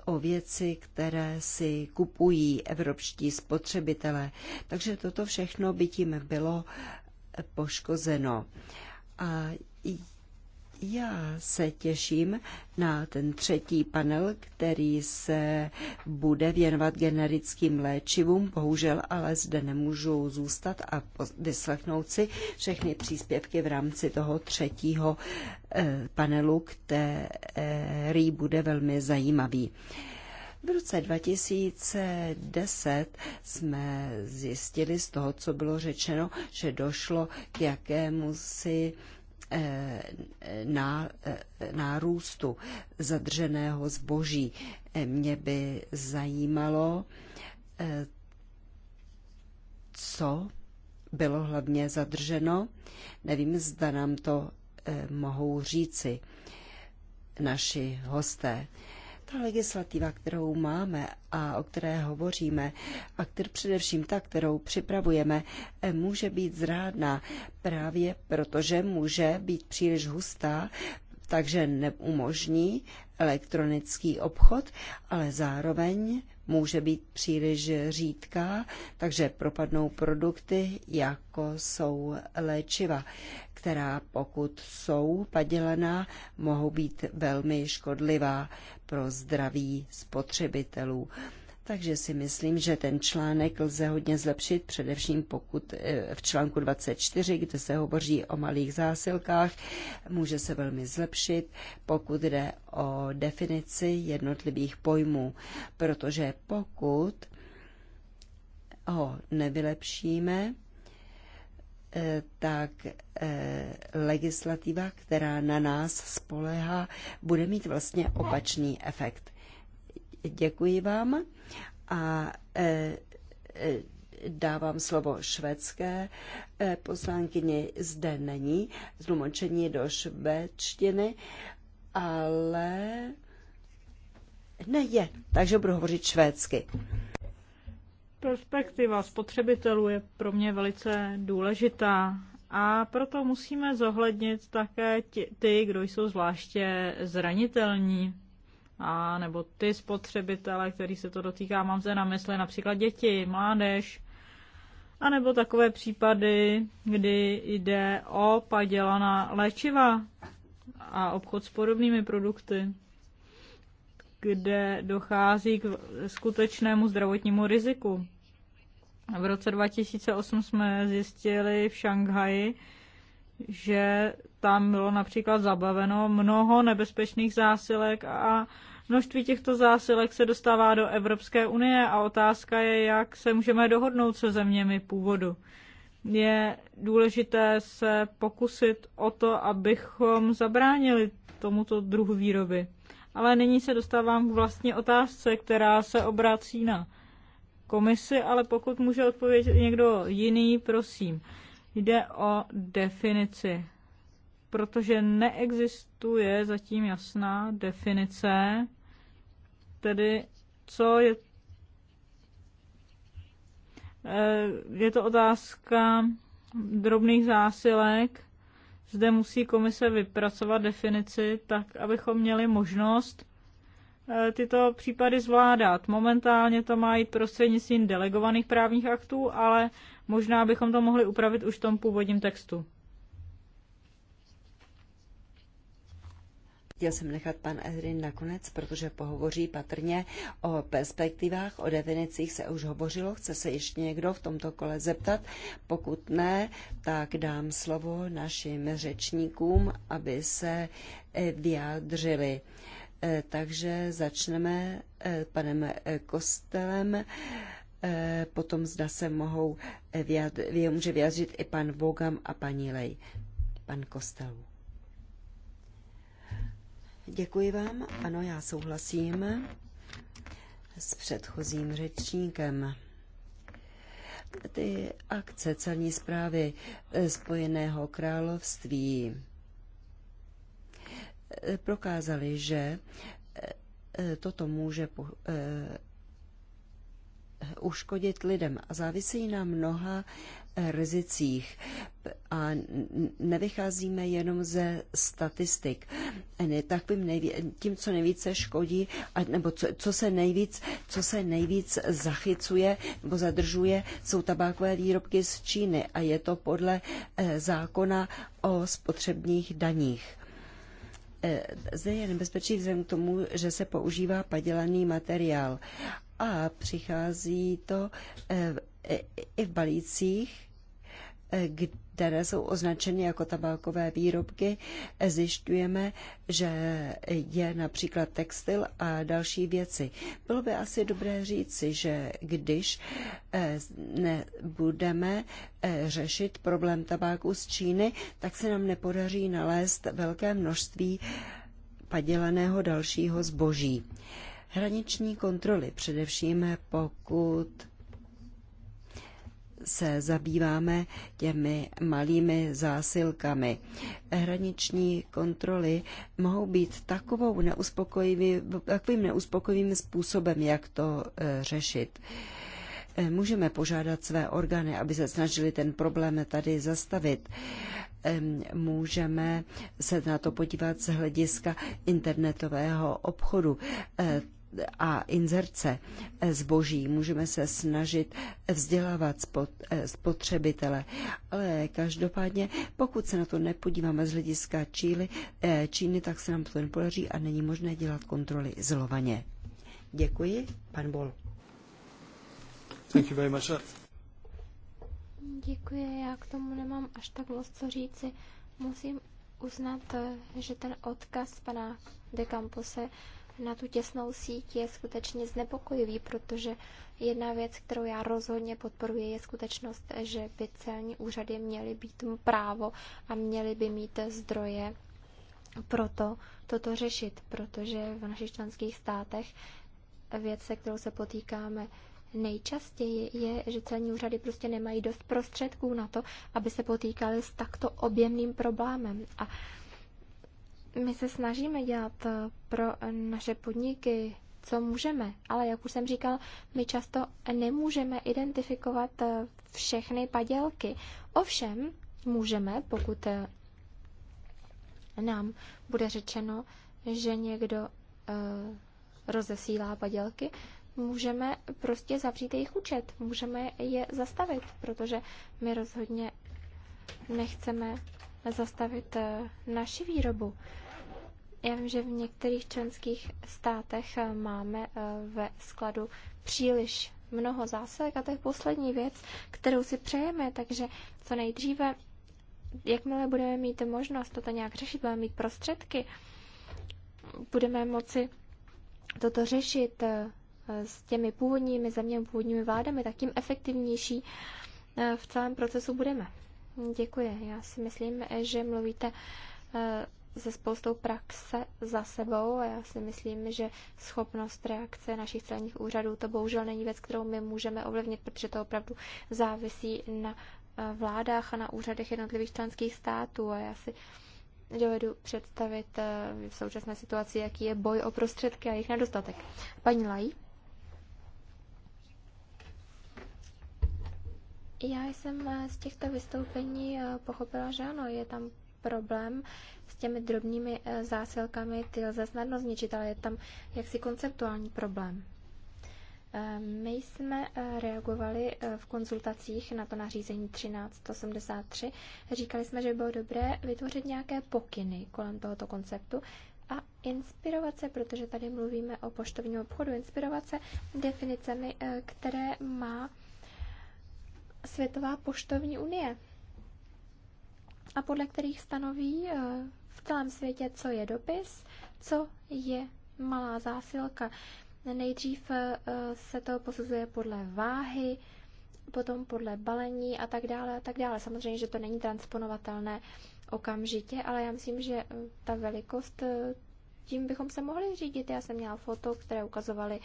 o věci, které si kupují evropští spotřebitelé. Takže toto všechno by tím bylo poškozeno. A já se těším na ten třetí panel, který se bude věnovat generickým léčivům. Bohužel ale zde nemůžu zůstat a vyslechnout si všechny příspěvky v rámci toho třetího eh, panelu, který bude velmi zajímavý. V roce 2010 jsme zjistili z toho, co bylo řečeno, že došlo k jakému si na, nárůstu zadrženého zboží. Mě by zajímalo, co bylo hlavně zadrženo. Nevím, zda nám to eh, mohou říci naši hosté. Ta legislativa, kterou máme a o které hovoříme, a kter, především ta, kterou připravujeme, eh, může být zrádná právě protože může být příliš hustá, takže neumožní elektronický obchod, ale zároveň může být příliš řídká, takže propadnou produkty, jako jsou léčiva, která pokud jsou padělaná, mohou být velmi škodlivá pro zdraví spotřebitelů. Takže si myslím, že ten článek lze hodně zlepšit, především pokud eh, v článku 24, kde se hovoří o malých zásilkách, může se velmi zlepšit, pokud jde o definici jednotlivých pojmů, protože pokud ho nevylepšíme, eh, tak eh, legislativa, která na nás spolehá, bude mít vlastně opačný efekt. Děkuji vám a e, e, dávám slovo švédské e, poslankyni. Zde není zlumočení do švédštiny, ale ne je, takže budu hovořit švédsky. Perspektiva spotřebitelů je pro mě velice důležitá a proto musíme zohlednit také ty, kdo jsou zvláště zranitelní a nebo ty spotřebitele, který se to dotýká, mám zde na mysli například děti, mládež, a nebo takové případy, kdy jde o padělaná léčiva a obchod s podobnými produkty, kde dochází k skutečnému zdravotnímu riziku. V roce 2008 jsme zjistili v Šanghaji, že tam bylo například zabaveno mnoho nebezpečných zásilek a Množství těchto zásilek se dostává do Evropské unie a otázka je, jak se můžeme dohodnout se zeměmi původu. Je důležité se pokusit o to, abychom zabránili tomuto druhu výroby. Ale nyní se dostávám k vlastní otázce, která se obrací na komisi, ale pokud může odpovědět někdo jiný, prosím. Jde o definici, protože neexistuje zatím jasná definice Tedy co je eh, je to otázka drobných zásilek. Zde musí komise vypracovat definici tak, abychom měli možnost eh, tyto případy zvládat. Momentálně to má jít prostřednictvím delegovaných právních aktů, ale možná bychom to mohli upravit už v tom původním textu. Chtěl jsem nechat pan Edrin nakonec, protože pohovoří patrně o perspektivách, o definicích se už hovořilo. Chce se ještě někdo v tomto kole zeptat? Pokud ne, tak dám slovo našim řečníkům, aby se eh, vyjádřili. Eh, takže začneme eh, panem Kostelem, potom zda se mohou vyjádřit, může vyjádřit i pan Vogam a paní Lej. Pan Kostelu. Děkuji vám. Ano, já souhlasím s předchozím řečníkem. Ty akce celní zprávy Spojeného království eh, prokázaly, že eh, toto může eh, uškodit lidem a závisí na mnoha rizicích a nevycházíme jenom ze statistik. Tak tím, co nejvíce škodí, a, nebo co, co, se nejvíc, co se nejvíc zachycuje nebo zadržuje, jsou tabákové výrobky z Číny a je to podle eh, zákona o spotřebních daních. Eh, zde je nebezpečí vzhledem k tomu, že se používá padělaný materiál a přichází to eh, E, i v balících, e, které jsou označeny jako tabákové výrobky, e, zjišťujeme, že je například textil a další věci. Bylo by asi dobré říci, že když nebudeme řešit problém tabáku z Číny, tak se nám nepodaří nalézt velké množství padělaného dalšího zboží. Hraniční kontroly, především pokud se zabýváme těmi malými zásilkami. Hraniční kontroly mohou být takovou neuspokojivý, takovým neuspokojivým způsobem, jak to e, řešit. E, můžeme požádat své orgány, aby se snažili ten problém tady zastavit. E, můžeme se na to podívat z hlediska internetového obchodu a inzerce eh, zboží. Můžeme se snažit vzdělávat eh, spotřebitele, ale každopádně, pokud se na to nepodíváme z hlediska Číly, eh, Číny, tak se nám to nepodaří a není možné dělat kontroly zlovaně. Děkuji, pan Bol. Thank you very much. Děkuji, já k tomu nemám až tak moc co říci. Musím uznat, že ten odkaz pana de Campose na tu těsnou síť je skutečně znepokojivý, protože jedna věc, kterou já rozhodně podporuji, je skutečnost, že by celní úřady měly být právo a měly by mít zdroje pro to, toto řešit, protože v našich členských státech věc, se kterou se potýkáme nejčastěji, je, že celní úřady prostě nemají dost prostředků na to, aby se potýkali s takto objemným problémem. A my se snažíme dělat eh, pro naše podniky, co můžeme, ale jak už jsem říkal, my často nemůžeme identifikovat eh, všechny padělky. Ovšem, můžeme, pokud eh, nám bude řečeno, že někdo rozesílá padělky, můžeme prostě zavřít jejich účet, můžeme je zastavit, protože my rozhodně nechceme zastavit naši výrobu. Já vím, že v některých členských státech eh, máme eh, ve skladu příliš mnoho zásilek a to je poslední věc, kterou si přejeme, takže co nejdříve, jakmile budeme mít možnost toto nějak řešit, budeme mít prostředky, budeme moci toto řešit eh, s těmi původními zeměmi, původními vládami, tak tím efektivnější v celém procesu budeme. Děkuji. Já si myslím, že mluvíte se spoustou praxe za sebou a já si myslím, že schopnost reakce našich celních úřadů to bohužel není věc, kterou my můžeme ovlivnit, protože to opravdu závisí na eh, vládách a na úřadech jednotlivých členských států a já si dovedu představit eh, v současné situaci, jaký je boj o prostředky a jejich nedostatek. Paní Lají? Já jsem eh, z těchto vystoupení pochopila, že ano, je tam problém s těmi drobnými eh, zásilkami, ty lze snadno zničit, ale je tam jaksi konceptuální problém. Eh, my jsme eh, reagovali v konzultacích na to nařízení 1383. Říkali jsme, že bylo dobré vytvořit nějaké pokyny kolem tohoto konceptu a inspirovat se, protože tady mluvíme o poštovním obchodu, inspirovat se definicemi, které má Světová poštovní unie a podle kterých stanoví eh, v celém světě, co je dopis, co je malá zásilka. Nejdřív eh, se to posuzuje podle váhy, potom podle balení a tak dále a tak dále. Samozřejmě, že to není transponovatelné okamžitě, ale já myslím, že eh, ta velikost, tím bychom se mohli řídit. Já jsem měla foto, které ukazovaly,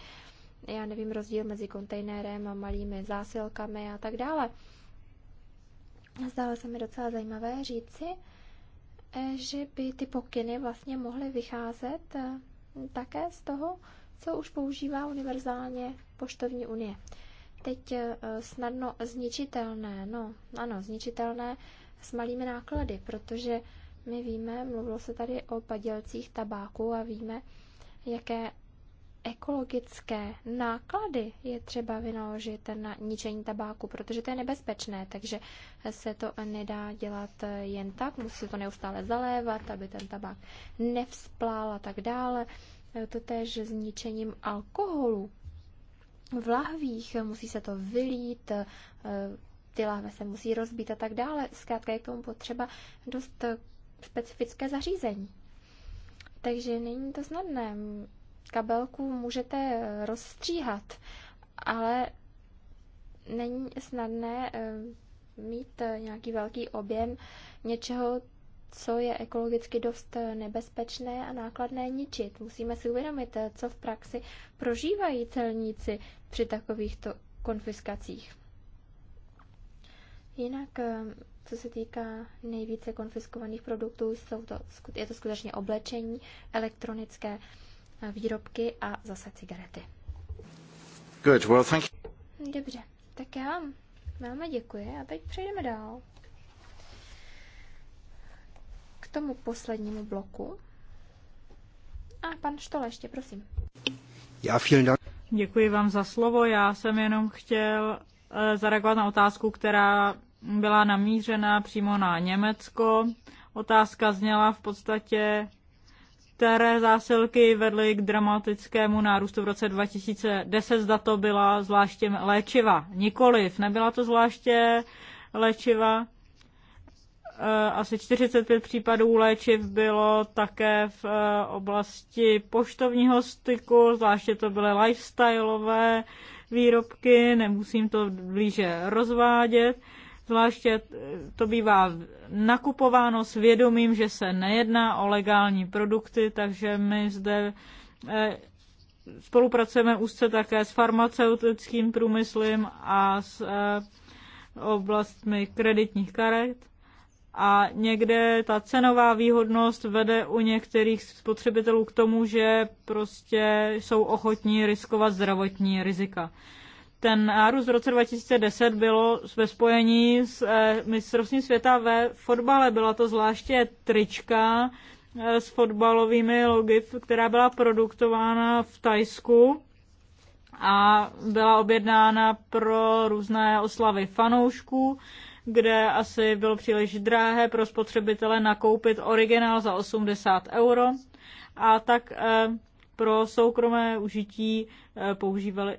já nevím, rozdíl mezi kontejnerem a malými zásilkami a tak dále. Zdálo se mi docela zajímavé říci, eh, že by ty pokyny vlastně mohly vycházet eh, také z toho, co už používá univerzálně poštovní unie. Teď eh, snadno zničitelné, no ano, zničitelné s malými náklady, protože my víme, mluvilo se tady o padělcích tabáku a víme, jaké ekologické náklady je třeba vynaložit na ničení tabáku, protože to je nebezpečné, takže se to nedá dělat jen tak, musí se to neustále zalévat, aby ten tabák nevzplál a tak dále. To též s ničením alkoholu v lahvích, musí se to vylít, ty lahve se musí rozbít a tak dále. Zkrátka je k tomu potřeba dost specifické zařízení. Takže není to snadné kabelku můžete eh, rozstříhat, ale není snadné eh, mít eh, nějaký velký objem něčeho, co je ekologicky dost nebezpečné a nákladné ničit. Musíme si uvědomit, co v praxi prožívají celníci při takovýchto konfiskacích. Jinak, co se týká nejvíce konfiskovaných produktů, jsou to, je to skutečně oblečení elektronické výrobky a zase cigarety. Good, well, thank you. Dobře, tak já velmi děkuji a teď přejdeme dál. K tomu poslednímu bloku. A pan Štole ještě, prosím. Já vielen Dank. Děkuji vám za slovo. Já jsem jenom chtěl eh, zareagovat na otázku, která byla namířena přímo na Německo. Otázka zněla v podstatě, které zásilky vedly k dramatickému nárůstu v roce 2010, zda to byla zvláště léčiva. Nikoliv, nebyla to zvláště léčiva. Eh, asi 45 případů léčiv bylo také v eh, oblasti poštovního styku, zvláště to byly lifestyleové výrobky, nemusím to blíže rozvádět. Zvláště eh, to bývá nakupováno s vědomím, že se nejedná o legální produkty, takže my zde eh, spolupracujeme úzce také s farmaceutickým průmyslem a s eh, oblastmi kreditních karet. A někde ta cenová výhodnost vede u některých spotřebitelů k tomu, že prostě jsou ochotní riskovat zdravotní rizika. Ten Arus v roce 2010 bylo ve spojení s eh, mistrovstvím světa ve fotbale. Byla to zvláště trička eh, s fotbalovými logy, která byla produktována v Tajsku a byla objednána pro různé oslavy fanoušků, kde asi bylo příliš drahé pro spotřebitele nakoupit originál za 80 euro a tak eh, pro soukromé užití používali,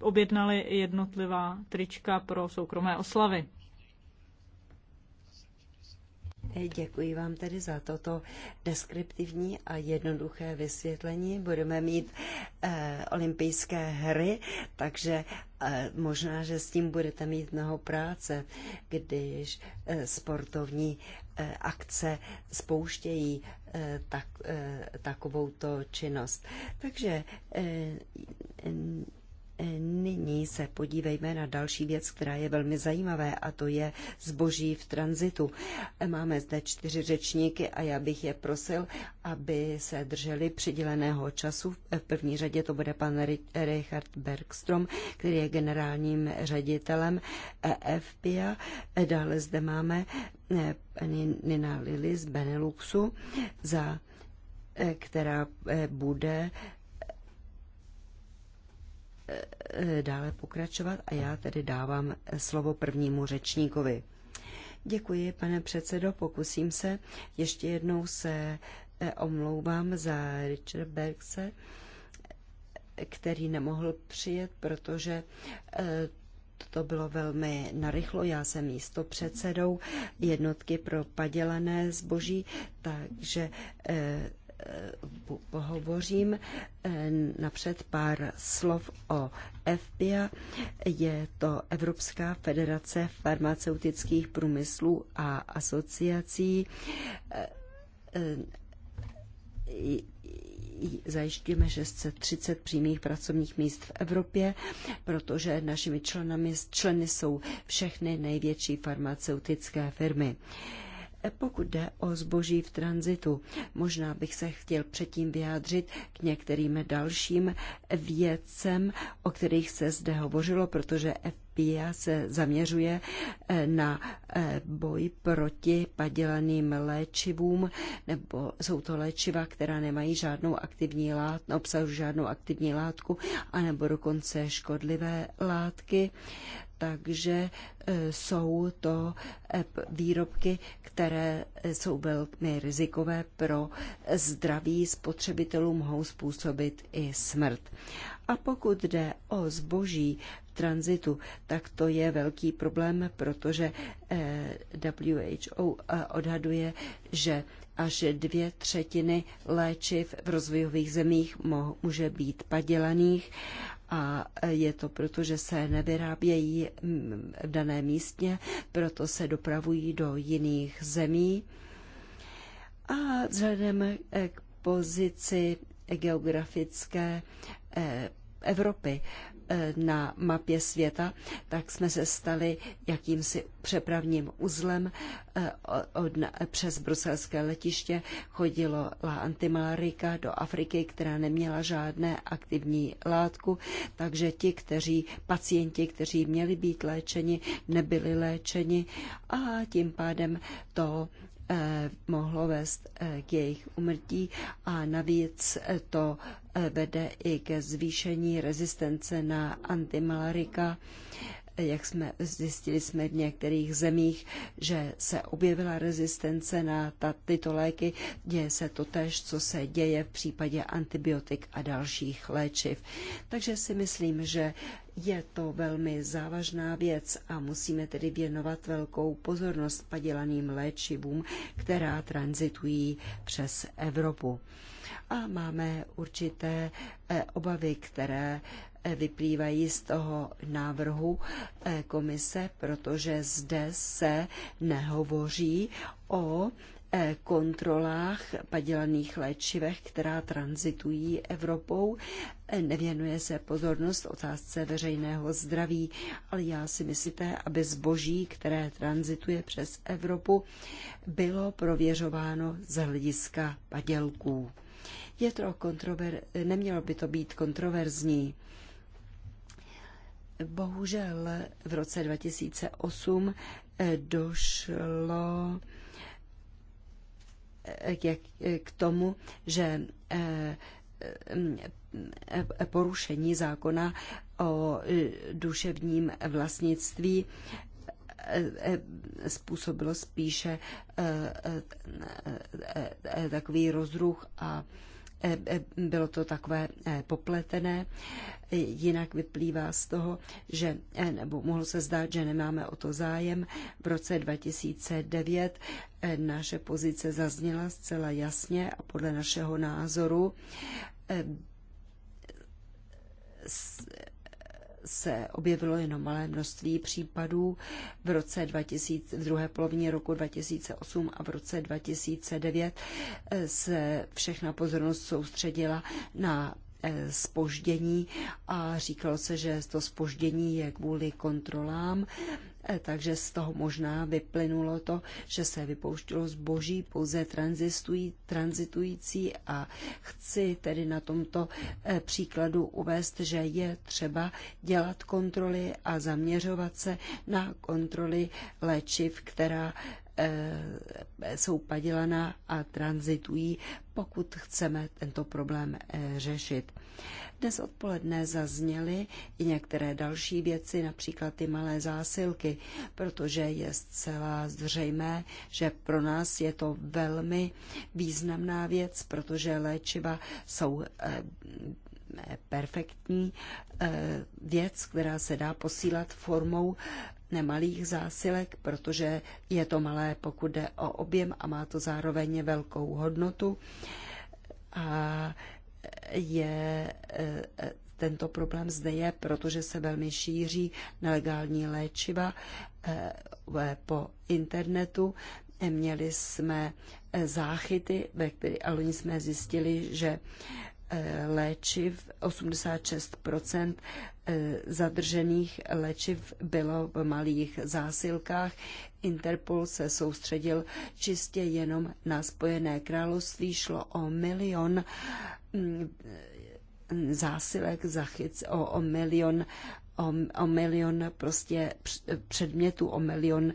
objednali jednotlivá trička pro soukromé oslavy. Děkuji vám tedy za toto deskriptivní a jednoduché vysvětlení. Budeme mít e, olympijské hry, takže e, možná, že s tím budete mít mnoho práce, když e, sportovní e, akce spouštějí e, tak, e, takovouto činnost. Takže e, Nyní se podívejme na další věc, která je velmi zajímavé, a to je zboží v tranzitu. Máme zde čtyři řečníky a já bych je prosil, aby se drželi přiděleného času. V první řadě to bude pan Richard Bergstrom, který je generálním ředitelem EFPIA. Dále zde máme eh, paní Nina Lili z Beneluxu, za, eh, která eh, bude Eh, dále pokračovat a já tedy dávám slovo prvnímu řečníkovi. Děkuji, pane předsedo, pokusím se. Ještě jednou se eh, omlouvám za Richard Bergse, který nemohl přijet, protože eh, to bylo velmi narychlo. Já jsem místo předsedou jednotky pro padělané zboží, takže Eh, pohovořím eh, napřed pár slov o EFPIA. Je to Evropská federace farmaceutických průmyslů a asociací eh, zajišťujeme 630 přímých pracovních míst v Evropě, protože našimi členami, členy jsou všechny největší farmaceutické firmy. Pokud jde o zboží v tranzitu, možná bych se chtěl předtím vyjádřit k některým dalším věcem, o kterých se zde hovořilo, protože FPA se zaměřuje eh, na eh, boj proti padělaným léčivům, nebo jsou to léčiva, která nemají žádnou aktivní látku, obsahují žádnou aktivní látku, anebo dokonce škodlivé látky takže e, jsou to e, výrobky, které jsou velmi rizikové pro zdraví spotřebitelů, mohou způsobit i smrt. A pokud jde o zboží v tranzitu, tak to je velký problém, protože e, WHO odhaduje, že až dvě třetiny léčiv v rozvojových zemích může být padělaných a je to proto, že se nevyrábějí mm, v dané místě, proto se dopravují do jiných zemí. A vzhledem eh, k pozici geografické eh, Evropy E, na mapě světa, tak jsme se stali jakýmsi přepravním uzlem e, od, e, přes bruselské letiště. Chodilo la antimalarika do Afriky, která neměla žádné aktivní látku, takže ti, kteří, pacienti, kteří měli být léčeni, nebyli léčeni a tím pádem to Eh, mohlo vést eh, k jejich umrtí a navíc eh, to vede i ke zvýšení rezistence na antimalarika jak jsme zjistili jsme v některých zemích, že se objevila rezistence na ta, tyto léky. Děje se to tež, co se děje v případě antibiotik a dalších léčiv. Takže si myslím, že je to velmi závažná věc a musíme tedy věnovat velkou pozornost padělaným léčivům, která transitují přes Evropu. A máme určité eh, obavy, které vyplývají z toho návrhu eh, komise, protože zde se nehovoří o eh, kontrolách padělaných léčivech, která transitují Evropou. Eh, nevěnuje se pozornost otázce veřejného zdraví, ale já si myslíte, aby zboží, které transituje přes Evropu, bylo prověřováno z hlediska padělků. Je to kontrover... Nemělo by to být kontroverzní. Bohužel v roce 2008 eh, došlo eh, eh, k tomu, že mm, porušení zákona o duševním vlastnictví způsobilo spíše takový rozruch a Eh, eh, bylo to takové eh, popletené. Jinak vyplývá z toho, že, nebo mohlo se zdát, že nemáme o to zájem. V roce 2009 naše pozice zazněla zcela jasně a podle našeho názoru se objevilo jenom malé množství případů v roce 2000, v druhé polovině roku 2008 a v roce 2009 se všechna pozornost soustředila na spoždění eh, a říkalo se, že to spoždění je kvůli kontrolám Eh, takže z toho možná vyplynulo to, že se vypouštilo zboží pouze transitující a chci tedy na tomto eh, příkladu uvést, že je třeba dělat kontroly a zaměřovat se na kontroly léčiv, která Eh, jsou padělaná a transitují, pokud chceme tento problém eh, řešit. Dnes odpoledne zazněly i některé další věci, například ty malé zásilky, protože je zcela zřejmé, že pro nás je to velmi významná věc, protože léčiva jsou eh, perfektní věc, která se dá posílat formou nemalých zásilek, protože je to malé, pokud jde o objem a má to zároveň velkou hodnotu. A je e, e, tento problém zde je, protože se velmi šíří nelegální léčiva e, po internetu. Měli jsme záchyty, ve který, ale jsme zjistili, že léčiv, 86 eh, zadržených léčiv bylo v malých zásilkách. Interpol se soustředil čistě jenom na Spojené království. Šlo o milion mm, zásilek, zachyc, o, o milion o, o milion prostě předmětů, o milion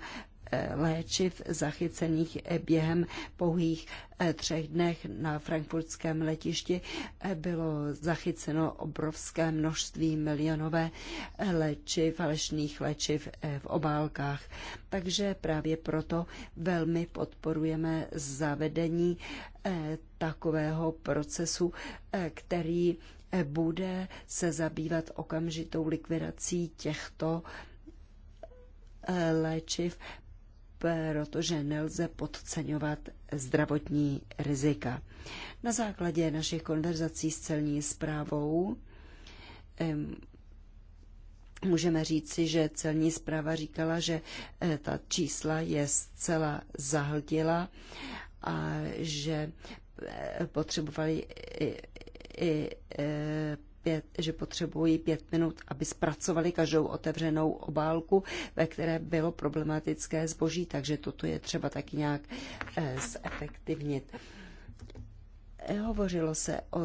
léčiv zachycených během pouhých eh, třech dnech na frankfurtském letišti eh, bylo zachyceno obrovské množství milionové eh, léčiv, falešných léčiv v obálkách. Takže právě proto velmi podporujeme zavedení takového procesu, který bude se zabývat okamžitou likvidací těchto léčiv, protože nelze podceňovat zdravotní rizika. Na základě našich konverzací s celní zprávou můžeme říci, že celní zpráva říkala, že e, ta čísla je zcela zahltila a že e, potřebovali i, i, i e, pět, že potřebují pět minut, aby zpracovali každou otevřenou obálku, ve které bylo problematické zboží, takže toto je třeba taky nějak eh, zefektivnit. Eh, hovořilo se o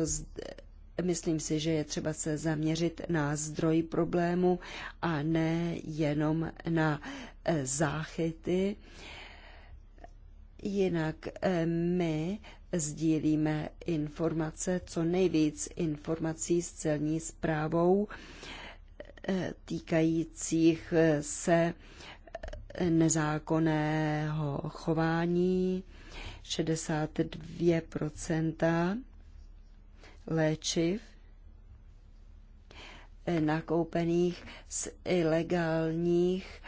myslím si, že je třeba se zaměřit na zdroj problému a ne jenom na eh, záchyty. Jinak my sdílíme informace, co nejvíc informací s celní zprávou eh, týkajících eh, se eh, nezákonného chování, 62% léčiv nakoupených z ilegálních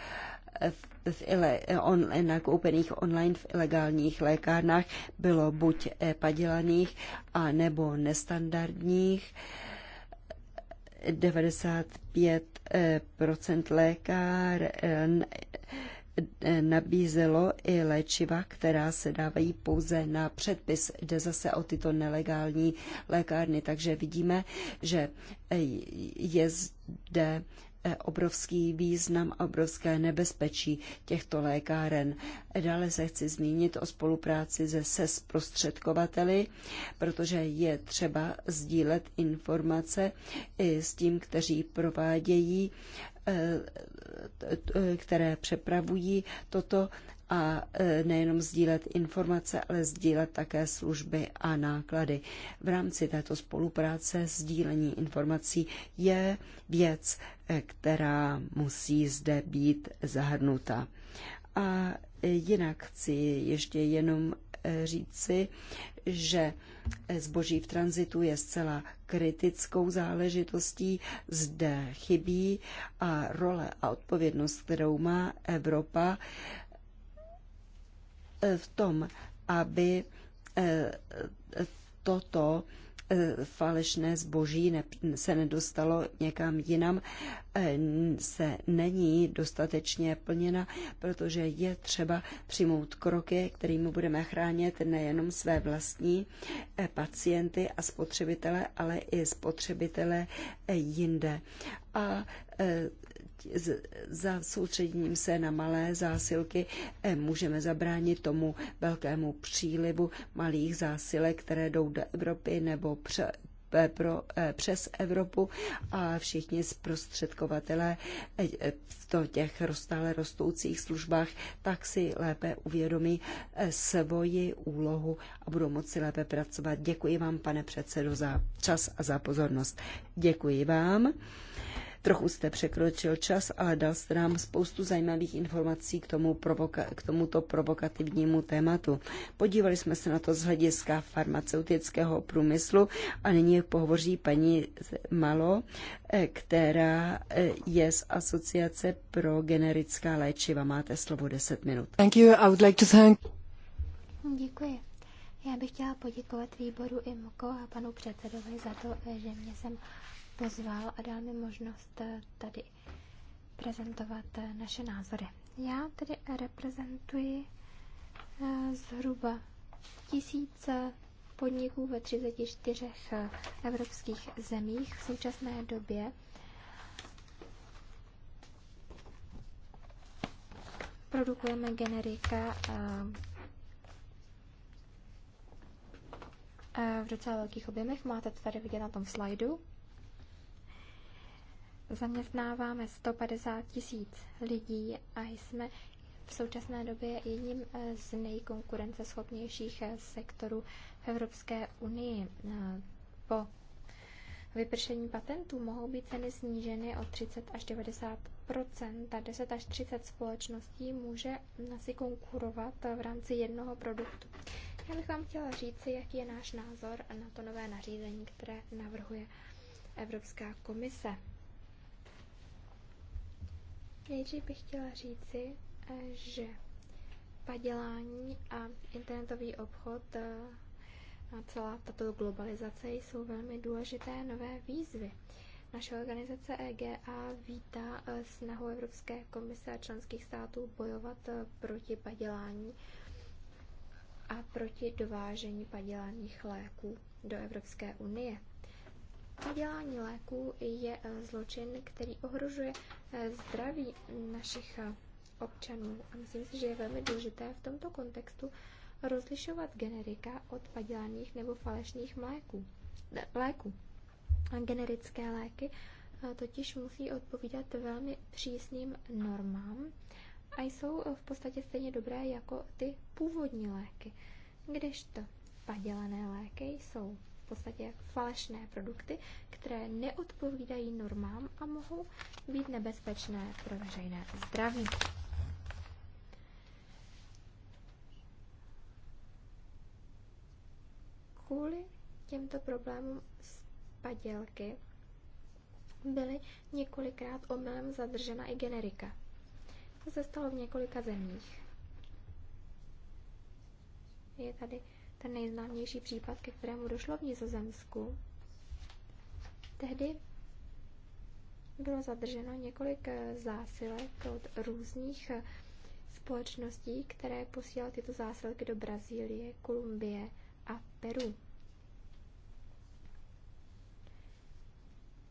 v, ile, online, nakoupených online v ilegálních lékárnách bylo buď padělaných a nebo nestandardních. 95 lékár nabízelo i léčiva, která se dávají pouze na předpis. Jde zase o tyto nelegální lékárny, takže vidíme, že je zde Eh, obrovský význam a obrovské nebezpečí těchto lékáren. Dále se chci zmínit o spolupráci se SES e prostředkovateli, protože je třeba sdílet informace i s tím, kteří provádějí eh, které přepravují toto a e, nejenom sdílet informace, ale sdílet také služby a náklady. V rámci této spolupráce sdílení informací je věc, e, která musí zde být zahrnuta. A jinak chci ještě jenom e, říci, že zboží v tranzitu je zcela kritickou záležitostí, zde chybí a role a odpovědnost, kterou má Evropa, Eh, v tom, aby eh, toto eh, falešné zboží se nedostalo někam jinam, se není dostatečně plněna, protože je třeba přijmout kroky, kterými budeme chránit nejenom své vlastní pacienty a spotřebitele, ale i spotřebitele jinde. A za soustředěním se na malé zásilky eh, můžeme zabránit tomu velkému přílivu malých zásilek, které jdou do Evropy nebo pře, eh, pro, eh, přes Evropu a všichni zprostředkovatelé v těch stále rostoucích službách tak si lépe uvědomí svoji úlohu a budou moci lépe pracovat. Děkuji vám, pane předsedo, za čas a za pozornost. Děkuji vám. Trochu jste překročil čas a dal jste nám spoustu zajímavých informací k, tomu provoka- k tomuto provokativnímu tématu. Podívali jsme se na to z hlediska farmaceutického průmyslu a nyní pohovoří paní Malo, eh, která eh, je z Asociace pro generická léčiva. Máte slovo 10 minut. Thank you. I would like to thank... Děkuji. Já bych chtěla poděkovat výboru IMCO a panu předsedovi za to, eh, že mě sem pozval a dal mi možnost eh, tady prezentovat eh, naše názory. Já tedy reprezentuji eh, zhruba tisíce podniků ve 34 evropských zemích v současné době. Produkujeme generika v docela velkých objemech. Máte to tady vidět na tom slajdu zaměstnáváme 150 tisíc lidí a jsme v současné době jedním eh, z nejkonkurenceschopnějších eh, sektorů v Evropské unii. Eh, po vypršení patentů mohou být ceny sníženy o 30 až 90 a 10 až 30 společností může si konkurovat v rámci jednoho produktu. Já bych vám chtěla říci, jaký je náš názor na to nové nařízení, které navrhuje Evropská komise. Nejdřív bych chtěla říci, eh, že padělání a internetový obchod eh, a celá tato globalizace jsou velmi důležité nové výzvy. Naše organizace EGA vítá eh, snahu Evropské komise a členských států bojovat proti padělání a proti dovážení padělaných léků do Evropské unie. Padělání léků je eh, zločin, který ohrožuje eh, zdraví našich eh, občanů. A myslím si, že je velmi důležité v tomto kontextu rozlišovat generika od padělaných nebo falešných mléků, léků. Generické léky totiž musí odpovídat velmi přísným normám a jsou v podstatě stejně dobré jako ty původní léky, kdežto padělané léky jsou podstatě falešné produkty, které neodpovídají normám a mohou být nebezpečné pro veřejné zdraví. Kvůli těmto problémům s padělky byly několikrát omylem zadržena i generika. To se stalo v několika zemích. Je tady ten nejznámější případ, ke kterému došlo v Nizozemsku, tehdy bylo zadrženo několik eh, zásilek od různých eh, společností, které posílaly tyto zásilky do Brazílie, Kolumbie a Peru.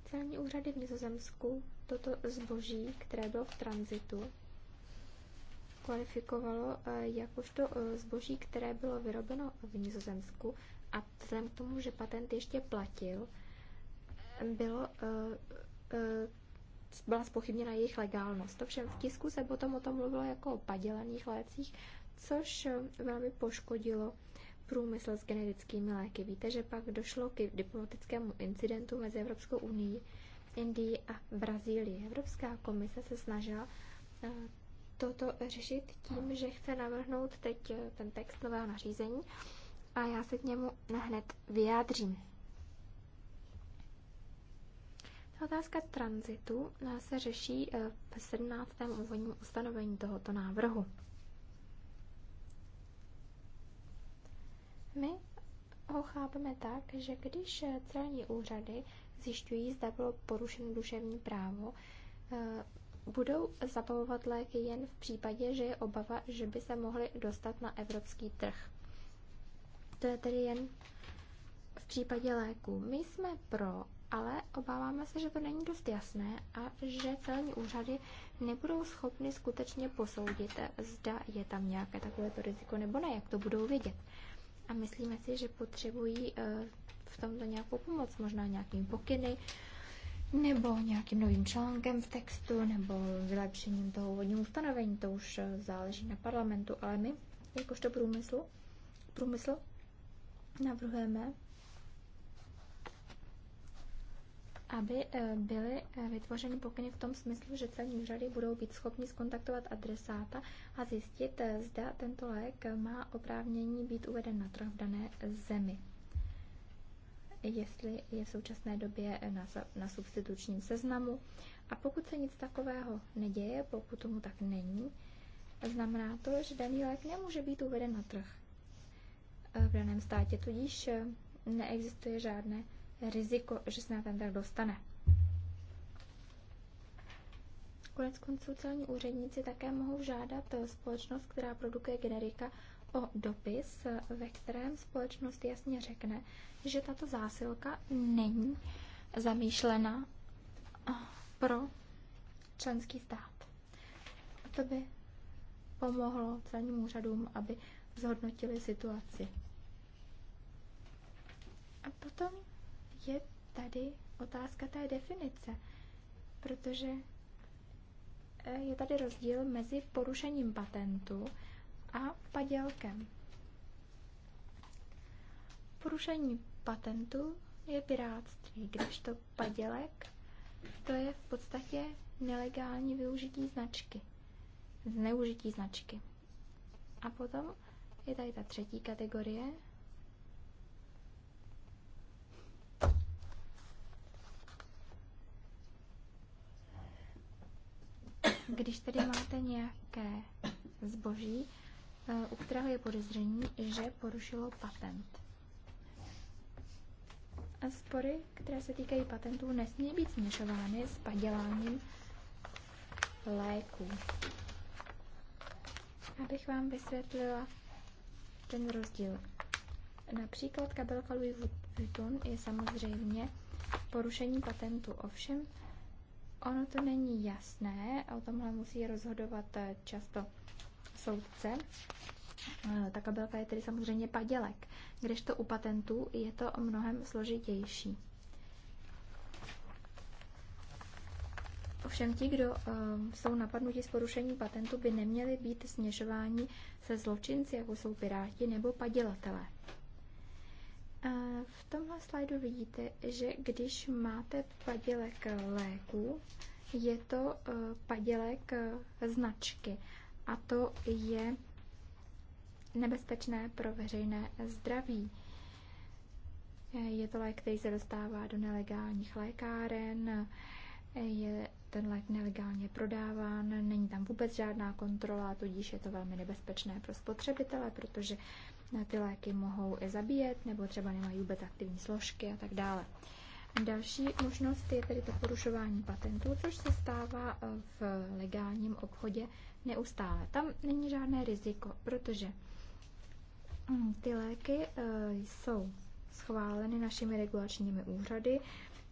Celní úřady v Nizozemsku toto zboží, které bylo v tranzitu, kvalifikovalo eh, jakožto eh, zboží, které bylo vyrobeno v Nizozemsku a vzhledem k tomu, že patent ještě platil, bylo, eh, byla spochybněna jejich legálnost. Ovšem v tisku se potom o tom mluvilo jako o padělaných lécích, což velmi poškodilo průmysl s generickými léky. Víte, že pak došlo k diplomatickému incidentu mezi Evropskou unii, Indií a Brazílií. Evropská komise se snažila toto řešit tím, že chce navrhnout teď eh, ten text nového nařízení a já se k němu hned vyjádřím. Ta otázka tranzitu eh, se řeší eh, v 17. úvodním ustanovení tohoto návrhu. My ho chápeme tak, že když celní úřady zjišťují, zda bylo porušeno duševní právo, budou zabalovat léky jen v případě, že je obava, že by se mohly dostat na evropský trh. To je tedy jen v případě léků. My jsme pro, ale obáváme se, že to není dost jasné a že celní úřady nebudou schopny skutečně posoudit, zda je tam nějaké takovéto riziko nebo ne, jak to budou vědět. A myslíme si, že potřebují eh, v tomto nějakou pomoc, možná nějakými pokyny, nebo nějakým novým článkem v textu, nebo vylepšením toho úvodního ustanovení, to už eh, záleží na parlamentu, ale my, jakožto průmysl, průmysl navrhujeme, aby eh, byly eh, vytvořeny pokyny v tom smyslu, že celní úřady budou být schopni skontaktovat adresáta a zjistit, zda tento lék má oprávnění být uveden na trh v dané zemi jestli je v současné době eh, na, na substitučním seznamu. A pokud se nic takového neděje, pokud tomu tak není, znamená to, že daný lék nemůže být uveden na trh eh, v daném státě, tudíž eh, neexistuje žádné riziko, že se na ten trh dostane. Konec konců celní úředníci také mohou žádat společnost, která produkuje generika, o dopis, ve kterém společnost jasně řekne, že tato zásilka není zamýšlena pro členský stát. To by pomohlo celním úřadům, aby zhodnotili situaci. A potom je tady otázka té definice, protože eh, je tady rozdíl mezi porušením patentu a padělkem. Porušení patentu je když kdežto padělek to je v podstatě nelegální využití značky, zneužití značky. A potom je tady ta třetí kategorie, když tedy máte nějaké zboží, u kterého je podezření, že porušilo patent. A spory, které se týkají patentů, nesmí být směšovány s paděláním léků. Abych vám vysvětlila ten rozdíl. Například kabelka Louis Vuitton je samozřejmě porušení patentu, ovšem ono to není jasné, o tomhle musí rozhodovat eh, často soudce, ta kabelka je tedy samozřejmě padělek, kdežto u patentů je to mnohem složitější. Ovšem ti, kdo ehm, jsou napadnuti z porušení patentu, by neměli být směšováni se zločinci, jako jsou piráti nebo padělatelé. Eh, v tomhle slajdu vidíte, že když máte padělek léku, je to eh, padělek eh, značky a to je nebezpečné pro veřejné zdraví. Je to lék, který se dostává do nelegálních lékáren, je ten lék nelegálně prodáván, není tam vůbec žádná kontrola, tudíž je to velmi nebezpečné pro spotřebitele, protože ty léky mohou i zabíjet, nebo třeba nemají vůbec aktivní složky a tak dále. Další možnost je tedy to porušování patentů, což se stává v legálním obchodě neustále. Tam není žádné riziko, protože mm, ty léky eh, jsou schváleny našimi regulačními úřady,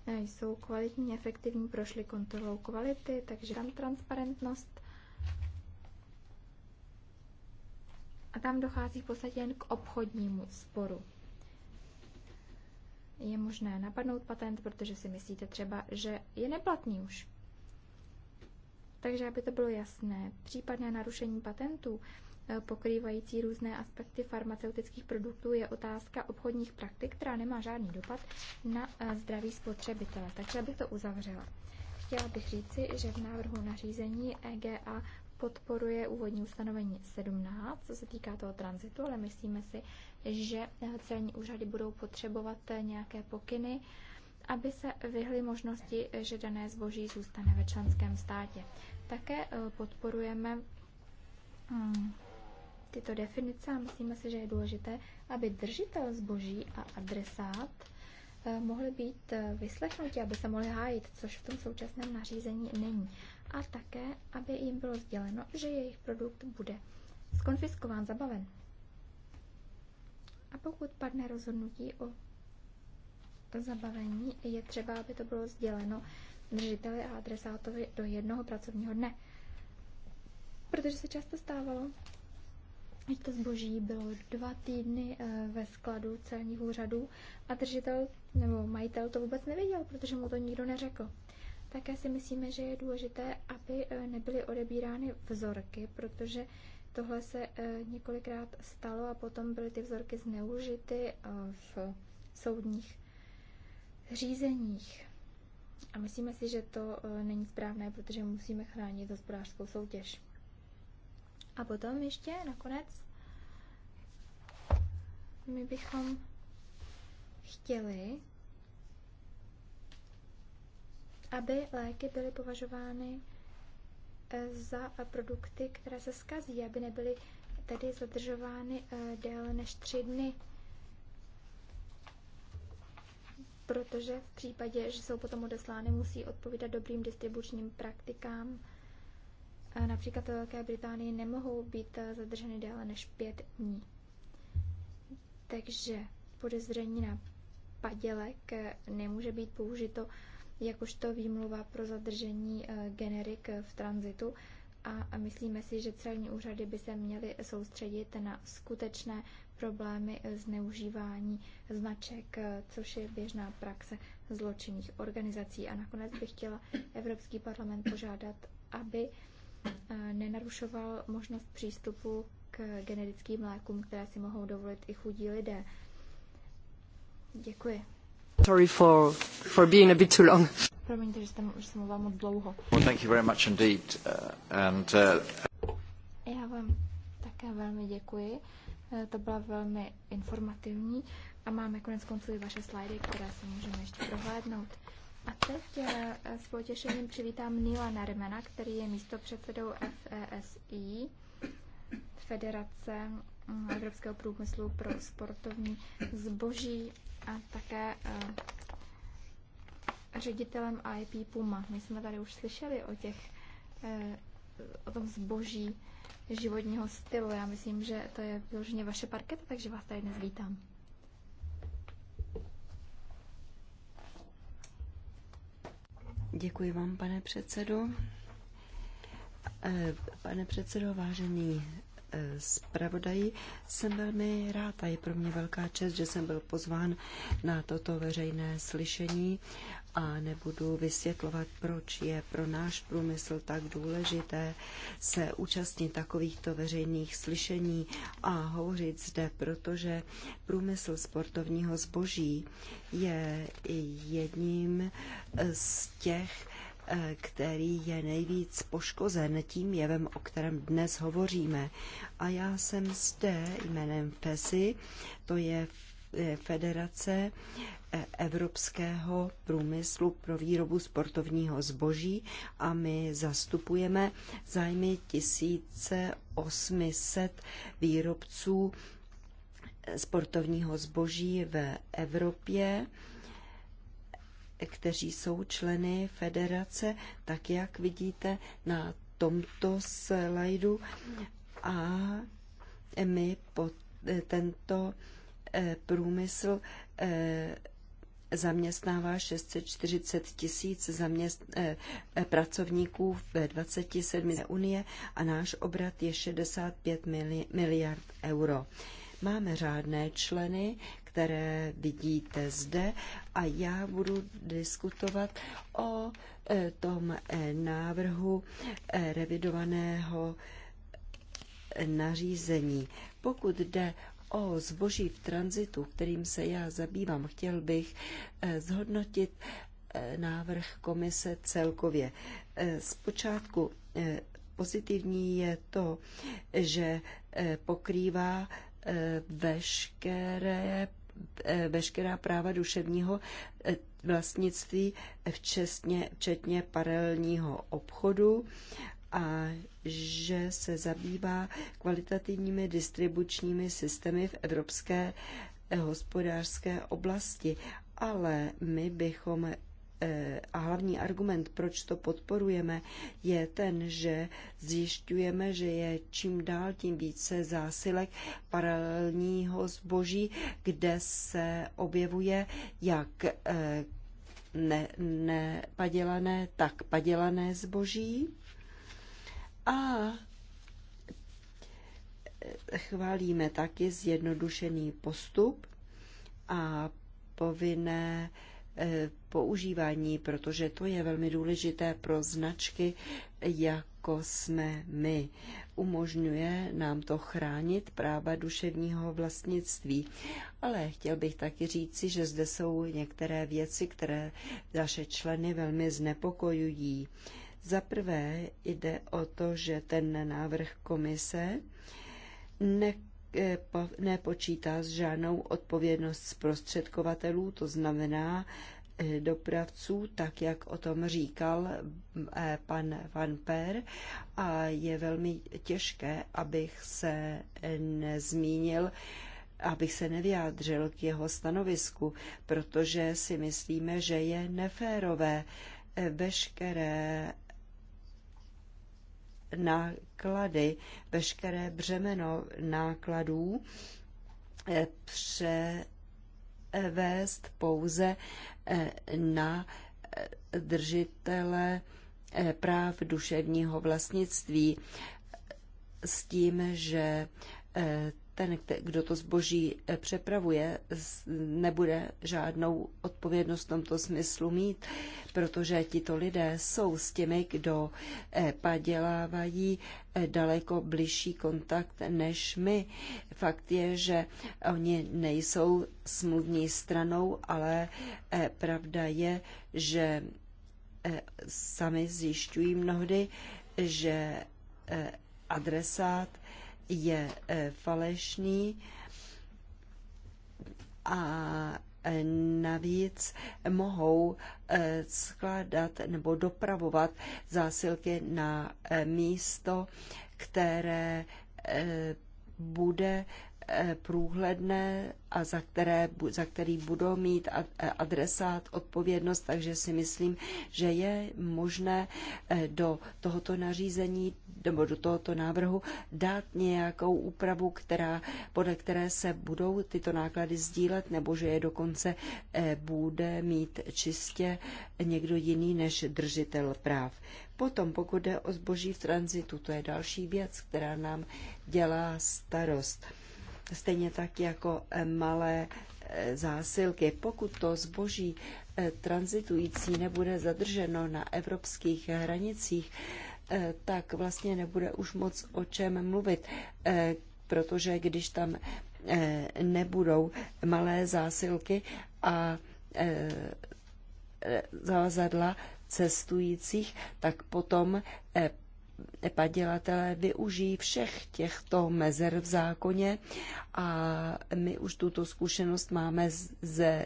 eh, jsou kvalitní, efektivní, prošly kontrolou kvality, takže tam transparentnost. A tam dochází v podstatě jen k obchodnímu sporu. Je možné napadnout patent, protože si myslíte třeba, že je neplatný už. Takže, aby to bylo jasné, případné narušení patentů eh, pokrývající různé aspekty farmaceutických produktů je otázka obchodních praktik, která nemá žádný dopad na eh, zdraví spotřebitele. Takže abych to uzavřela. Chtěla bych říci, že v návrhu nařízení EGA podporuje úvodní ustanovení 17, co se týká toho tranzitu, ale myslíme si, že celní úřady budou potřebovat eh, nějaké pokyny, aby se vyhly možnosti, že dané zboží zůstane ve členském státě. Také eh, podporujeme mm, tyto definice a myslíme si, že je důležité, aby držitel zboží a adresát eh, mohli být eh, vyslechnuti, aby se mohli hájit, což v tom současném nařízení není. A také, aby jim bylo sděleno, že jejich produkt bude skonfiskován, zabaven. A pokud padne rozhodnutí o zabavení, je třeba, aby to bylo sděleno držiteli a adresátovi do jednoho pracovního dne. Protože se často stávalo, že to zboží bylo dva týdny eh, ve skladu celních úřadů a držitel nebo majitel to vůbec nevěděl, protože mu to nikdo neřekl. Také si myslíme, že je důležité, aby eh, nebyly odebírány vzorky, protože tohle se eh, několikrát stalo a potom byly ty vzorky zneužity v soudních řízeních. A myslíme si, že to eh, není správné, protože musíme chránit hospodářskou soutěž. A potom ještě nakonec my bychom chtěli, aby léky byly považovány eh, za eh, produkty, které se skazí, aby nebyly tedy zadržovány déle než tři dny protože v případě, že jsou potom odeslány, musí odpovídat dobrým distribučním praktikám. Například ve Velké Británii nemohou být eh, zadrženy déle než pět dní. Takže podezření na padělek eh, nemůže být použito jakožto výmluva pro zadržení eh, generik v tranzitu a myslíme si, že celní úřady by se měly soustředit na skutečné problémy zneužívání značek, což je běžná praxe zločinných organizací. A nakonec bych chtěla Evropský parlament požádat, aby eh, nenarušoval možnost přístupu k generickým lékům, které si mohou dovolit i chudí lidé. Děkuji. Sorry for, for being a bit too long. Promiňte, že, jsem, že jsem mluvila moc dlouho. Well, thank you very much indeed. Uh, and, uh... Já vám také velmi děkuji. Eh, to byla velmi informativní a máme konec konců i vaše slajdy, které se můžeme ještě prohlédnout. A teď eh, s potěšením přivítám Nila Narmena, který je místo předsedou FESI, Federace mm, Evropského průmyslu pro sportovní zboží a také eh, ředitelem IP Puma. My jsme tady už slyšeli o těch, eh, o tom zboží životního stylu. Já myslím, že to je vyloženě vaše parketa, takže vás tady dnes vítám. Děkuji vám, pane předsedo. Eh, pane předsedo, vážený eh, zpravodaji. Jsem velmi rád a je pro mě velká čest, že jsem byl pozván na toto veřejné slyšení a nebudu vysvětlovat, proč je pro náš průmysl tak důležité se účastnit takovýchto veřejných slyšení a hovořit zde, protože průmysl sportovního zboží je jedním z těch, eh, který je nejvíc poškozen tím jevem, o kterém dnes hovoříme. A já jsem zde jménem FESI, to je eh, Federace E, evropského průmyslu pro výrobu sportovního zboží a my zastupujeme zájmy 1800 výrobců sportovního zboží ve Evropě kteří jsou členy federace, tak jak vidíte na tomto slajdu. A my pod tento e, průmysl e, zaměstnává 640 tisíc zaměst, eh, eh pracovníků ve 27 unie a náš obrat je 65 mili, miliard euro. Máme řádné členy, které vidíte zde a já budu diskutovat o eh, tom eh, návrhu eh, revidovaného eh, nařízení. Pokud jde o zboží v tranzitu, kterým se já zabývám, chtěl bych eh, zhodnotit eh, návrh komise celkově. Eh, Zpočátku pozitivní je to, že pokrývá veškeré, veškerá práva duševního vlastnictví, včetně, včetně paralelního obchodu a že se zabývá kvalitativními distribučními systémy v evropské eh, hospodářské oblasti. Ale my bychom eh, a hlavní argument, proč to podporujeme, je ten, že zjišťujeme, že je čím dál tím více zásilek paralelního zboží, kde se objevuje jak eh, nepadělané, ne tak padělané zboží a chválíme taky zjednodušený postup a povinné e, používání, protože to je velmi důležité pro značky, jako jsme my. Umožňuje nám to chránit práva duševního vlastnictví. Ale chtěl bych taky říci, že zde jsou některé věci, které naše členy velmi znepokojují. Za prvé jde o to, že ten návrh komise ne, eh, nepočítá s žádnou odpovědnost zprostředkovatelů, to znamená eh, dopravců, tak jak o tom říkal eh, pan Van Per, a je velmi těžké, abych se nezmínil abych se nevyjádřil k jeho stanovisku, protože si myslíme, že je neférové veškeré náklady, veškeré břemeno nákladů eh, převést pouze eh, na eh, držitele práv duševního vlastnictví s tím, že ten, kdo to zboží eh, přepravuje, nebude žádnou odpovědnost v tomto smyslu mít, protože tito lidé jsou s těmi, kdo eh, padělávají eh, daleko bližší kontakt než my. Fakt je, že oni nejsou smluvní stranou, ale pravda je, že sami zjišťují mnohdy, že adresát je e, falešný a e, navíc mohou e, skládat nebo dopravovat zásilky na místo, které bude Eh, průhledné a za, které, za který budou mít eh, adresát odpovědnost, takže si myslím, že je možné eh, do tohoto nařízení nebo do tohoto návrhu dát nějakou úpravu, která, podle které se budou tyto náklady sdílet, nebo že je dokonce bude mít čistě někdo jiný než držitel práv. Potom, pokud jde o zboží v tranzitu, to je další věc, která nám dělá starost stejně tak jako eh, malé eh, zásilky. Pokud to zboží eh, transitující nebude zadrženo na evropských hranicích, tak vlastně nebude už moc o čem mluvit, protože když tam nebudou malé zásilky a zavazadla cestujících, tak potom padělatelé využijí všech těchto mezer v zákoně a my už tuto zkušenost máme ze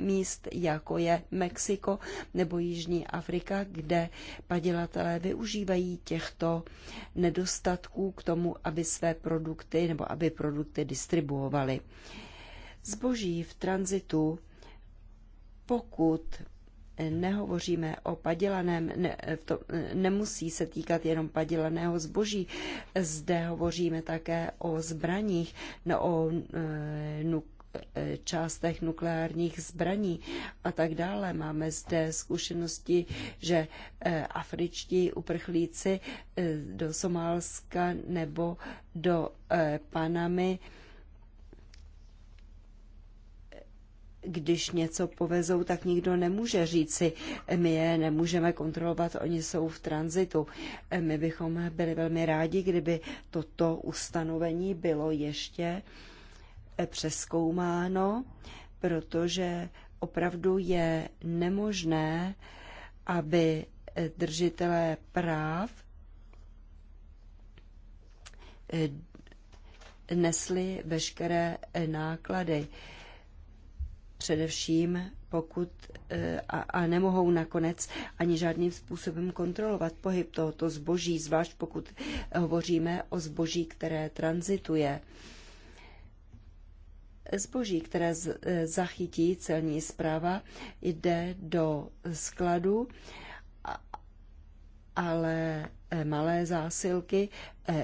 míst, jako je Mexiko nebo Jižní Afrika, kde padělatelé využívají těchto nedostatků k tomu, aby své produkty nebo aby produkty distribuovali. Zboží v tranzitu, pokud nehovoříme o padělaném, ne, to nemusí se týkat jenom padělaného zboží. Zde hovoříme také o zbraních, no, o e, nuk, e, částech nukleárních zbraní a tak dále. Máme zde zkušenosti, že e, afričtí uprchlíci e, do Somálska nebo do Panamy když něco povezou, tak nikdo nemůže říci, my je nemůžeme kontrolovat, oni jsou v tranzitu. My bychom byli velmi rádi, kdyby toto ustanovení bylo ještě eh, přeskoumáno, protože opravdu je nemožné, aby eh, držitelé práv eh, nesli veškeré náklady především pokud eh, a, a nemohou nakonec ani žádným způsobem kontrolovat pohyb tohoto zboží, zvlášť pokud hovoříme o zboží, které transituje. Zboží, které eh, zachytí celní zpráva, jde do skladu, ale eh, malé zásilky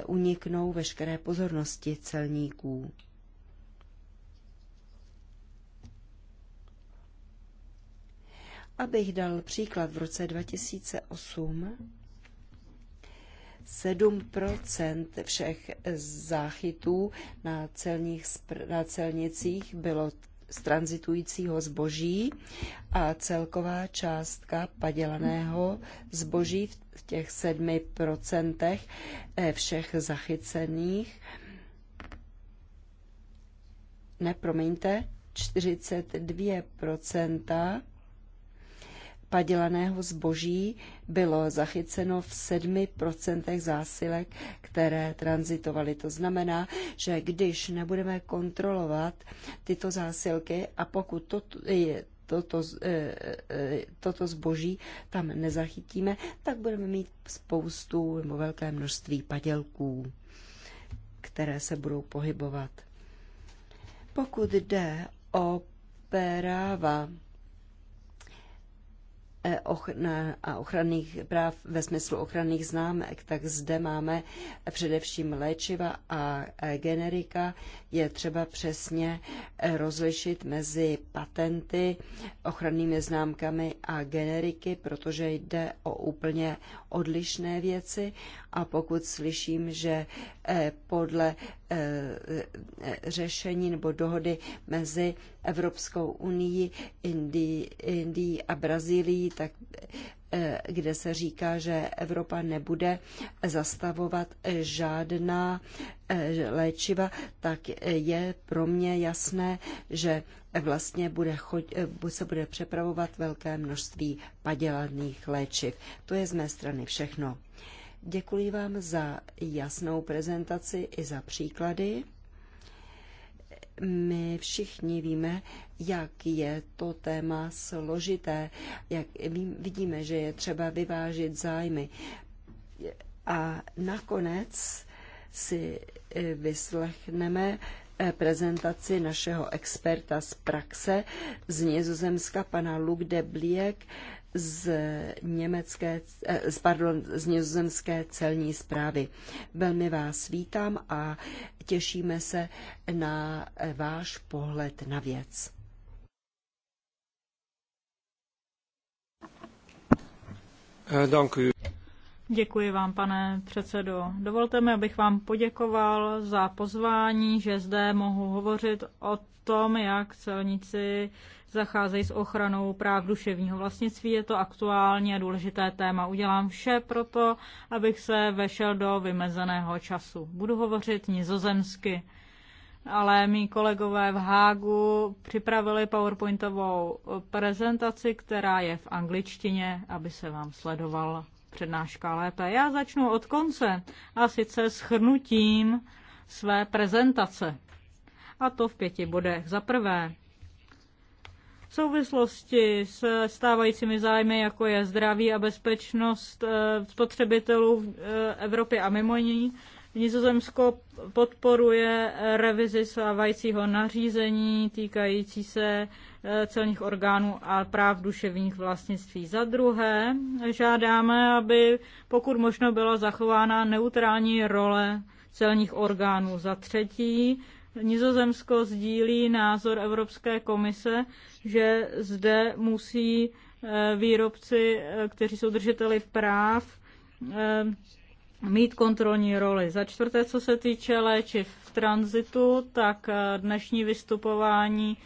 uniknou veškeré pozornosti celníků. Abych dal příklad, v roce 2008 7 všech záchytů na, celních, na celnicích bylo z tranzitujícího zboží a celková částka padělaného zboží v těch 7 eh, všech zachycených nepromiňte, 42 padělaného zboží bylo zachyceno v 7% zásilek, které transitovaly. To znamená, že když nebudeme kontrolovat tyto zásilky a pokud to je Toto, e, e, toto zboží tam nezachytíme, tak budeme mít spoustu nebo velké množství padělků, které se budou pohybovat. Pokud jde o práva a ochranných práv ve smyslu ochranných známek, tak zde máme především léčiva a generika. Je třeba přesně rozlišit mezi patenty, ochrannými známkami a generiky, protože jde o úplně odlišné věci a pokud slyším, že eh, podle eh, eh, řešení nebo dohody mezi Evropskou unii, Indií, Indií a Brazílií, tak kde se říká, že Evropa nebude zastavovat žádná léčiva, tak je pro mě jasné, že vlastně bude choď, eh, se bude přepravovat velké množství padělaných léčiv. To je z mé strany všechno. Děkuji vám za jasnou prezentaci i za příklady. My všichni víme, jak je to téma složité, jak vidíme, že je třeba vyvážit zájmy. A nakonec si eh, vyslechneme prezentaci našeho experta z praxe z Nizozemska, pana Luk de Bliek, z, německé, eh, z, pardon, z nizozemské celní zprávy. Velmi vás vítám a těšíme se na eh, váš pohled na věc. Eh, Děkuji. Děkuji vám, pane předsedo. Dovolte mi, abych vám poděkoval za pozvání, že zde mohu hovořit o tom, jak celníci zacházejí s ochranou práv duševního vlastnictví. Je to aktuální a důležité téma. Udělám vše proto, abych se vešel do vymezeného času. Budu hovořit nizozemsky, ale mý kolegové v Hágu připravili PowerPointovou prezentaci, která je v angličtině, aby se vám sledovala přednáška lépe. Já začnu od konce a sice schrnutím své prezentace. A to v pěti bodech. Za prvé, v souvislosti s stávajícími zájmy, jako je zdraví a bezpečnost eh, spotřebitelů v eh, Evropě a mimo ní, Nizozemsko podporuje revizi stávajícího nařízení týkající se Eh, celních orgánů a práv duševních vlastnictví. Za druhé žádáme, aby pokud možno byla zachována neutrální role celních orgánů. Za třetí Nizozemsko sdílí názor Evropské komise, že zde musí eh, výrobci, eh, kteří jsou držiteli práv, mít kontrolní roli. Za čtvrté, co se týče léčiv v tranzitu, tak dnešní vystupování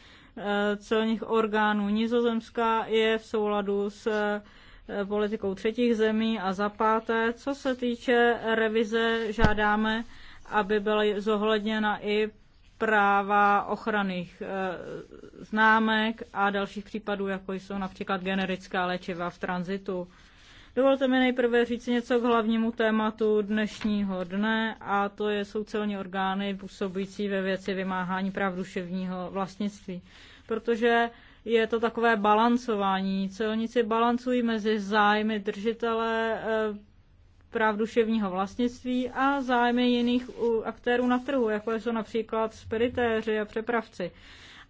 Eh, celních orgánů. Nizozemská je v souladu s eh, politikou třetích zemí a za páté, co se týče revize, žádáme, aby byla zohledněna i práva ochranných eh, známek a dalších případů, jako jsou například generická léčiva v tranzitu. Dovolte mi nejprve říct něco k hlavnímu tématu dnešního dne a to je, jsou celní orgány působící ve věci vymáhání práv duševního vlastnictví protože je to takové balancování. Celníci balancují mezi zájmy držitele eh, práv duševního vlastnictví a zájmy jiných aktérů na trhu, jako jsou například spiritéři a přepravci.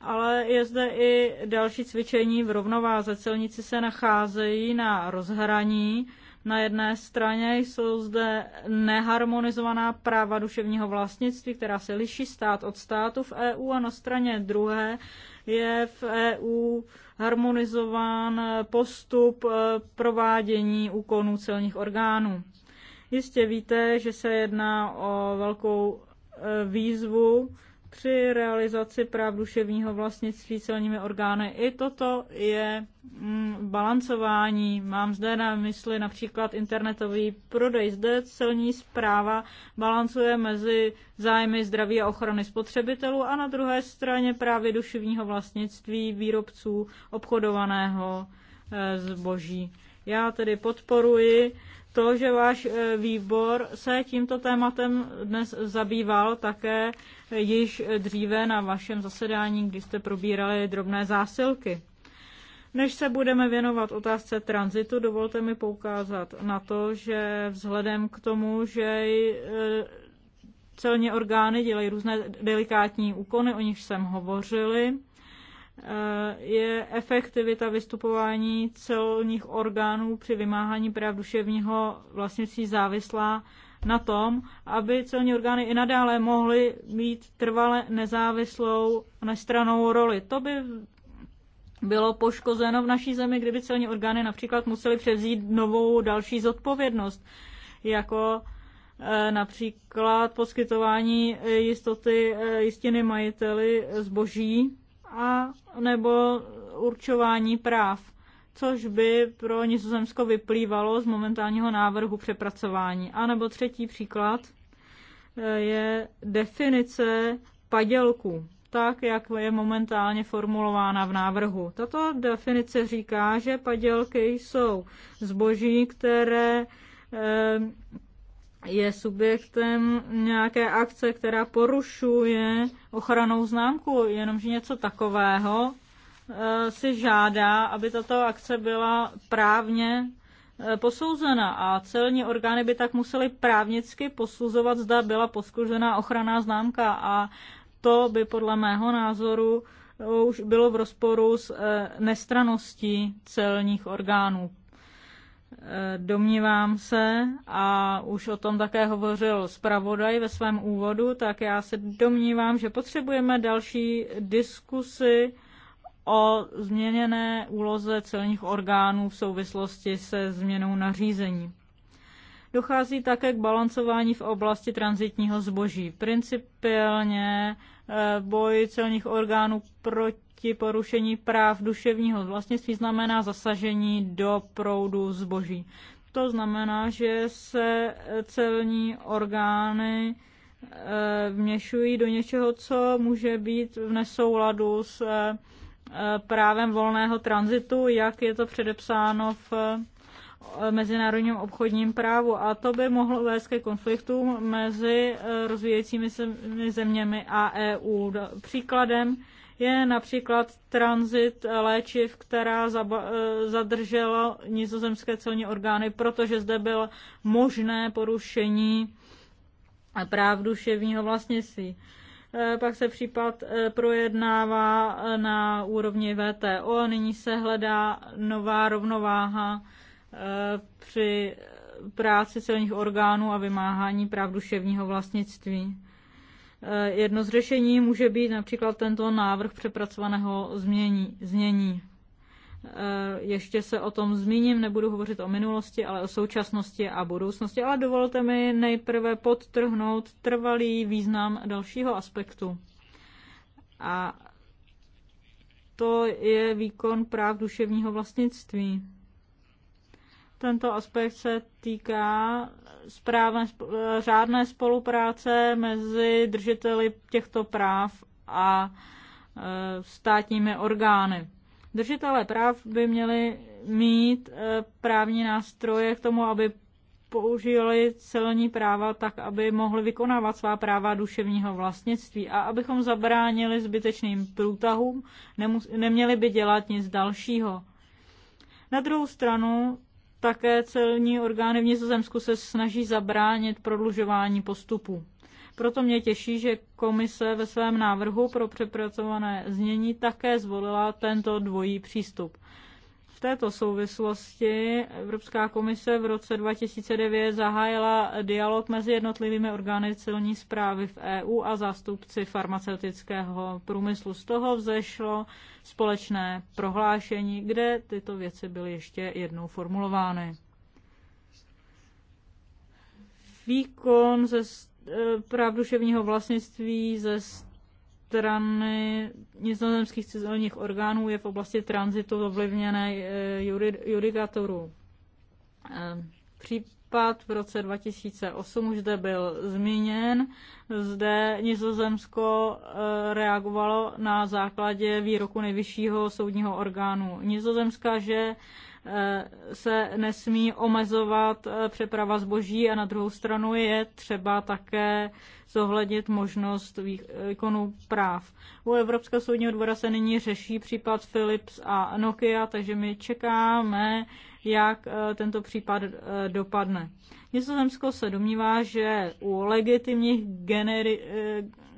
Ale je zde i další cvičení v rovnováze. Celníci se nacházejí na rozhraní. Na jedné straně jsou zde neharmonizovaná práva duševního vlastnictví, která se liší stát od státu v EU a na straně druhé je v EU harmonizován postup eh, provádění úkonů celních orgánů. Jistě víte, že se jedná o velkou eh, výzvu, při realizaci práv duševního vlastnictví celními orgány. I toto je mm, balancování. Mám zde na mysli například internetový prodej. Zde celní zpráva balancuje mezi zájmy zdraví a ochrany spotřebitelů a na druhé straně právě duševního vlastnictví výrobců obchodovaného e, zboží. Já tedy podporuji to, že váš e, výbor se tímto tématem dnes zabýval také již dříve na vašem zasedání, kdy jste probírali drobné zásilky. Než se budeme věnovat otázce tranzitu, dovolte mi poukázat na to, že vzhledem k tomu, že e, celní orgány dělají různé delikátní úkony, o nich jsem hovořili, e, je efektivita vystupování celních orgánů při vymáhání práv duševního vlastnictví závislá na tom, aby celní orgány i nadále mohly mít trvale nezávislou nestranou roli. To by bylo poškozeno v naší zemi, kdyby celní orgány například museli převzít novou další zodpovědnost, jako eh, například poskytování eh, jistoty eh, jistiny majiteli zboží a nebo určování práv což by pro Nizozemsko vyplývalo z momentálního návrhu přepracování. A nebo třetí příklad eh, je definice padělku, tak jak je momentálně formulována v návrhu. Tato definice říká, že padělky jsou zboží, které eh, je subjektem nějaké akce, která porušuje ochranou známku, jenomže něco takového Eh, si žádá, aby tato akce byla právně eh, posouzena a celní orgány by tak museli právnicky posuzovat, zda byla poškozena ochranná známka a to by podle mého názoru eh, už bylo v rozporu s nestraností celních orgánů. Domnívám se, a už o tom také hovořil zpravodaj ve svém úvodu, tak já se domnívám, že potřebujeme další diskusy o změněné úloze celních orgánů v souvislosti se změnou nařízení. Dochází také k balancování v oblasti transitního zboží. Principiálně eh, boj celních orgánů proti porušení práv duševního vlastnictví znamená zasažení do proudu zboží. To znamená, že se celní orgány eh, vměšují do něčeho, co může být v nesouladu s eh, právem volného tranzitu, jak je to předepsáno v eh, mezinárodním obchodním právu. A to by mohlo vést ke konfliktům mezi eh, rozvíjejícími se zeměmi a EU. Příkladem je například tranzit léčiv, která eh, zadržela nizozemské celní orgány, protože zde bylo možné porušení práv duševního vlastnictví. Eh, pak se případ eh, projednává eh, na úrovni VTO a nyní se hledá nová rovnováha při práci celních orgánů a vymáhání práv duševního vlastnictví. Jedno z řešení může být například tento návrh přepracovaného změní, změní. Eh, ještě se o tom zmíním, nebudu hovořit o minulosti, ale o současnosti a budoucnosti. Ale dovolte mi nejprve podtrhnout trvalý význam dalšího aspektu. A to je výkon práv duševního vlastnictví. Tento aspekt se týká správné, eh, řádné spolupráce mezi držiteli těchto práv a eh, státními orgány. Držitelé práv by měli mít eh, právní nástroje k tomu, aby použili celní práva tak, aby mohli vykonávat svá práva duševního vlastnictví a abychom zabránili zbytečným průtahům, nemus- neměli by dělat nic dalšího. Na druhou stranu také celní orgány v Nizozemsku se snaží zabránit prodlužování postupu. Proto mě těší, že komise ve svém návrhu pro přepracované znění také zvolila tento dvojí přístup. V této souvislosti Evropská komise v roce 2009 zahájila dialog mezi jednotlivými orgány celní zprávy v EU a zástupci farmaceutického průmyslu. Z toho vzešlo společné prohlášení, kde tyto věci byly ještě jednou formulovány. Výkon ze Eh, práv duševního vlastnictví ze strany nizozemských civilních orgánů je v oblasti tranzitu ovlivněné eh, judikaturu. Eh, případ v roce 2008 už zde byl zmíněn. Zde Nizozemsko reagovalo na základě výroku nejvyššího soudního orgánu Nizozemska, že Eh, se nesmí omezovat eh, přeprava zboží a na druhou stranu je třeba také zohlednit možnost výkonu práv. U Evropského soudního dvora se nyní řeší případ Philips a Nokia, takže my čekáme, jak eh, tento případ dopadne. Nizozemsko se domnívá, že u legitimních generi-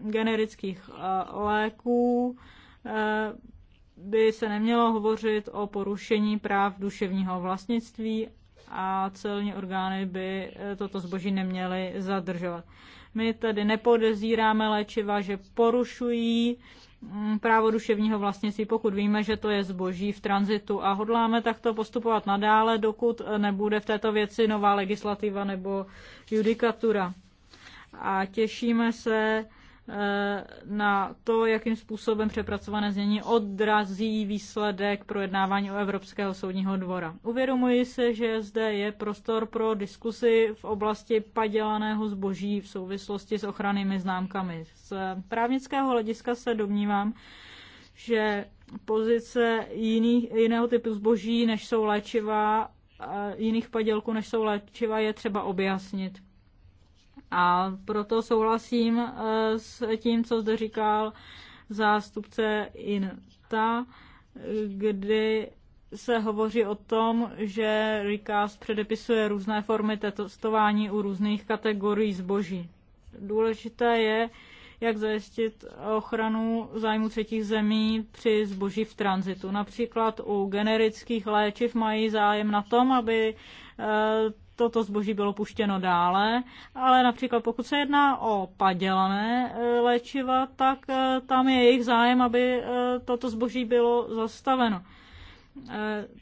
generických léků by se nemělo hovořit o porušení práv duševního vlastnictví a celní orgány by eh, toto zboží neměly zadržovat. My tedy nepodezíráme léčiva, že porušují mm, právo duševního vlastnictví, pokud víme, že to je zboží v tranzitu a hodláme takto postupovat nadále, dokud eh, nebude v této věci nová legislativa nebo judikatura. A těšíme se Eh, na to, jakým způsobem přepracované znění odrazí výsledek projednávání u Evropského soudního dvora. Uvědomuji se, že zde je prostor pro diskusy v oblasti padělaného zboží v souvislosti s ochrannými známkami. Z právnického hlediska se domnívám, že pozice jiný, jiného typu zboží, než jsou léčiva, eh, jiných padělků, než jsou léčiva, je třeba objasnit a proto souhlasím eh, s tím, co zde říkal zástupce INTA, kdy se hovoří o tom, že recast předepisuje různé formy testování u různých kategorií zboží. Důležité je, jak zajistit ochranu zájmu třetích zemí při zboží v tranzitu. Například u generických léčiv mají zájem na tom, aby eh, toto zboží bylo puštěno dále, ale například pokud se jedná o padělané e, léčiva, tak e, tam je jejich zájem, aby e, toto zboží bylo zastaveno.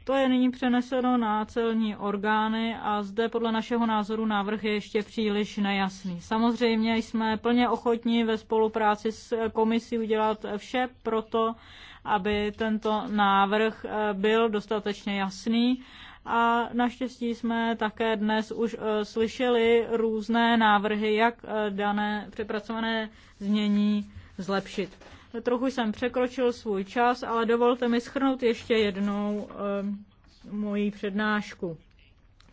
To je nyní přeneseno na celní orgány a zde podle našeho názoru návrh je ještě příliš nejasný. Samozřejmě jsme plně ochotní ve spolupráci s komisí udělat vše pro to, aby tento návrh byl dostatečně jasný a naštěstí jsme také dnes už eh, slyšeli různé návrhy, jak eh, dané přepracované znění zlepšit. Trochu jsem překročil svůj čas, ale dovolte mi schrnout ještě jednou eh, moji přednášku.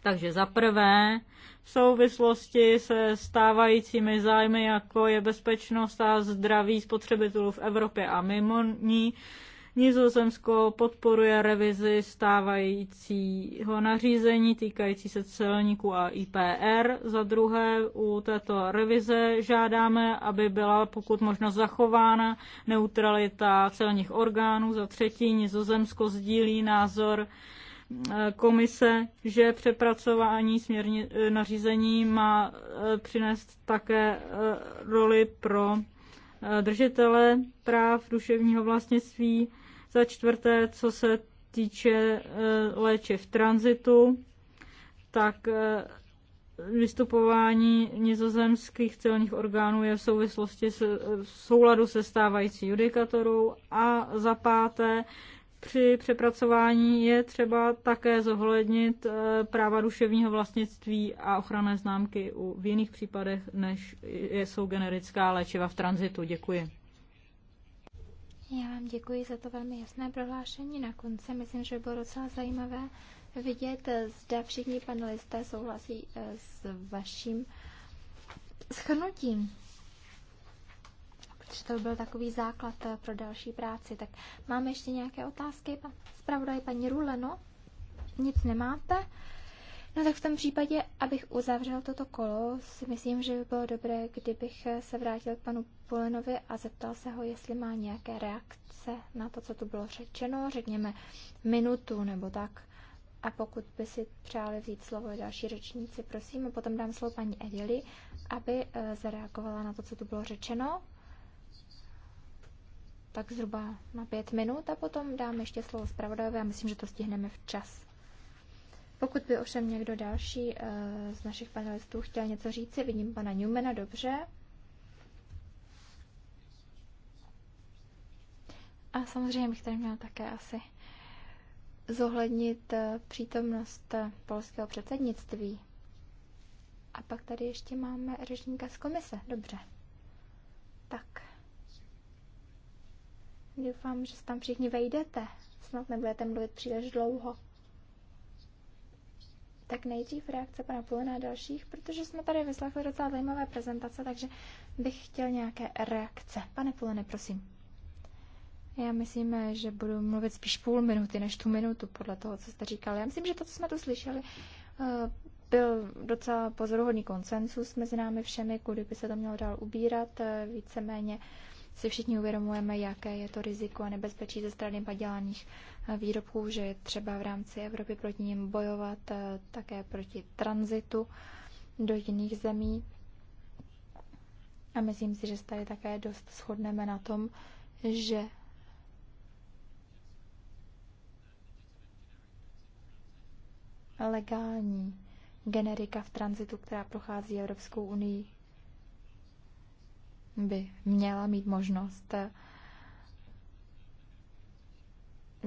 Takže za prvé, v souvislosti se stávajícími zájmy, jako je bezpečnost a zdraví spotřebitelů v Evropě a mimo ní, Nizozemsko podporuje revizi stávajícího nařízení týkající se celníků a IPR. Za druhé, u této revize žádáme, aby byla pokud možno zachována neutralita celních orgánů. Za třetí, Nizozemsko sdílí názor eh, komise, že přepracování směrně, eh, nařízení má eh, přinést také roli pro držitele práv duševního vlastnictví za čtvrté, co se týče eh, léčiv tranzitu, tak eh, vystupování nizozemských celních orgánů je v souvislosti s, v souladu se stávající judikatorou a za páté při přepracování je třeba také zohlednit eh, práva duševního vlastnictví a ochranné známky u, v jiných případech, než jsou generická léčiva v tranzitu. Děkuji. Já vám děkuji za to velmi jasné prohlášení na konci. Myslím, že bylo docela zajímavé vidět, zda všichni panelisté souhlasí eh, s vaším schrnutím. Protože to byl takový základ eh, pro další práci. Tak máme ještě nějaké otázky? Pan zpravodaj, paní Ruleno? Nic nemáte? No tak v tom případě, abych uzavřel toto kolo, si myslím, že by bylo dobré, kdybych se vrátil k panu Polenovi a zeptal se ho, jestli má nějaké reakce na to, co tu bylo řečeno, řekněme minutu nebo tak. A pokud by si přáli vzít slovo další řečníci, prosím, a potom dám slovo paní Edili, aby eh, zareagovala na to, co tu bylo řečeno. Tak zhruba na pět minut a potom dám ještě slovo zpravodajové a myslím, že to stihneme včas. Pokud by ovšem někdo další eh, z našich panelistů chtěl něco říci, vidím pana Newmana dobře. A samozřejmě bych tady měl také asi zohlednit eh, přítomnost eh, polského předsednictví. A pak tady ještě máme řečníka z komise. Dobře. Tak. Doufám, že se tam všichni vejdete. Snad nebudete mluvit příliš dlouho. Tak nejdřív reakce pana Pulina a dalších, protože jsme tady vyslechli docela zajímavé prezentace, takže bych chtěl nějaké reakce. Pane Puline, prosím. Já myslím, že budu mluvit spíš půl minuty než tu minutu, podle toho, co jste říkal. Já myslím, že to, co jsme tu slyšeli, eh, byl docela pozoruhodný konsensus mezi námi všemi, kudy by se to mělo dál ubírat. Eh, víceméně si všichni uvědomujeme, jaké je to riziko a nebezpečí ze strany padělaných výrobků, že je třeba v rámci Evropy proti ním bojovat eh, také proti tranzitu do jiných zemí. A myslím si, že se tady také dost shodneme na tom, že legální generika v tranzitu, která prochází Evropskou unii, by měla mít možnost eh,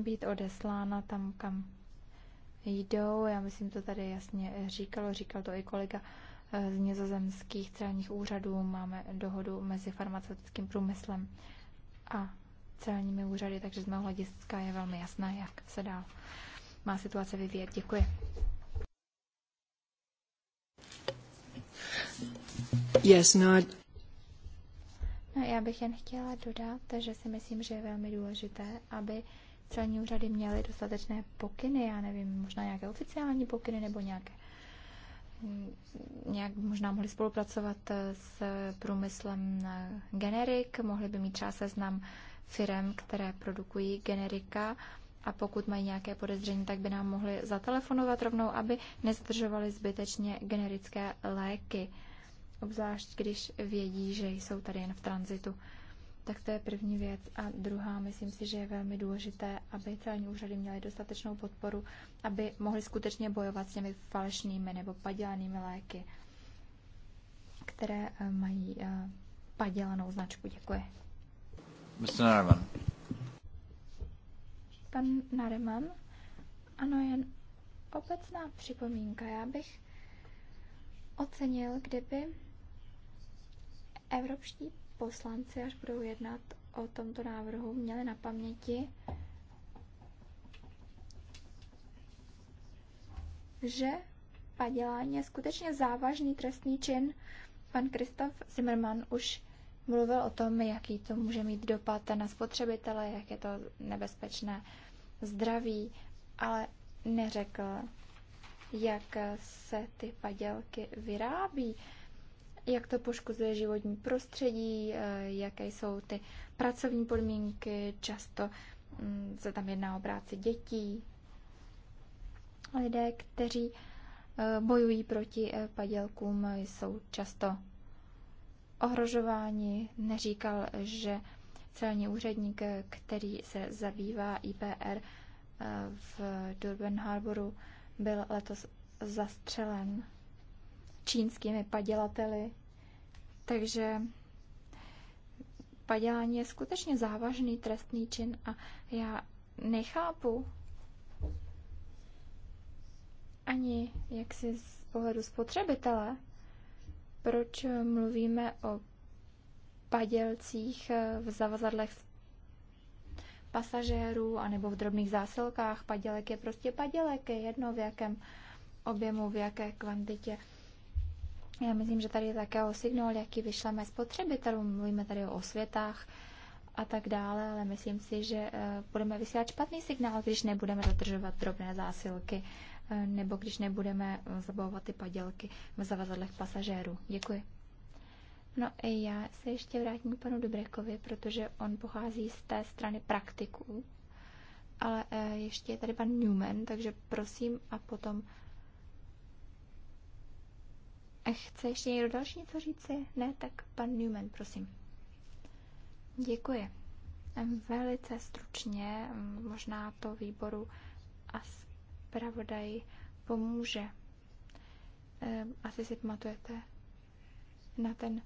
být odeslána tam, kam jdou. Já myslím, to tady jasně říkalo, říkal to i kolega eh, z nězozemských celních úřadů. Máme dohodu mezi farmaceutickým průmyslem a celními úřady, takže z mého hlediska je velmi jasné, jak se dál má situace vyvíjet. Děkuji. Yes, no, no, já bych jen chtěla dodat, že si myslím, že je velmi důležité, aby celní úřady měly dostatečné pokyny, já nevím, možná nějaké oficiální pokyny nebo nějaké nějak možná mohli spolupracovat eh, s průmyslem generik, mohli by mít třeba seznam firm, které produkují generika a pokud mají nějaké podezření, tak by nám mohli zatelefonovat rovnou, aby nezdržovali zbytečně generické léky, obzvlášť když vědí, že jsou tady jen v tranzitu. Tak to je první věc. A druhá, myslím si, že je velmi důležité, aby celní úřady měly dostatečnou podporu, aby mohly skutečně bojovat s těmi falešnými nebo padělanými léky, které eh, mají eh, padělanou značku. Děkuji. Mr. Nareman. Pan Nareman? Ano, jen obecná připomínka. Já bych ocenil, kdyby evropští poslanci, až budou jednat o tomto návrhu, měli na paměti, že padělání je skutečně závažný trestný čin. Pan Kristof Zimmerman už mluvil o tom, jaký to může mít dopad na spotřebitele, jak je to nebezpečné zdraví, ale neřekl, jak se ty padělky vyrábí jak to poškozuje životní prostředí, eh, jaké jsou ty pracovní podmínky, často mm, se tam jedná o práci dětí. Lidé, kteří eh, bojují proti eh, padělkům, jsou často ohrožováni. Neříkal, že celní úředník, který se zabývá IPR v Durban Harboru, byl letos zastřelen čínskými padělateli. Takže padělání je skutečně závažný trestný čin a já nechápu ani jak si z pohledu spotřebitele, proč mluvíme o padělcích v zavazadlech pasažérů anebo v drobných zásilkách. Padělek je prostě padělek, je jedno v jakém objemu, v jaké kvantitě. Já myslím, že tady je také o signál, jaký vyšleme spotřebitelům. Mluvíme tady o světách a tak dále, ale myslím si, že eh, budeme vysílat špatný signál, když nebudeme dodržovat drobné zásilky eh, nebo když nebudeme eh, zabavovat ty padělky v zavazadlech pasažérů. Děkuji. No i já se ještě vrátím k panu Dobrekovi, protože on pochází z té strany praktiků. Ale ještě je tady pan Newman, takže prosím a potom Chce ještě někdo další něco říci? Ne, tak pan Newman, prosím. Děkuji. Velice stručně, možná to výboru a zpravodaji pomůže. Asi si pamatujete na ten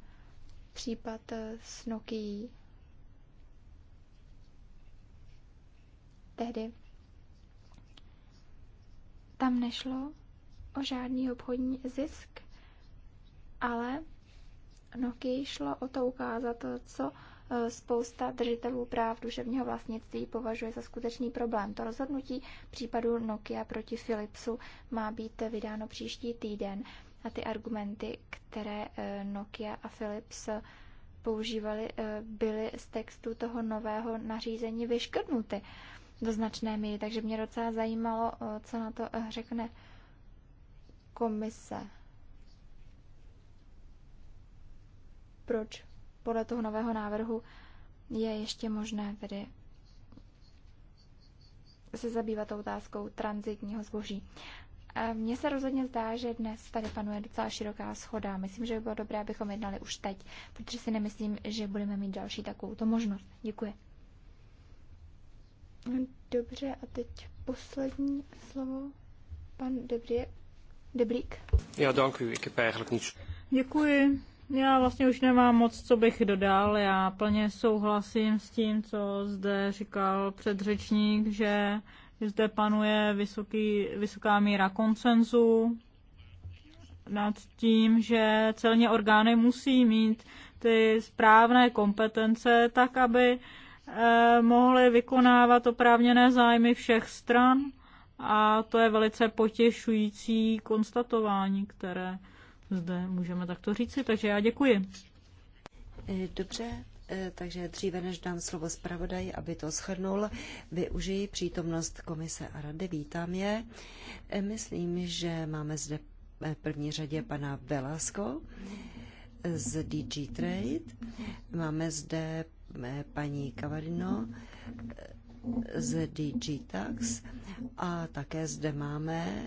případ eh, s Nokií. Tehdy tam nešlo o žádný obchodní zisk ale Nokia šlo o to ukázat, co e, spousta držitelů práv duševního vlastnictví považuje za skutečný problém. To rozhodnutí případu Nokia proti Philipsu má být vydáno příští týden a ty argumenty, které e, Nokia a Philips používali, e, byly z textu toho nového nařízení vyškrtnuty do značné míry, takže mě docela zajímalo, co na to řekne komise. proč podle toho nového návrhu je ještě možné tedy se zabývat otázkou transitního zboží. Mně se rozhodně zdá, že dnes tady panuje docela široká schoda. Myslím, že by bylo dobré, abychom jednali už teď, protože si nemyslím, že budeme mít další takovou. to možnost. Děkuji. Dobře, a teď poslední slovo. Pan Debrie. Debrík. Já děkuji, ik heb Děkuji. Já vlastně už nemám moc, co bych dodal. Já plně souhlasím s tím, co zde říkal předřečník, že zde panuje vysoký, vysoká míra koncenzu nad tím, že celní orgány musí mít ty správné kompetence, tak aby eh, mohly vykonávat oprávněné zájmy všech stran. A to je velice potěšující konstatování, které zde můžeme takto říci, takže já děkuji. Eh, dobře, eh, takže dříve než dám slovo zpravodaji, aby to shrnul, využiji přítomnost komise a rady, vítám je. Eh, myslím, že máme zde v první řadě pana Velasko z DG Trade, máme zde paní Kavarino z DG Tax a také zde máme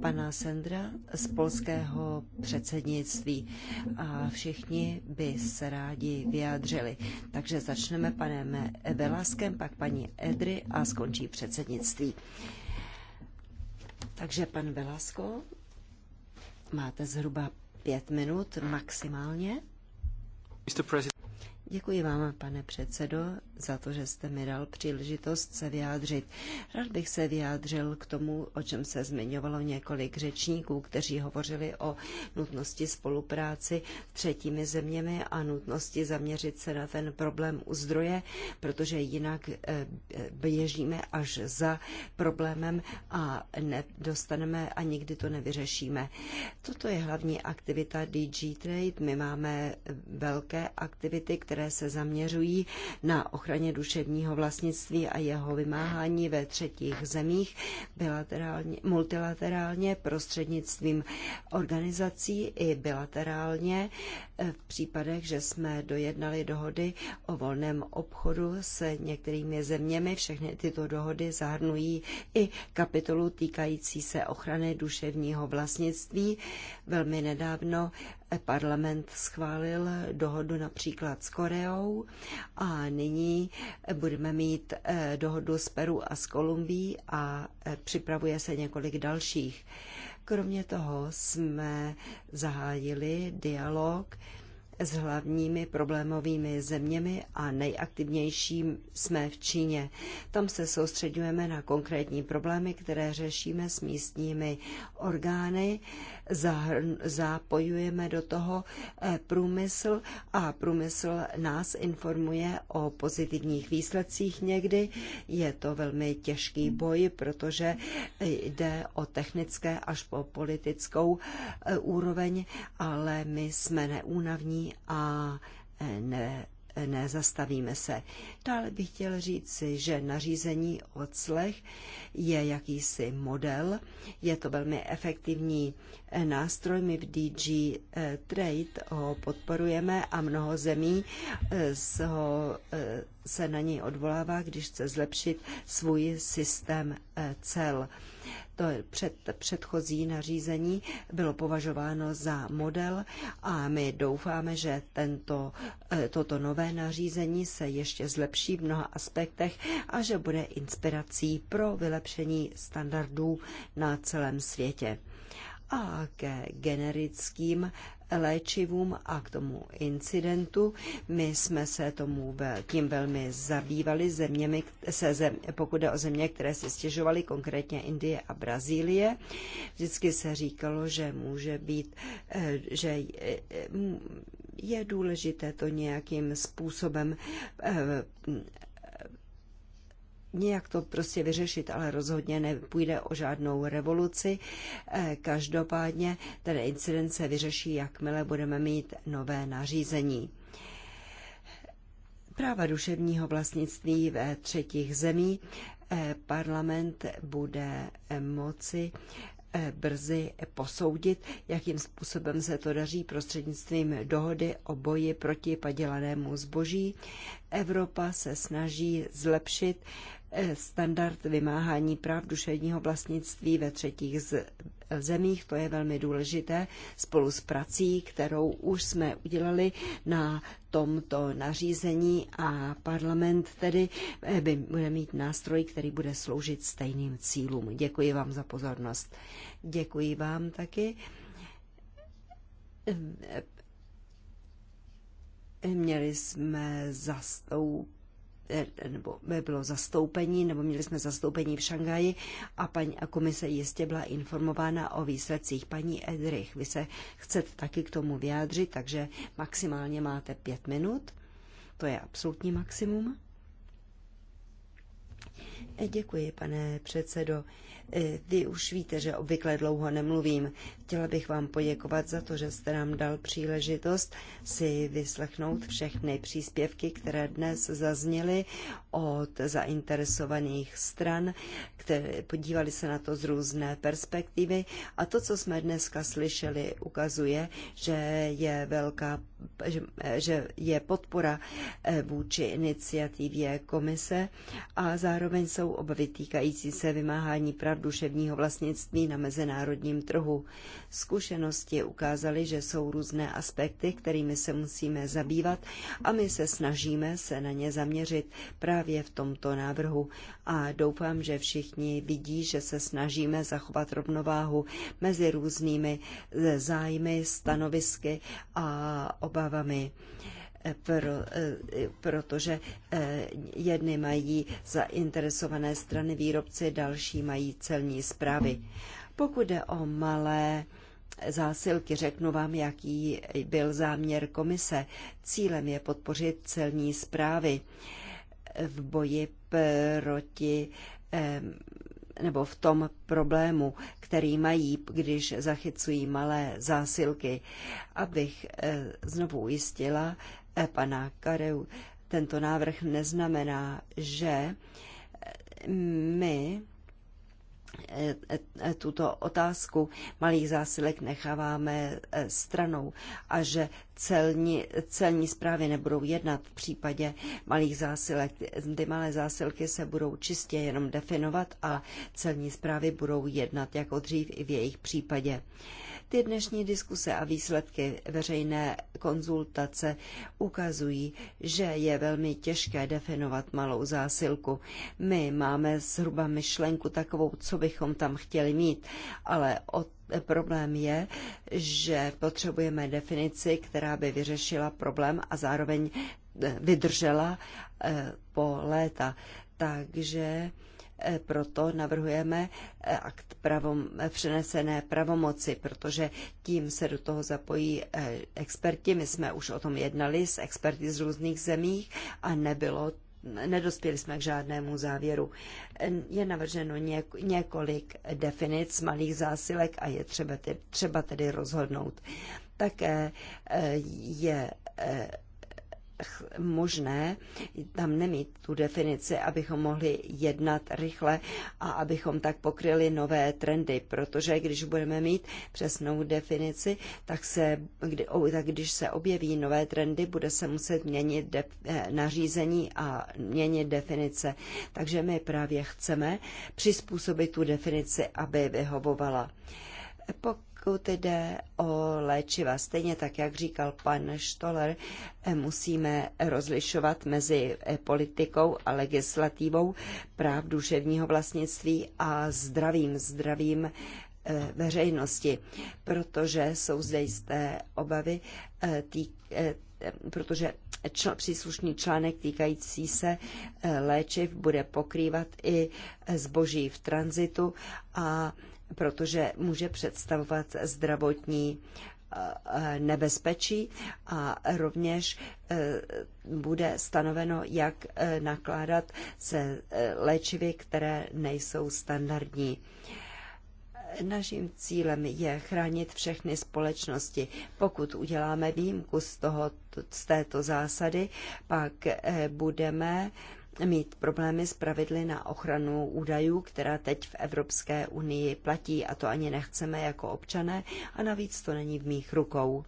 pana Sendra z polského předsednictví a všichni by se rádi vyjádřili. Takže začneme panem Velaskem, pak paní Edry a skončí předsednictví. Takže pan Velasko, máte zhruba pět minut maximálně. Děkuji vám, pane předsedo, za to, že jste mi dal příležitost se vyjádřit. Rád bych se vyjádřil k tomu, o čem se zmiňovalo několik řečníků, kteří hovořili o nutnosti spolupráci s třetími zeměmi a nutnosti zaměřit se na ten problém u zdroje, protože jinak eh, běžíme až za problémem a nedostaneme a nikdy to nevyřešíme. Toto je hlavní aktivita DG Trade. My máme velké aktivity, které které se zaměřují na ochraně duševního vlastnictví a jeho vymáhání ve třetích zemích bilaterálně, multilaterálně prostřednictvím organizací i bilaterálně eh, v případech, že jsme dojednali dohody o volném obchodu s některými zeměmi. Všechny tyto dohody zahrnují i kapitolu týkající se ochrany duševního vlastnictví. Velmi nedávno Parlament schválil dohodu například s Koreou a nyní budeme mít eh, dohodu s Peru a s Kolumbií a eh, připravuje se několik dalších. Kromě toho jsme zahájili dialog s hlavními problémovými zeměmi a nejaktivnějším jsme v Číně. Tam se soustředujeme na konkrétní problémy, které řešíme s místními orgány zapojujeme do toho eh, průmysl a průmysl nás informuje o pozitivních výsledcích někdy. Je to velmi těžký boj, protože jde o technické až po politickou eh, úroveň, ale my jsme neúnavní a eh, ne nezastavíme se. Dále bych chtěl říci, že nařízení o je jakýsi model, je to velmi efektivní eh, nástroj, my v DG eh, Trade ho podporujeme a mnoho zemí eh, se na něj odvolává, když chce zlepšit svůj systém cel. To před, předchozí nařízení bylo považováno za model a my doufáme, že tento, eh, toto nové nařízení se ještě zlepší v mnoha aspektech a že bude inspirací pro vylepšení standardů na celém světě a ke generickým léčivům a k tomu incidentu. My jsme se tomu tím velmi zabývali zeměmi, se zem, pokud jde o země, které se stěžovaly, konkrétně Indie a Brazílie. Vždycky se říkalo, že může být, eh, že eh, je důležité to nějakým způsobem eh, nějak to prostě vyřešit, ale rozhodně nepůjde o žádnou revoluci. E, každopádně ten incident se vyřeší, jakmile budeme mít nové nařízení. Práva duševního vlastnictví ve třetích zemí e, parlament bude moci e, brzy posoudit, jakým způsobem se to daří prostřednictvím dohody o boji proti padělanému zboží. Evropa se snaží zlepšit standard vymáhání práv duševního vlastnictví ve třetích zemích. To je velmi důležité spolu s prací, kterou už jsme udělali na tomto nařízení a parlament tedy eh, by bude mít nástroj, který bude sloužit stejným cílům. Děkuji vám za pozornost. Děkuji vám taky. Měli jsme zastoupit. Eh, nebo bylo zastoupení, nebo měli jsme zastoupení v Šangaji a paní a komise jistě byla informována o výsledcích. Paní Edrich, vy se chcete taky k tomu vyjádřit, takže maximálně máte pět minut. To je absolutní maximum. Eh, děkuji, pane předsedo. Vy e, už víte, že obvykle dlouho nemluvím. Chtěla bych vám poděkovat za to, že jste nám dal příležitost si vyslechnout všechny příspěvky, které dnes zazněly od zainteresovaných stran, které podívali se na to z různé perspektivy a to, co jsme dneska slyšeli, ukazuje, že je velká, že, že je podpora e, vůči iniciativě komise a zároveň jsou obavy týkající se vymáhání prav práv duševního vlastnictví na mezinárodním trhu. Zkušenosti ukázaly, že jsou různé aspekty, kterými se musíme zabývat a my se snažíme se na ně zaměřit právě v tomto návrhu. A doufám, že všichni vidí, že se snažíme zachovat rovnováhu mezi různými zájmy, stanovisky a obavami. Eh, pro, eh, protože eh, jedny mají zainteresované strany výrobci, další mají celní zprávy. Pokud jde o malé zásilky, řeknu vám, jaký byl záměr komise. Cílem je podpořit celní zprávy v boji proti nebo v tom problému, který mají, když zachycují malé zásilky. Abych znovu ujistila E, pana Kareu. Tento návrh neznamená, že my e, e, tuto otázku malých zásilek necháváme stranou a že celní, celní zprávy nebudou jednat v případě malých zásilek. Ty malé zásilky se budou čistě jenom definovat a celní zprávy budou jednat jako dřív i v jejich případě. Ty dnešní diskuse a výsledky veřejné konzultace ukazují, že je velmi těžké definovat malou zásilku. My máme zhruba myšlenku takovou, co bychom tam chtěli mít, ale o Problém je, že potřebujeme definici, která by vyřešila problém a zároveň e, vydržela e, po léta takže eh, proto navrhujeme eh, akt pravom, přenesené pravomoci, protože tím se do toho zapojí eh, experti. My jsme už o tom jednali s experty z různých zemích a nebylo nedospěli jsme k žádnému závěru. Je navrženo něk- několik definic malých zásilek a je třeba, třeba tedy rozhodnout. Také je možné tam nemít tu definici, abychom mohli jednat rychle a abychom tak pokryli nové trendy, protože když budeme mít přesnou definici, tak, se, kdy, tak když se objeví nové trendy, bude se muset měnit de, eh, nařízení a měnit definice. Takže my právě chceme přizpůsobit tu definici, aby vyhovovala. Pokud pokud jde o léčiva, stejně tak, jak říkal pan Stoller, eh, musíme rozlišovat mezi eh, politikou a legislativou práv duševního vlastnictví a zdravým, zdravým eh, veřejnosti, protože jsou zde jisté obavy, tý, protože čl, příslušný článek týkající se léčiv bude pokrývat i zboží v tranzitu a protože může představovat zdravotní eh, eh, nebezpečí a rovněž eh, bude stanoveno, jak nakládat se léčivy, které nejsou standardní. Naším cílem je chránit všechny společnosti. Pokud uděláme výjimku z, toho, z této zásady, pak budeme eh, mít problémy s pravidly na ochranu údajů, která teď v Evropské unii platí a to ani nechceme jako občané a navíc to není v mých rukou.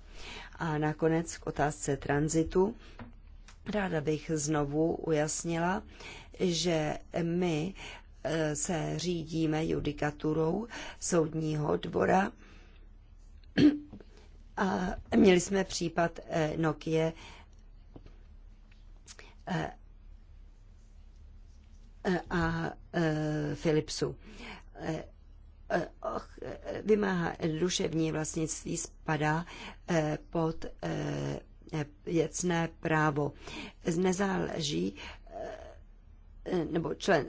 A nakonec k otázce tranzitu. Ráda bych znovu ujasnila, že my eh, se řídíme judikaturou soudního dvora a měli jsme případ eh, Nokia eh, a Philipsu e, e, vymáhá duševní vlastnictví spadá e, pod věcné právo. Nezáleží nebo člen,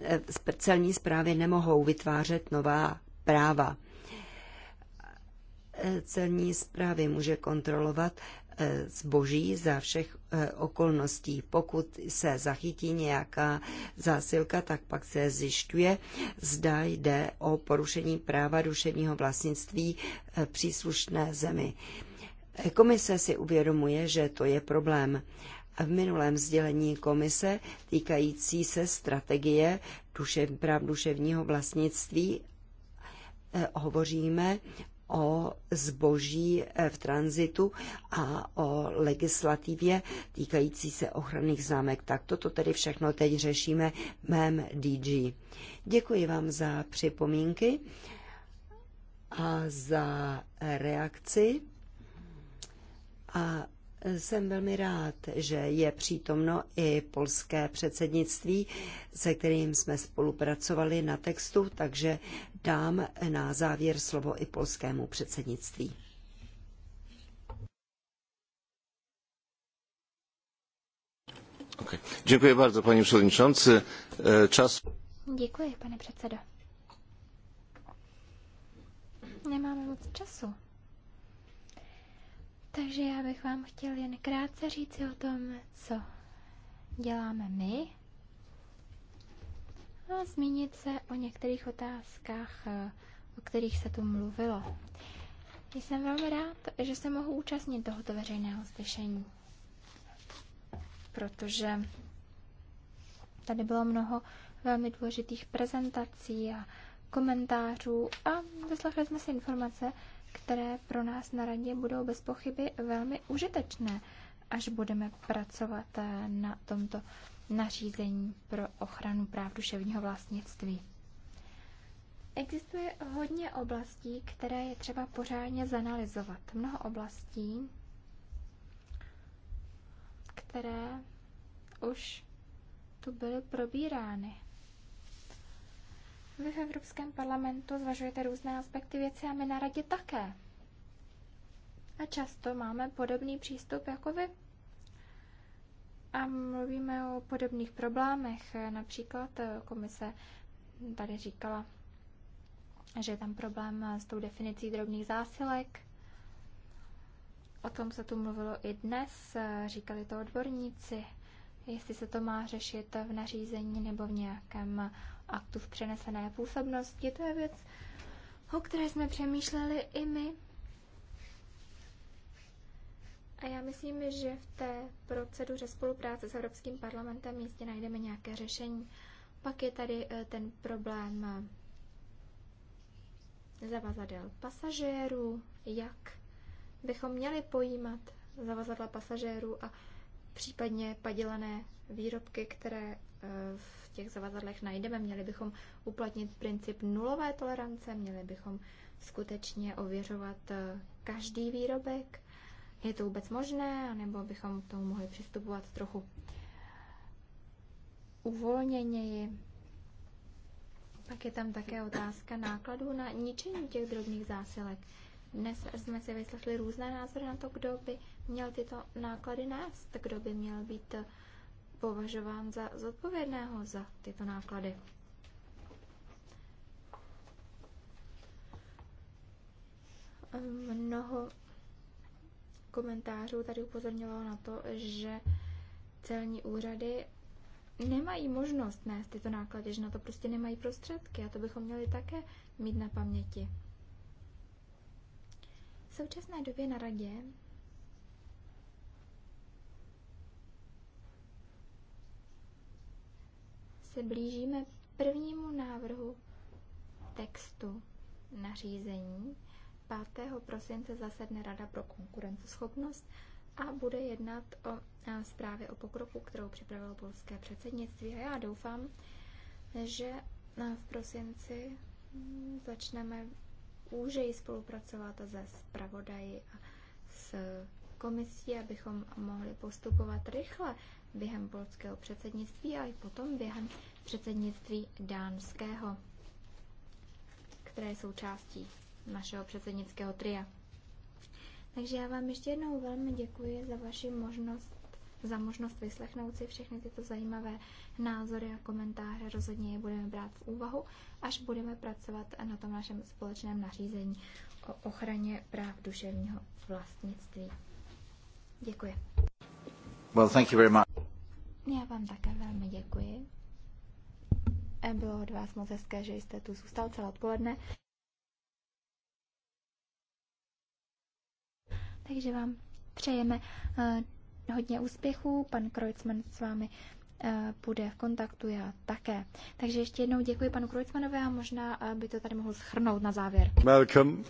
celní zprávy nemohou vytvářet nová práva. Celní zprávy může kontrolovat Eh, zboží za všech eh, okolností. Pokud se zachytí nějaká zásilka, tak pak se zjišťuje, zda jde o porušení práva duševního vlastnictví v eh, příslušné zemi. Komise si uvědomuje, že to je problém. V minulém sdělení komise týkající se strategie duše, práv duševního vlastnictví hovoříme o zboží eh, v tranzitu a o legislativě týkající se ochranných známek. Tak toto tedy všechno teď řešíme v mém DG. Děkuji vám za připomínky a za reakci. A jsem velmi rád, že je přítomno i polské předsednictví, se kterým jsme spolupracovali na textu, takže dám na závěr slovo i polskému předsednictví. Okay. Děkuji bardzo, paní przewodniczący. Čas. Děkuji, pane předsedo. Nemáme moc času. Takže já bych vám chtěl jen krátce říci o tom, co děláme my a zmínit se o některých otázkách, eh, o kterých se tu mluvilo. Jsem velmi rád, že se mohu účastnit tohoto veřejného slyšení, protože tady bylo mnoho velmi důležitých prezentací a komentářů a vyslechli jsme si informace, které pro nás na radě budou bez pochyby velmi užitečné, až budeme pracovat eh, na tomto nařízení pro ochranu práv duševního vlastnictví. Existuje hodně oblastí, které je třeba pořádně zanalizovat. Mnoho oblastí, které už tu byly probírány. Vy v Evropském parlamentu zvažujete různé aspekty věci a my na radě také. A často máme podobný přístup jako vy. A mluvíme o podobných problémech. Například komise tady říkala, že je tam problém s tou definicí drobných zásilek. O tom se tu mluvilo i dnes, říkali to odborníci, jestli se to má řešit v nařízení nebo v nějakém aktu v přenesené působnosti. To je věc, o které jsme přemýšleli i my. A já myslím, že v té proceduře spolupráce s Evropským parlamentem jistě najdeme nějaké řešení. Pak je tady eh, ten problém eh, zavazadel pasažérů, jak bychom měli pojímat zavazadla pasažérů a případně padělané výrobky, které eh, v těch zavazadlech najdeme. Měli bychom uplatnit princip nulové tolerance, měli bychom skutečně ověřovat eh, každý výrobek. Je to vůbec možné, nebo bychom k tomu mohli přistupovat trochu uvolněněji. Pak je tam také otázka nákladů na ničení těch drobných zásilek. Dnes jsme si vyslechli různé názory na to, kdo by měl tyto náklady nést, kdo by měl být eh, považován za zodpovědného za tyto náklady. Mnoho komentářů tady upozorňovalo na to, že celní úřady nemají možnost nést tyto náklady, že na to prostě nemají prostředky a to bychom měli také mít na paměti. V současné době na radě se blížíme prvnímu návrhu textu nařízení. 5. prosince zasedne Rada pro konkurenceschopnost a bude jednat o zprávě o pokroku, kterou připravilo polské předsednictví. A já doufám, že v prosinci hm, začneme úžeji spolupracovat se zpravodaji a s komisí, abychom mohli postupovat rychle během polského předsednictví a i potom během předsednictví dánského, které je součástí našeho předsednického tria. Takže já vám ještě jednou velmi děkuji za vaši možnost, za možnost vyslechnout si všechny tyto zajímavé názory a komentáře. Rozhodně je budeme brát v úvahu, až budeme pracovat na tom našem společném nařízení o ochraně práv duševního vlastnictví. Děkuji. Well, thank you very much. Já vám také velmi děkuji. Eh, Bylo od vás moc hezké, že jste tu zůstal celé odpoledne. Takže vám přejeme uh, hodně úspěchů. Pan Kreutzmann s vámi uh, bude v kontaktu, já také. Takže ještě jednou děkuji panu Kreutzmanovi a možná uh, by to tady mohl schrnout na závěr. Malcolm.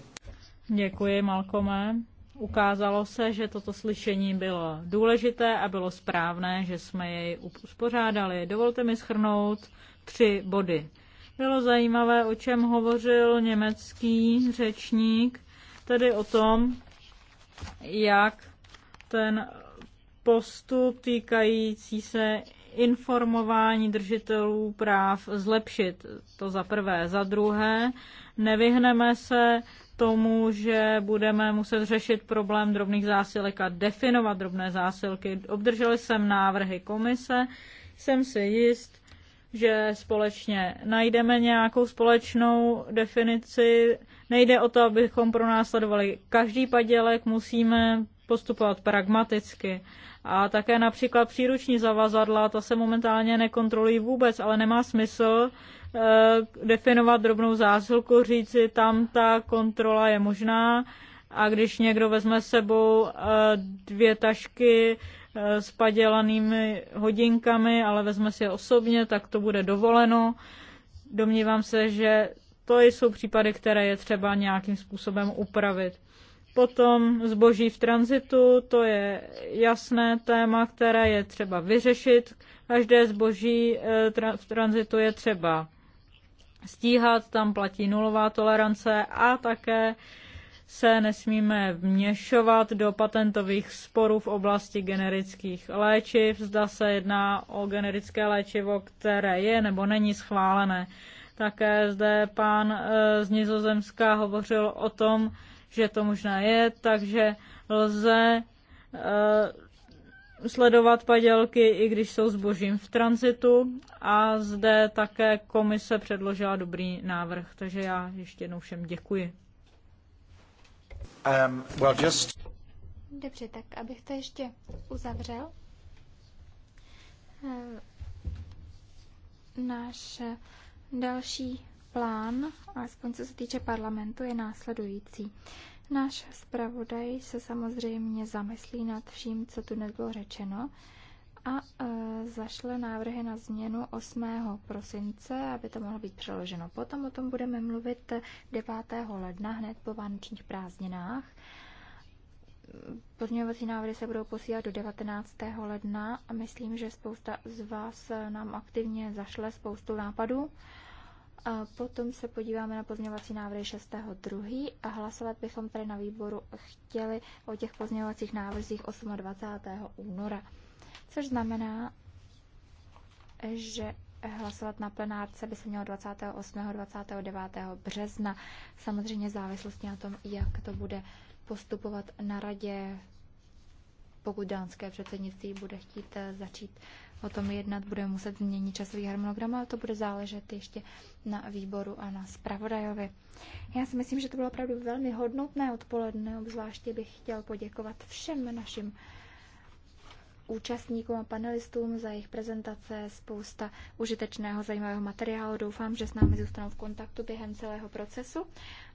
Děkuji, Malcolme. Ukázalo se, že toto slyšení bylo důležité a bylo správné, že jsme jej uspořádali. Dovolte mi schrnout tři body. Bylo zajímavé, o čem hovořil německý řečník, tedy o tom, jak ten postup týkající se informování držitelů práv zlepšit. To za prvé. Za druhé, nevyhneme se tomu, že budeme muset řešit problém drobných zásilek a definovat drobné zásilky. Obdrželi jsem návrhy komise, jsem si jist, že společně najdeme nějakou společnou definici. Nejde o to, abychom pronásledovali každý padělek, musíme postupovat pragmaticky. A také například příruční zavazadla, ta se momentálně nekontrolují vůbec, ale nemá smysl eh, definovat drobnou zásilku, říci, tam ta kontrola je možná a když někdo vezme s sebou eh, dvě tašky eh, s padělanými hodinkami, ale vezme si je osobně, tak to bude dovoleno. Domnívám se, že to jsou případy, které je třeba nějakým způsobem upravit. Potom zboží v tranzitu, to je jasné téma, které je třeba vyřešit. Každé zboží eh, v tranzitu je třeba stíhat, tam platí nulová tolerance a také se nesmíme vměšovat do patentových sporů v oblasti generických léčiv. Zda se jedná o generické léčivo, které je nebo není schválené. Také zde pán eh, z Nizozemska hovořil o tom, že to možná je, takže lze eh, sledovat padělky, i když jsou zbožím v tranzitu. A zde také komise předložila dobrý návrh, takže já ještě jednou všem děkuji. Um, well just... Dobře, tak abych to ještě uzavřel. Eh, náš další plán, alespoň co se týče parlamentu, je následující. Náš zpravodaj se samozřejmě zamyslí nad vším, co tu dnes bylo řečeno a e, zašle návrhy na změnu 8. prosince, aby to mohlo být přeloženo. Potom o tom budeme mluvit 9. ledna, hned po vánočních prázdninách. Pozměňovací návrhy se budou posílat do 19. ledna a myslím, že spousta z vás nám aktivně zašle spoustu nápadů. A potom se podíváme na pozměňovací návrhy 6.2. a hlasovat bychom tady na výboru chtěli o těch pozměňovacích návrzích 28. února. Což znamená, že hlasovat na plenárce by se mělo 28. 29. března. Samozřejmě závislostně na tom, jak to bude postupovat na radě, pokud dánské předsednictví bude chtít eh, začít o tom jednat, budeme muset změnit časový harmonogram, ale to bude záležet ještě na výboru a na zpravodajovi. Já si myslím, že to bylo opravdu velmi hodnotné odpoledne, obzvláště bych chtěl poděkovat všem našim účastníkům a panelistům za jejich prezentace, spousta užitečného, zajímavého materiálu. Doufám, že s námi zůstanou v kontaktu během celého procesu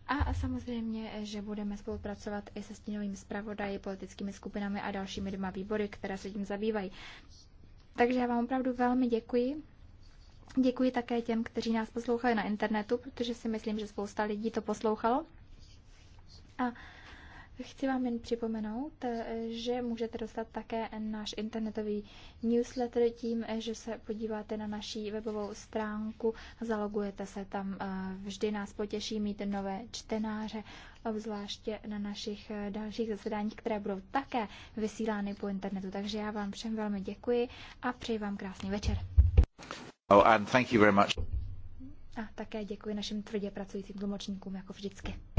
a samozřejmě, že budeme spolupracovat i se stínovými zpravodaji, politickými skupinami a dalšími dvěma výbory, které se tím zabývají. Takže já vám opravdu velmi děkuji. Děkuji také těm, kteří nás poslouchali na internetu, protože si myslím, že spousta lidí to poslouchalo. A Chci vám jen připomenout, eh, že můžete dostat také náš internetový newsletter tím, eh, že se podíváte na naší webovou stránku, zalogujete se tam. Eh, vždy nás potěší mít nové čtenáře, obzvláště na našich dalších zasedáních, které budou také vysílány po internetu. Takže já vám všem velmi děkuji a přeji vám krásný večer. Oh, and thank you very much. A také děkuji našim tvrdě pracujícím tlumočníkům, jako vždycky.